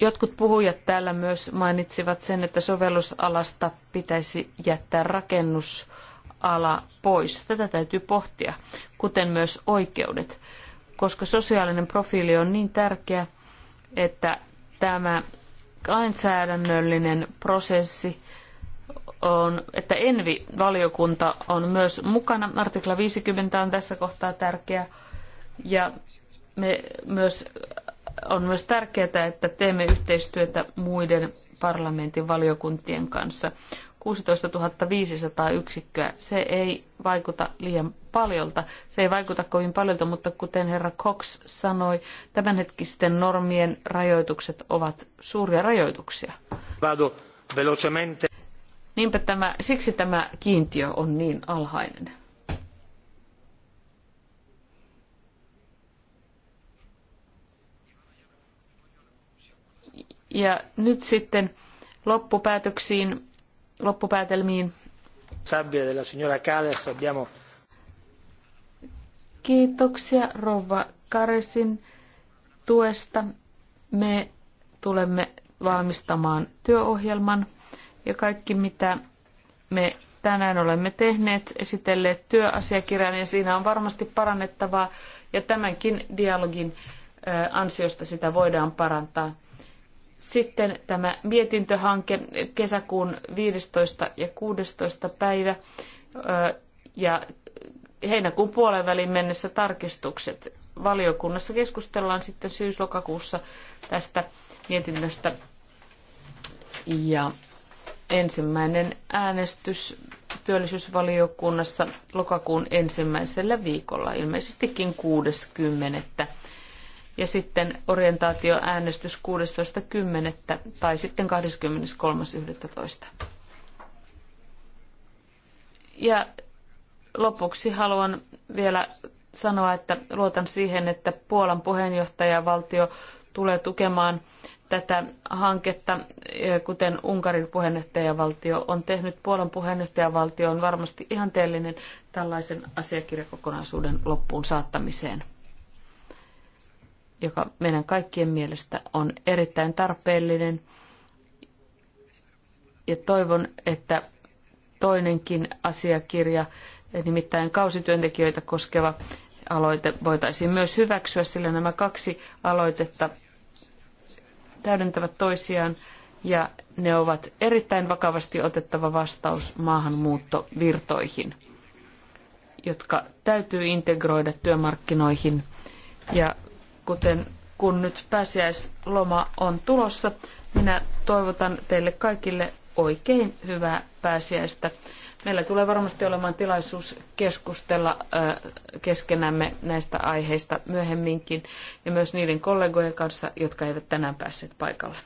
Jotkut puhujat täällä myös mainitsivat sen, että sovellusalasta pitäisi jättää rakennusala pois. Tätä täytyy pohtia, kuten myös oikeudet, koska sosiaalinen profiili on niin tärkeä, että tämä lainsäädännöllinen prosessi on, että Envi-valiokunta on myös mukana. Artikla 50 on tässä kohtaa tärkeä. Ja me myös, on myös tärkeää, että teemme yhteistyötä muiden parlamentin valiokuntien kanssa. 16 500 yksikköä. Se ei vaikuta liian paljolta. Se ei vaikuta kovin paljolta, mutta kuten herra Cox sanoi, tämänhetkisten normien rajoitukset ovat suuria rajoituksia. Vado velocemente. Niinpä tämä, siksi tämä kiintiö on niin alhainen. Ja nyt sitten loppupäätöksiin, loppupäätelmiin. Sabbia della signora Kales abbiamo... Kiitoksia Rova Karesin tuesta. Me tulemme valmistamaan työohjelman ja kaikki, mitä me tänään olemme tehneet, esitelleet työasiakirjan ja siinä on varmasti parannettavaa ja tämänkin dialogin ansiosta sitä voidaan parantaa. Sitten tämä mietintöhanke kesäkuun 15. ja 16. päivä ja heinäkuun puolen välin mennessä tarkistukset. Valiokunnassa keskustellaan sitten syyslokakuussa tästä mietinnöstä ja ensimmäinen äänestys työllisyysvaliokunnassa lokakuun ensimmäisellä viikolla, ilmeisestikin 60. Ja sitten orientaatioäänestys 16.10. tai sitten 23.11. Ja lopuksi haluan vielä sanoa, että luotan siihen, että Puolan puheenjohtajavaltio tulee tukemaan tätä hanketta, kuten Unkarin puheenjohtajavaltio on tehnyt. Puolan puheenjohtajavaltio on varmasti ihanteellinen tällaisen asiakirjakokonaisuuden loppuun saattamiseen, joka meidän kaikkien mielestä on erittäin tarpeellinen. Ja toivon, että toinenkin asiakirja, nimittäin kausityöntekijöitä koskeva aloite voitaisiin myös hyväksyä, sillä nämä kaksi aloitetta täydentävät toisiaan ja ne ovat erittäin vakavasti otettava vastaus maahanmuuttovirtoihin, jotka täytyy integroida työmarkkinoihin. Ja kuten kun nyt pääsiäisloma on tulossa, minä toivotan teille kaikille oikein hyvää pääsiäistä. Meillä tulee varmasti olemaan tilaisuus keskustella keskenämme näistä aiheista myöhemminkin ja myös niiden kollegojen kanssa, jotka eivät tänään päässeet paikalle.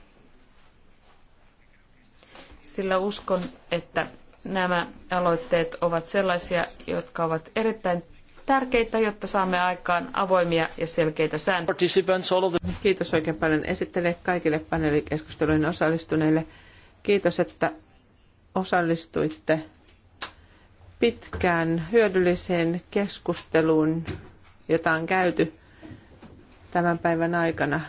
Sillä uskon, että nämä aloitteet ovat sellaisia, jotka ovat erittäin tärkeitä, jotta saamme aikaan avoimia ja selkeitä sääntöjä. Kiitos oikein paljon esittele kaikille paneelikeskusteluihin osallistuneille. Kiitos, että osallistuitte pitkään hyödylliseen keskusteluun, jota on käyty tämän päivän aikana.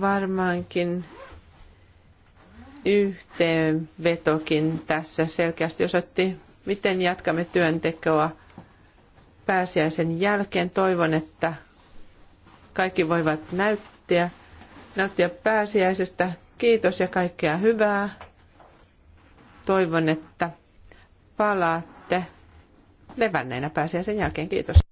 Varmaankin yhteenvetokin tässä selkeästi osoitti, miten jatkamme työntekoa pääsiäisen jälkeen. Toivon, että kaikki voivat näyttää, näyttää pääsiäisestä. Kiitos ja kaikkea hyvää toivon, että palaatte levänneinä pääsiäisen jälkeen. Kiitos.